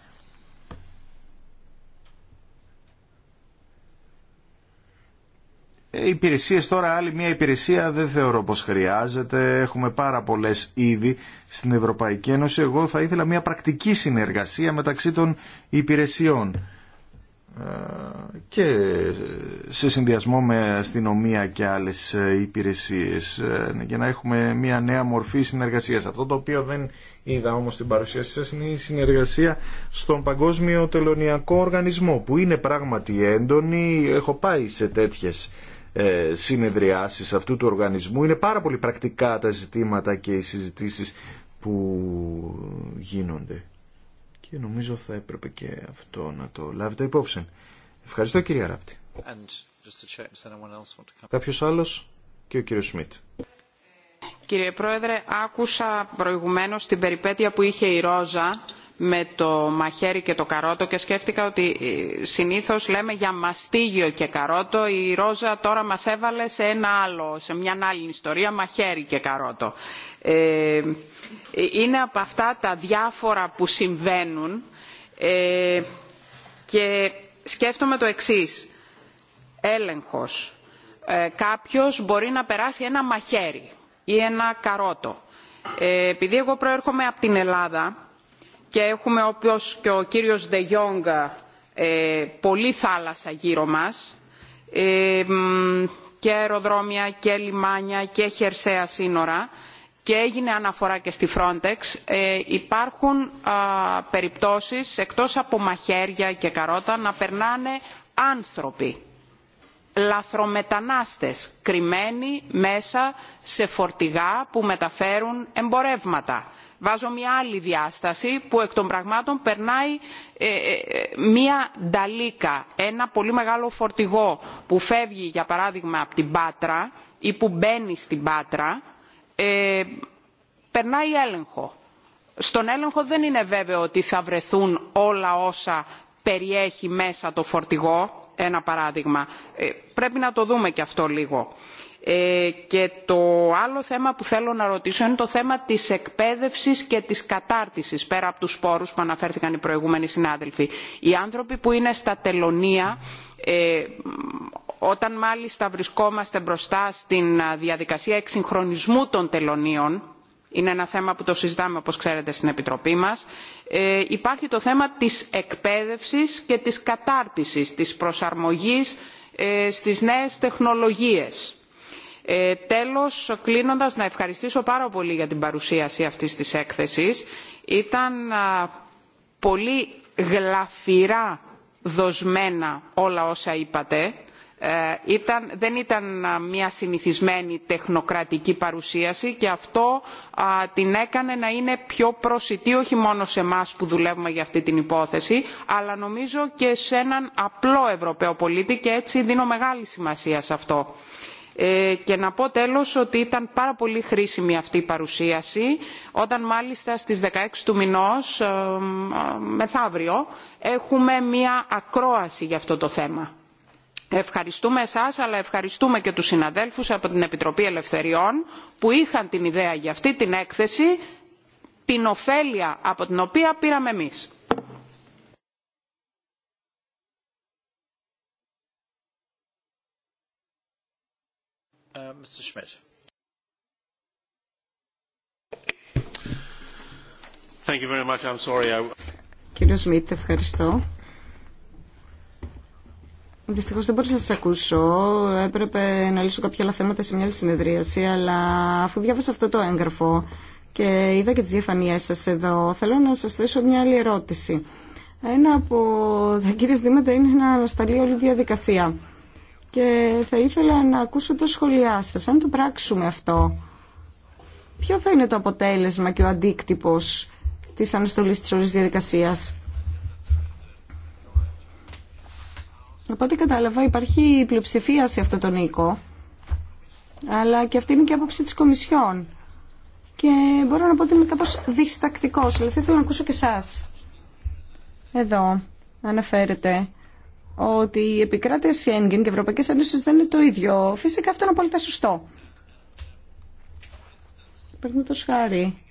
Ε, υπηρεσίες τώρα, άλλη μια υπηρεσία δεν θεωρώ πως χρειάζεται. Έχουμε πάρα πολλές ήδη στην Ευρωπαϊκή Ένωση. Εγώ θα ήθελα μια πρακτική συνεργασία μεταξύ των υπηρεσιών και σε συνδυασμό με αστυνομία και άλλες ε, υπηρεσίες ε, για να έχουμε μια νέα μορφή συνεργασίας. Αυτό το οποίο δεν είδα όμως την παρουσίαση σας είναι η συνεργασία στον Παγκόσμιο Τελωνιακό Οργανισμό που είναι πράγματι έντονη. Έχω πάει σε τέτοιες ε, συνεδριάσεις αυτού του οργανισμού. Είναι πάρα πολύ πρακτικά τα ζητήματα και οι συζητήσεις που γίνονται και νομίζω θα έπρεπε και αυτό να το λάβετε υπόψη. Ευχαριστώ κύριε Ράπτη. Κάποιος άλλος και ο κύριος Σμιτ. Κύριε Πρόεδρε, άκουσα προηγουμένως την περιπέτεια που είχε η Ρόζα με το μαχαίρι και το καρότο και σκέφτηκα ότι ε, συνήθως λέμε για μαστίγιο και καρότο η Ρόζα τώρα μας έβαλε σε ένα άλλο, σε μια άλλη ιστορία μαχαίρι και καρότο. Ε, είναι από αυτά τα διάφορα που συμβαίνουν ε, και σκέφτομαι το εξής. Έλεγχος. Ε, κάποιος μπορεί να περάσει ένα μαχαίρι ή ένα καρότο. Επειδή εγώ προέρχομαι από την Ελλάδα και έχουμε όπως και ο κύριος De ε, πολύ πολλή θάλασσα γύρω μας ε, και αεροδρόμια και λιμάνια και χερσαία σύνορα και έγινε αναφορά και στη Frontex ε, υπάρχουν περιπτώσεις εκτός από μαχαίρια και καρότα να περνάνε άνθρωποι λαθρομετανάστες κρυμμένοι μέσα σε φορτηγά που μεταφέρουν εμπορεύματα. Βάζω μια άλλη διάσταση που εκ των πραγμάτων περνάει ε, ε, μια νταλίκα, ένα πολύ μεγάλο φορτηγό που φεύγει για παράδειγμα από την Πάτρα ή που μπαίνει στην Πάτρα, ε, περνάει έλεγχο. Στον έλεγχο δεν είναι βέβαιο ότι θα βρεθούν όλα όσα περιέχει μέσα το φορτηγό ένα παράδειγμα. Ε, πρέπει να το δούμε και αυτό λίγο. Ε, και το άλλο θέμα που θέλω να ρωτήσω είναι το θέμα της εκπαίδευσης και της κατάρτισης, πέρα από τους σπόρους που αναφέρθηκαν οι προηγούμενοι συνάδελφοι. Οι άνθρωποι που είναι στα τελωνία, ε, όταν μάλιστα βρισκόμαστε μπροστά στην διαδικασία εξυγχρονισμού των τελωνίων, είναι ένα θέμα που το συζητάμε όπως ξέρετε στην επιτροπή μας ε, υπάρχει το θέμα της εκπαίδευσης και της κατάρτισης της προσαρμογής ε, στις νέες τεχνολογίες. Ε, τέλος κλείνοντας να ευχαριστήσω πάρα πολύ για την παρουσίαση αυτής της έκθεσης. ήταν πολύ γλαφυρά δοσμένα όλα όσα είπατε ε, ήταν, δεν ήταν μια συνηθισμένη τεχνοκρατική παρουσίαση και αυτό την έκανε να είναι πιο προσιτή όχι μόνο σε εμά που δουλεύουμε για αυτή την υπόθεση αλλά νομίζω και σε έναν απλό Ευρωπαίο πολίτη και έτσι δίνω μεγάλη σημασία σε αυτό. Ε, και να πω τέλος ότι ήταν πάρα πολύ χρήσιμη αυτή η παρουσίαση όταν μάλιστα στις 16 του μηνός ε, μεθαύριο έχουμε μια ακρόαση για αυτό το θέμα Ευχαριστούμε εσάς αλλά ευχαριστούμε και τους συναδέλφους από την Επιτροπή Ελευθεριών που είχαν την ιδέα για αυτή την έκθεση, την ωφέλεια από την οποία πήραμε εμείς. Κύριο Σμιτ, ευχαριστώ. Δυστυχώ, δεν μπορούσα να σας ακούσω. Έπρεπε να λύσω κάποια άλλα θέματα σε μια άλλη συνεδρίαση, αλλά αφού διάβασα αυτό το έγγραφο και είδα και τι διαφανιέ σα εδώ, θέλω να σας θέσω μια άλλη ερώτηση. Ένα από τα κύριε ζητήματα είναι να ανασταλεί όλη η διαδικασία. Και θα ήθελα να ακούσω τα σχόλιά σα, Αν το πράξουμε αυτό, ποιο θα είναι το αποτέλεσμα και ο αντίκτυπο τη αναστολή τη ολη διαδικασία. Από ό,τι κατάλαβα υπάρχει πλειοψηφία σε αυτό τον οίκο, αλλά και αυτή είναι και η άποψη τη Κομισιόν. Και μπορώ να πω ότι είμαι κάπω διστακτικό. αλλά θα ήθελα να ακούσω και εσά. Εδώ αναφέρεται ότι η επικράτεια Σιέγγεν και η Ευρωπαϊκή Ένωση δεν είναι το ίδιο. Φυσικά αυτό είναι απόλυτα σωστό. Παίρνω το σχάρι.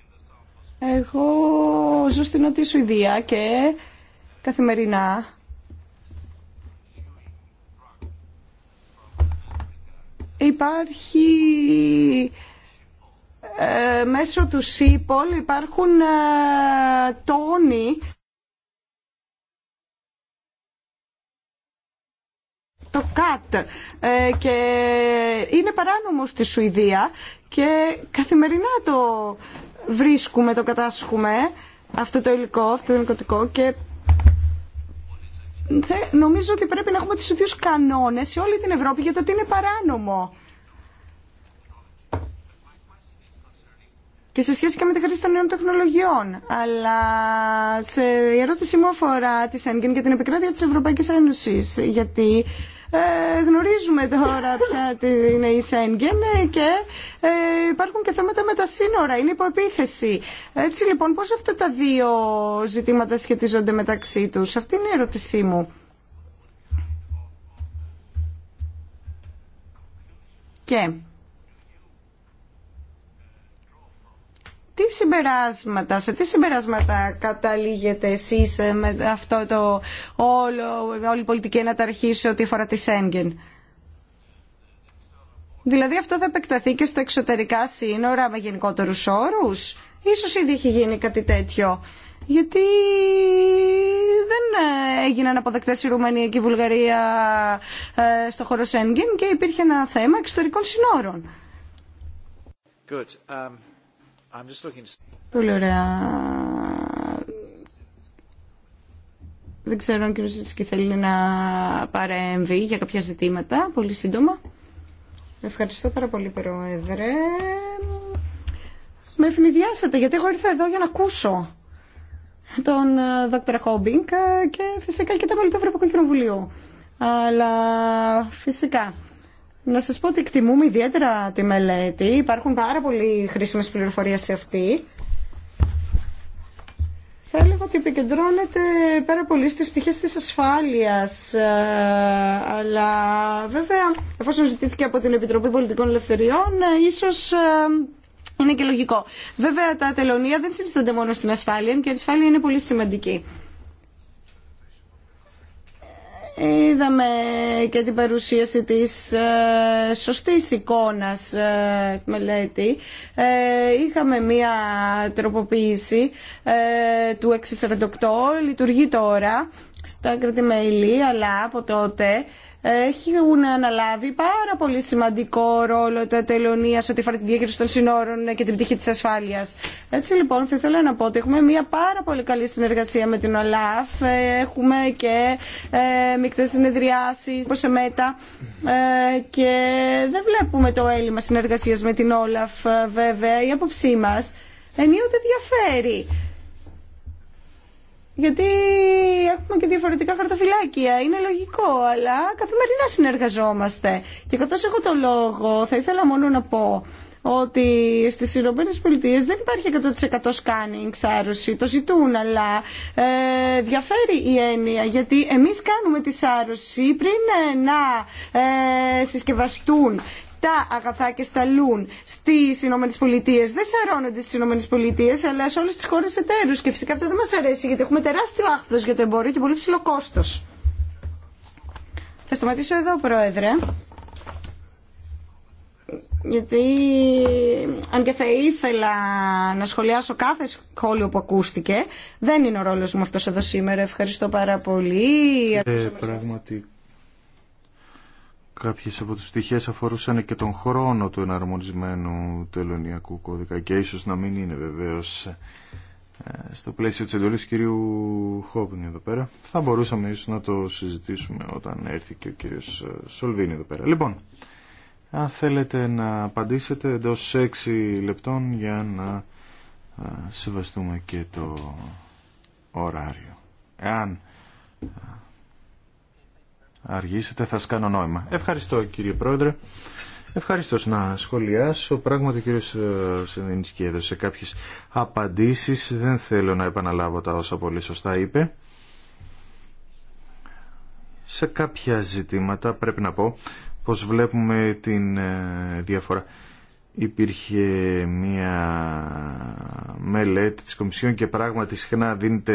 Εγώ ζω στην Νότια Σουηδία και καθημερινά υπάρχει ε, μέσω του ΣΥΠΟΛ υπάρχουν ε, τόνοι το ΚΑΤ ε, και είναι παράνομο στη Σουηδία και καθημερινά το βρίσκουμε, το κατάσχουμε αυτό το υλικό, αυτό το νοικοτικό και νομίζω ότι πρέπει να έχουμε τους ίδιους κανόνες σε όλη την Ευρώπη για το ότι είναι παράνομο. και σε σχέση και με τη χρήση των νέων τεχνολογιών. Αλλά σε, η ερώτησή μου αφορά τη ΣΕΝΚΕΝ και την επικράτεια της Ευρωπαϊκής Ένωσης. Γιατί ε, γνωρίζουμε τώρα ποια είναι η Σέγγεν ε, και ε, υπάρχουν και θέματα με τα σύνορα, είναι υποεπίθεση. Έτσι λοιπόν πώς αυτά τα δύο ζητήματα σχετίζονται μεταξύ τους. Αυτή είναι η ερώτησή μου. Και τι συμπεράσματα, σε τι συμπεράσματα καταλήγετε εσείς ε, με αυτό το όλο, όλη η πολιτική αναταρχή σε ό,τι αφορά τη Σέγγεν. Δηλαδή αυτό θα επεκταθεί και στα εξωτερικά σύνορα με γενικότερους όρους. Ίσως ήδη έχει γίνει κάτι τέτοιο. Γιατί δεν ε, έγιναν αποδεκτές η Ρουμανία και η Βουλγαρία ε, στο χώρο Σέγγεν και υπήρχε ένα θέμα εξωτερικών συνόρων. Good. Um, Πολύ ωραία. Δεν ξέρω αν ο κ. Σιτσκι θέλει να παρέμβει για κάποια ζητήματα, πολύ σύντομα. Ευχαριστώ πάρα πολύ, Πρόεδρε. Με ευνηδιάσατε, γιατί εγώ ήρθα εδώ για να ακούσω τον ε, δ. Χόμπινγκ ε, και φυσικά και τα μέλη του Ευρωπαϊκού Κοινοβουλίου. Αλλά φυσικά να σας πω ότι εκτιμούμε ιδιαίτερα τη μελέτη. Υπάρχουν πάρα πολλοί χρήσιμες πληροφορίες σε αυτή. Θα έλεγα ότι επικεντρώνεται πέρα πολύ στις πτυχές της ασφάλειας, ε, αλλά βέβαια εφόσον ζητήθηκε από την Επιτροπή Πολιτικών Ελευθεριών, ε, ίσως ε, είναι και λογικό. Βέβαια τα τελωνία δεν συνιστάνται μόνο στην ασφάλεια και η ασφάλεια είναι πολύ σημαντική. Είδαμε και την παρουσίαση της ε, σωστής εικόνας ε, μελέτη. Ε, είχαμε μία τροποποίηση του 648, λειτουργεί τώρα στα κρατημέλη, αλλά από τότε έχουν αναλάβει πάρα πολύ σημαντικό ρόλο τα τελωνία σε ό,τι αφορά τη διαχείριση των συνόρων και την πτυχή τη ασφάλεια. Έτσι λοιπόν, θα ήθελα να πω ότι έχουμε μια πάρα πολύ καλή συνεργασία με την ΟΛΑΦ. Ε, έχουμε και ε, μεικτέ συνεδριάσει, όπω σε μέτα. Ε, και δεν βλέπουμε το έλλειμμα συνεργασία με την ΟΛΑΦ, ε, βέβαια. Η άποψή μα ενίοτε διαφέρει γιατί έχουμε και διαφορετικά χαρτοφυλάκια. Είναι λογικό, αλλά καθημερινά συνεργαζόμαστε. Και καθώ έχω το λόγο, θα ήθελα μόνο να πω ότι στις Ηνωμένε Πολιτείες δεν υπάρχει 100% σκάνινγκ, σάρωση, το ζητούν, αλλά ε, διαφέρει η έννοια, γιατί εμείς κάνουμε τη σάρωση πριν ε, να ε, συσκευαστούν τα αγαθά και σταλούν στι Ηνωμένε Πολιτείε. Δεν σαρώνονται στι Ηνωμένε Πολιτείε, αλλά σε όλε τι χώρε εταίρου. Και φυσικά αυτό δεν μα αρέσει, γιατί έχουμε τεράστιο άχθο για το εμπόριο και πολύ ψηλό κόστο. Θα σταματήσω εδώ, Πρόεδρε. Γιατί αν και θα ήθελα να σχολιάσω κάθε σχόλιο που ακούστηκε, δεν είναι ο ρόλος μου αυτός εδώ σήμερα. Ευχαριστώ πάρα πολύ. Ε, Κάποιες από τις πτυχέ αφορούσαν και τον χρόνο του εναρμονισμένου τελωνιακού κώδικα και ίσως να μην είναι βεβαίως ε, στο πλαίσιο της εντολής του κυρίου Χόμπιν εδώ πέρα. Θα μπορούσαμε ίσως να το συζητήσουμε όταν έρθει και ο κύριος ε, Σολβίνη εδώ πέρα. Λοιπόν, αν θέλετε να απαντήσετε εντό 6 λεπτών για να ε, σεβαστούμε και το ωράριο. Εάν αργήσετε θα κάνω νόημα. Ευχαριστώ κύριε Πρόεδρε. Ευχαριστώ να σχολιάσω. Πράγματι ο κύριος ε, Σενίνσκι έδωσε κάποιες απαντήσεις. Δεν θέλω να επαναλάβω τα όσα πολύ σωστά είπε. Σε κάποια ζητήματα πρέπει να πω πως βλέπουμε την ε, διαφορά. Υπήρχε μία μελέτη της Κομισιόν και πράγματι συχνά δίνεται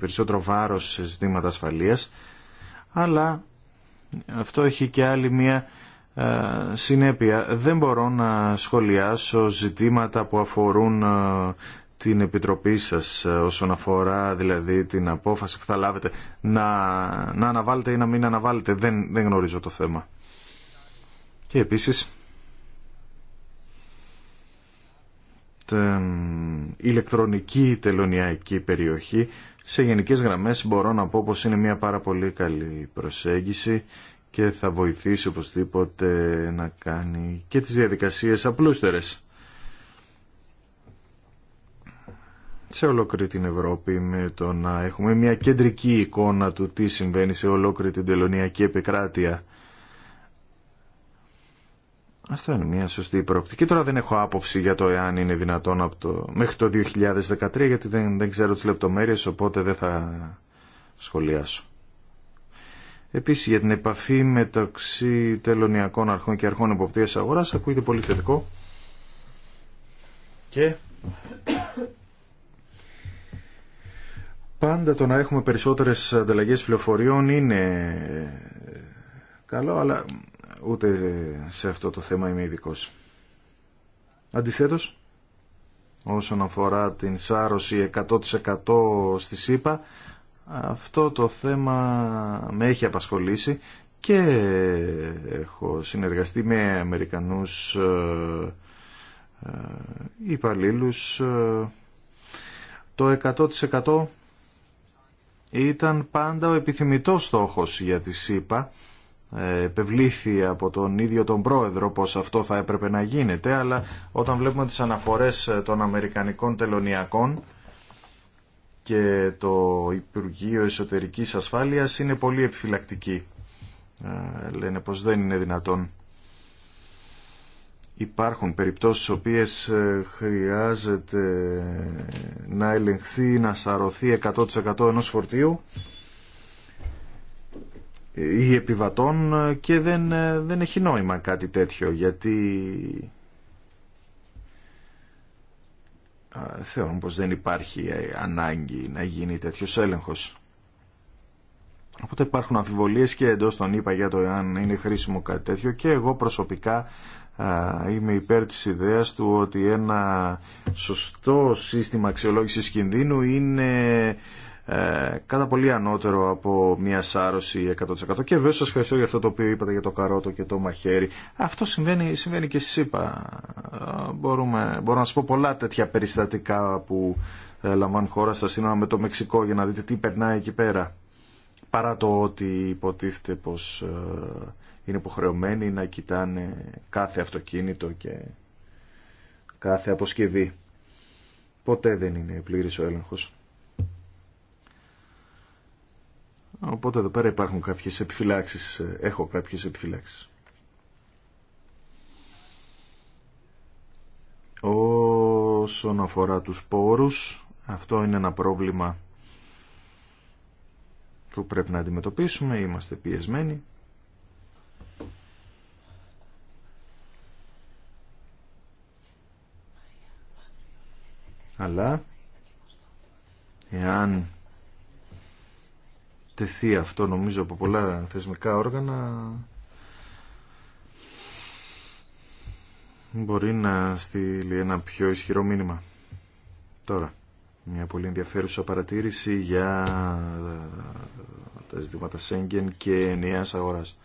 περισσότερο βάρος σε ζητήματα ασφαλείας αλλά αυτό έχει και άλλη μία ε, συνέπεια. Δεν μπορώ να σχολιάσω ζητήματα που αφορούν ε, την Επιτροπή σας ε, όσον αφορά δηλαδή την απόφαση που θα λάβετε να, να αναβάλλετε ή να μην αναβάλλετε. Δεν, δεν γνωρίζω το θέμα. Και επίσης την ηλεκτρονική τελωνιακή περιοχή σε γενικές γραμμές μπορώ να πω πως είναι μια πάρα πολύ καλή προσέγγιση και θα βοηθήσει οπωσδήποτε να κάνει και τις διαδικασίες απλούστερες. σε ολόκληρη την Ευρώπη με το να έχουμε μια κεντρική εικόνα του τι συμβαίνει σε ολόκληρη την τελωνιακή επικράτεια αυτό είναι μια σωστή προοπτική. Τώρα δεν έχω άποψη για το εάν είναι δυνατόν από το... μέχρι το 2013 γιατί δεν, δεν ξέρω τις λεπτομέρειες οπότε δεν θα σχολιάσω. Επίσης για την επαφή μεταξύ τελωνιακών αρχών και αρχών εποπτείας αγοράς ακούγεται πολύ θετικό. Και πάντα το να έχουμε περισσότερες ανταλλαγές πληροφοριών είναι καλό αλλά ούτε σε αυτό το θέμα είμαι ειδικό. Αντιθέτως, όσον αφορά την σάρωση 100% στη ΣΥΠΑ, αυτό το θέμα με έχει απασχολήσει και έχω συνεργαστεί με Αμερικανούς ε, ε, υπαλλήλους. Ε, το 100% ήταν πάντα ο επιθυμητός στόχος για τη ΣΥΠΑ ε, επευλήθη από τον ίδιο τον πρόεδρο πως αυτό θα έπρεπε να γίνεται αλλά όταν βλέπουμε τις αναφορές ε, των Αμερικανικών τελωνιακών και το Υπουργείο Εσωτερικής Ασφάλειας είναι πολύ επιφυλακτική ε, λένε πως δεν είναι δυνατόν υπάρχουν περιπτώσεις οποίες χρειάζεται να ελεγχθεί, να σαρωθεί 100% ενός φορτίου ή επιβατών και δεν, δεν έχει νόημα κάτι τέτοιο γιατί θεωρώ πως δεν υπάρχει ε, ανάγκη να γίνει τέτοιος έλεγχος. Οπότε υπάρχουν αμφιβολίες και εντός τον είπα για το αν είναι χρήσιμο κάτι τέτοιο και εγώ προσωπικά είμαι υπέρ της ιδέας του ότι ένα σωστό σύστημα αξιολόγησης κινδύνου είναι ε, κατά πολύ ανώτερο από μια σάρωση 100%. Και βέβαια σα ευχαριστώ για αυτό το οποίο είπατε για το καρότο και το μαχαίρι. Αυτό συμβαίνει, συμβαίνει και στις είπα. μπορώ να σα πω πολλά τέτοια περιστατικά που ε, λαμβάνουν χώρα στα σύνορα με το Μεξικό για να δείτε τι περνάει εκεί πέρα. Παρά το ότι υποτίθεται πως ε, είναι υποχρεωμένοι να κοιτάνε κάθε αυτοκίνητο και κάθε αποσκευή. Ποτέ δεν είναι πλήρης ο έλεγχος. Οπότε εδώ πέρα υπάρχουν κάποιες επιφυλάξεις, έχω κάποιες επιφυλάξεις. Όσον αφορά τους πόρους, αυτό είναι ένα πρόβλημα που πρέπει να αντιμετωπίσουμε, είμαστε πιεσμένοι. Αλλά, εάν τεθεί αυτό νομίζω από πολλά θεσμικά όργανα μπορεί να στείλει ένα πιο ισχυρό μήνυμα. Τώρα, μια πολύ ενδιαφέρουσα παρατήρηση για ε, τα ζητήματα Σέγγεν και ενιαίας αγοράς.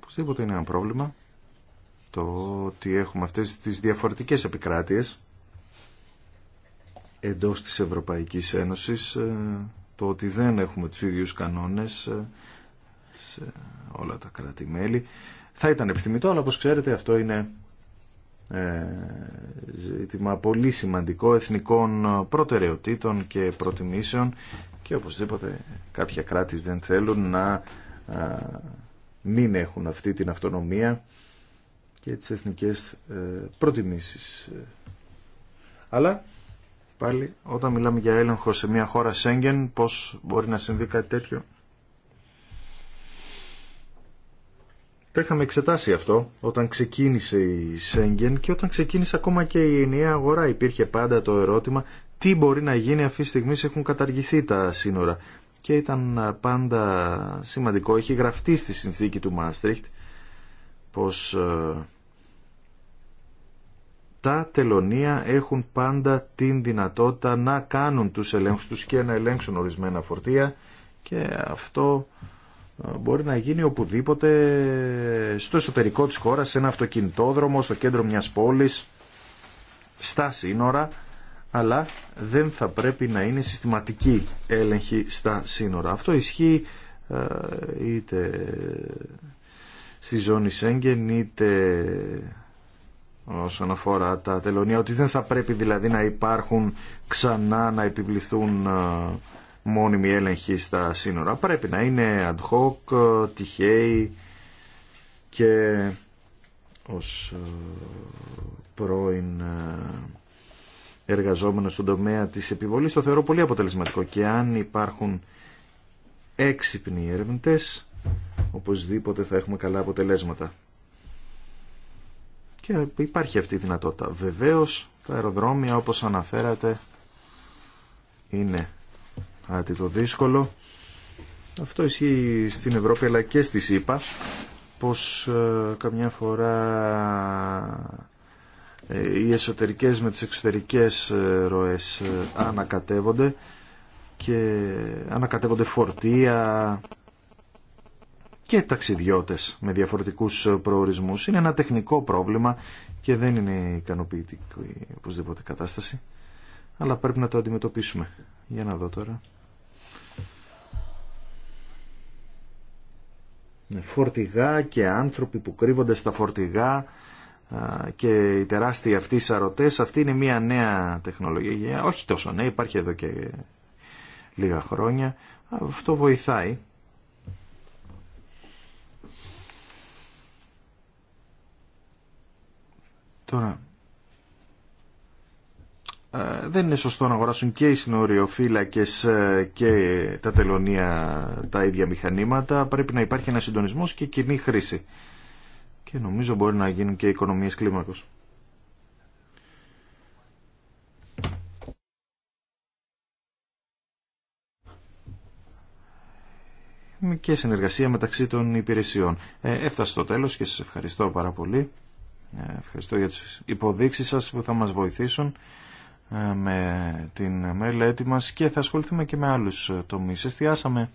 Οπωσδήποτε είναι ένα πρόβλημα το ότι έχουμε αυτές τις διαφορετικές επικράτειες εντός της Ευρωπαϊκής Ένωσης ε, το ότι δεν έχουμε τους ίδιους κανόνες ε, σε όλα τα κράτη-μέλη. Θα ήταν επιθυμητό, αλλά όπως ξέρετε αυτό είναι ε, ζήτημα πολύ σημαντικό εθνικών προτεραιοτήτων και προτιμήσεων και οπωσδήποτε κάποια κράτη δεν θέλουν να μην έχουν αυτή την αυτονομία και τις εθνικές ε, προτιμήσεις. Αλλά πάλι όταν μιλάμε για έλεγχο σε μια χώρα Σέγγεν πώς μπορεί να συμβεί κάτι τέτοιο. Το είχαμε εξετάσει αυτό όταν ξεκίνησε η Σέγγεν και όταν ξεκίνησε ακόμα και η ενιαία αγορά υπήρχε πάντα το ερώτημα τι μπορεί να γίνει αυτή τη στιγμή έχουν καταργηθεί τα σύνορα. Και ήταν πάντα σημαντικό, έχει γραφτεί στη συνθήκη του Μάστριχτ πως ε, τα τελωνία έχουν πάντα την δυνατότητα να κάνουν τους ελέγχους τους και να ελέγξουν ορισμένα φορτία και αυτό ε, μπορεί να γίνει οπουδήποτε στο εσωτερικό της χώρας, σε ένα αυτοκινητόδρομο, στο κέντρο μιας πόλης, στα σύνορα, αλλά δεν θα πρέπει να είναι συστηματική έλεγχη στα σύνορα. Αυτό ισχύει ε, είτε στη ζώνη Σέγγεν είτε όσον αφορά τα τελωνία, ότι δεν θα πρέπει δηλαδή να υπάρχουν ξανά να επιβληθούν ε, μόνιμοι έλεγχοι στα σύνορα. Πρέπει να είναι ad hoc, ε, τυχαίοι και ως ε, πρώην εργαζόμενος στον τομέα της επιβολής το θεωρώ πολύ αποτελεσματικό και αν υπάρχουν έξυπνοι ερευνητές οπωσδήποτε θα έχουμε καλά αποτελέσματα. Και υπάρχει αυτή η δυνατότητα. Βεβαίως τα αεροδρόμια όπως αναφέρατε είναι κάτι το δύσκολο. Αυτό ισχύει στην Ευρώπη αλλά και στη ΣΥΠΑ πως ε, καμιά φορά ε, οι εσωτερικές με τις εξωτερικές ε, ροές ε, ανακατεύονται και ανακατεύονται φορτία και ταξιδιώτες με διαφορετικούς προορισμούς. Είναι ένα τεχνικό πρόβλημα και δεν είναι ικανοποιητική οπωσδήποτε κατάσταση, αλλά πρέπει να το αντιμετωπίσουμε. Για να δω τώρα. Φορτηγά και άνθρωποι που κρύβονται στα φορτηγά και οι τεράστιοι αυτοί σαρωτές, αυτή είναι μια νέα τεχνολογία, όχι τόσο νέα, υπάρχει εδώ και λίγα χρόνια. Αυτό βοηθάει Τώρα, ε, δεν είναι σωστό να αγοράσουν και οι συνοριοφύλακες ε, και τα τελωνία τα ίδια μηχανήματα. Πρέπει να υπάρχει ένα συντονισμός και κοινή χρήση. Και νομίζω μπορεί να γίνουν και οικονομίες κλίμακος. και συνεργασία μεταξύ των υπηρεσιών. Ε, έφτασε στο τέλος και σας ευχαριστώ πάρα πολύ. Ε, ευχαριστώ για τις υποδείξεις σας που θα μας βοηθήσουν ε, με την μελέτη μας και θα ασχοληθούμε και με άλλους ε, τομείς. Εστιάσαμε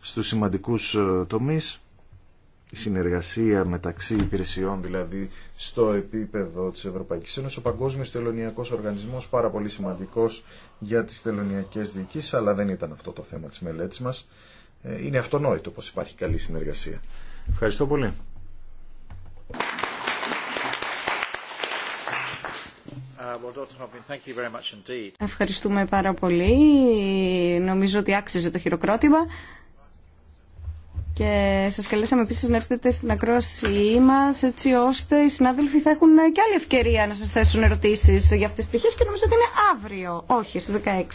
στους σημαντικούς τομείς η συνεργασία μεταξύ υπηρεσιών, δηλαδή στο επίπεδο της Ευρωπαϊκής Ένωσης. Ο Παγκόσμιος Τελωνιακός Οργανισμός, πάρα πολύ σημαντικός για τις τελωνιακές διοικήσεις, αλλά δεν ήταν αυτό το θέμα της μελέτης μας. Είναι αυτονόητο πως υπάρχει καλή συνεργασία. Ευχαριστώ πολύ. Um, Ευχαριστούμε πάρα πολύ. Νομίζω ότι άξιζε το χειροκρότημα. Και σας καλέσαμε επίσης να έρθετε στην ακρόασή μας, έτσι ώστε οι συνάδελφοι θα έχουν και άλλη ευκαιρία να σας θέσουν ερωτήσεις για αυτές τις πτυχές και νομίζω ότι είναι αύριο, όχι στις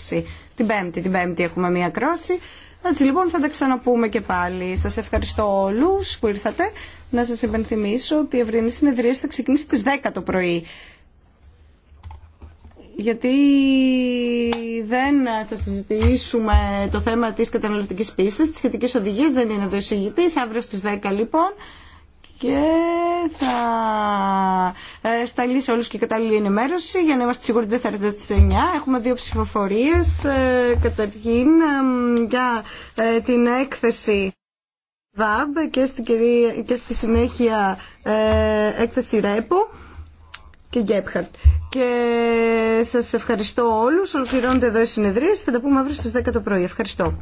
16, την Πέμπτη. Την Πέμπτη έχουμε μία ακρόαση. Έτσι λοιπόν θα τα ξαναπούμε και πάλι. Σας ευχαριστώ όλους που ήρθατε. Να σας υπενθυμίσω ότι η ευρύνη συνεδρία θα ξεκινήσει στις 10 το πρωί γιατί δεν θα συζητήσουμε το θέμα της καταναλωτικής πίστης, της σχετικής οδηγίας, δεν είναι εδώ εισηγητής, αύριο στις 10 λοιπόν και θα ε, σταλεί σε όλους και κατάλληλη ενημέρωση για να είμαστε σίγουροι ότι δεν θα έρθετε στις 9. Έχουμε δύο ψηφοφορίες, ε, καταρχήν για ε, την έκθεση ΒΑΜ και στη συνέχεια έκθεση ΡΕΠΟ και Γκέπχαρτ. Και σας ευχαριστώ όλους. Ολοκληρώνεται εδώ η συνεδρία. Θα τα πούμε αύριο στις 10 το πρωί. Ευχαριστώ.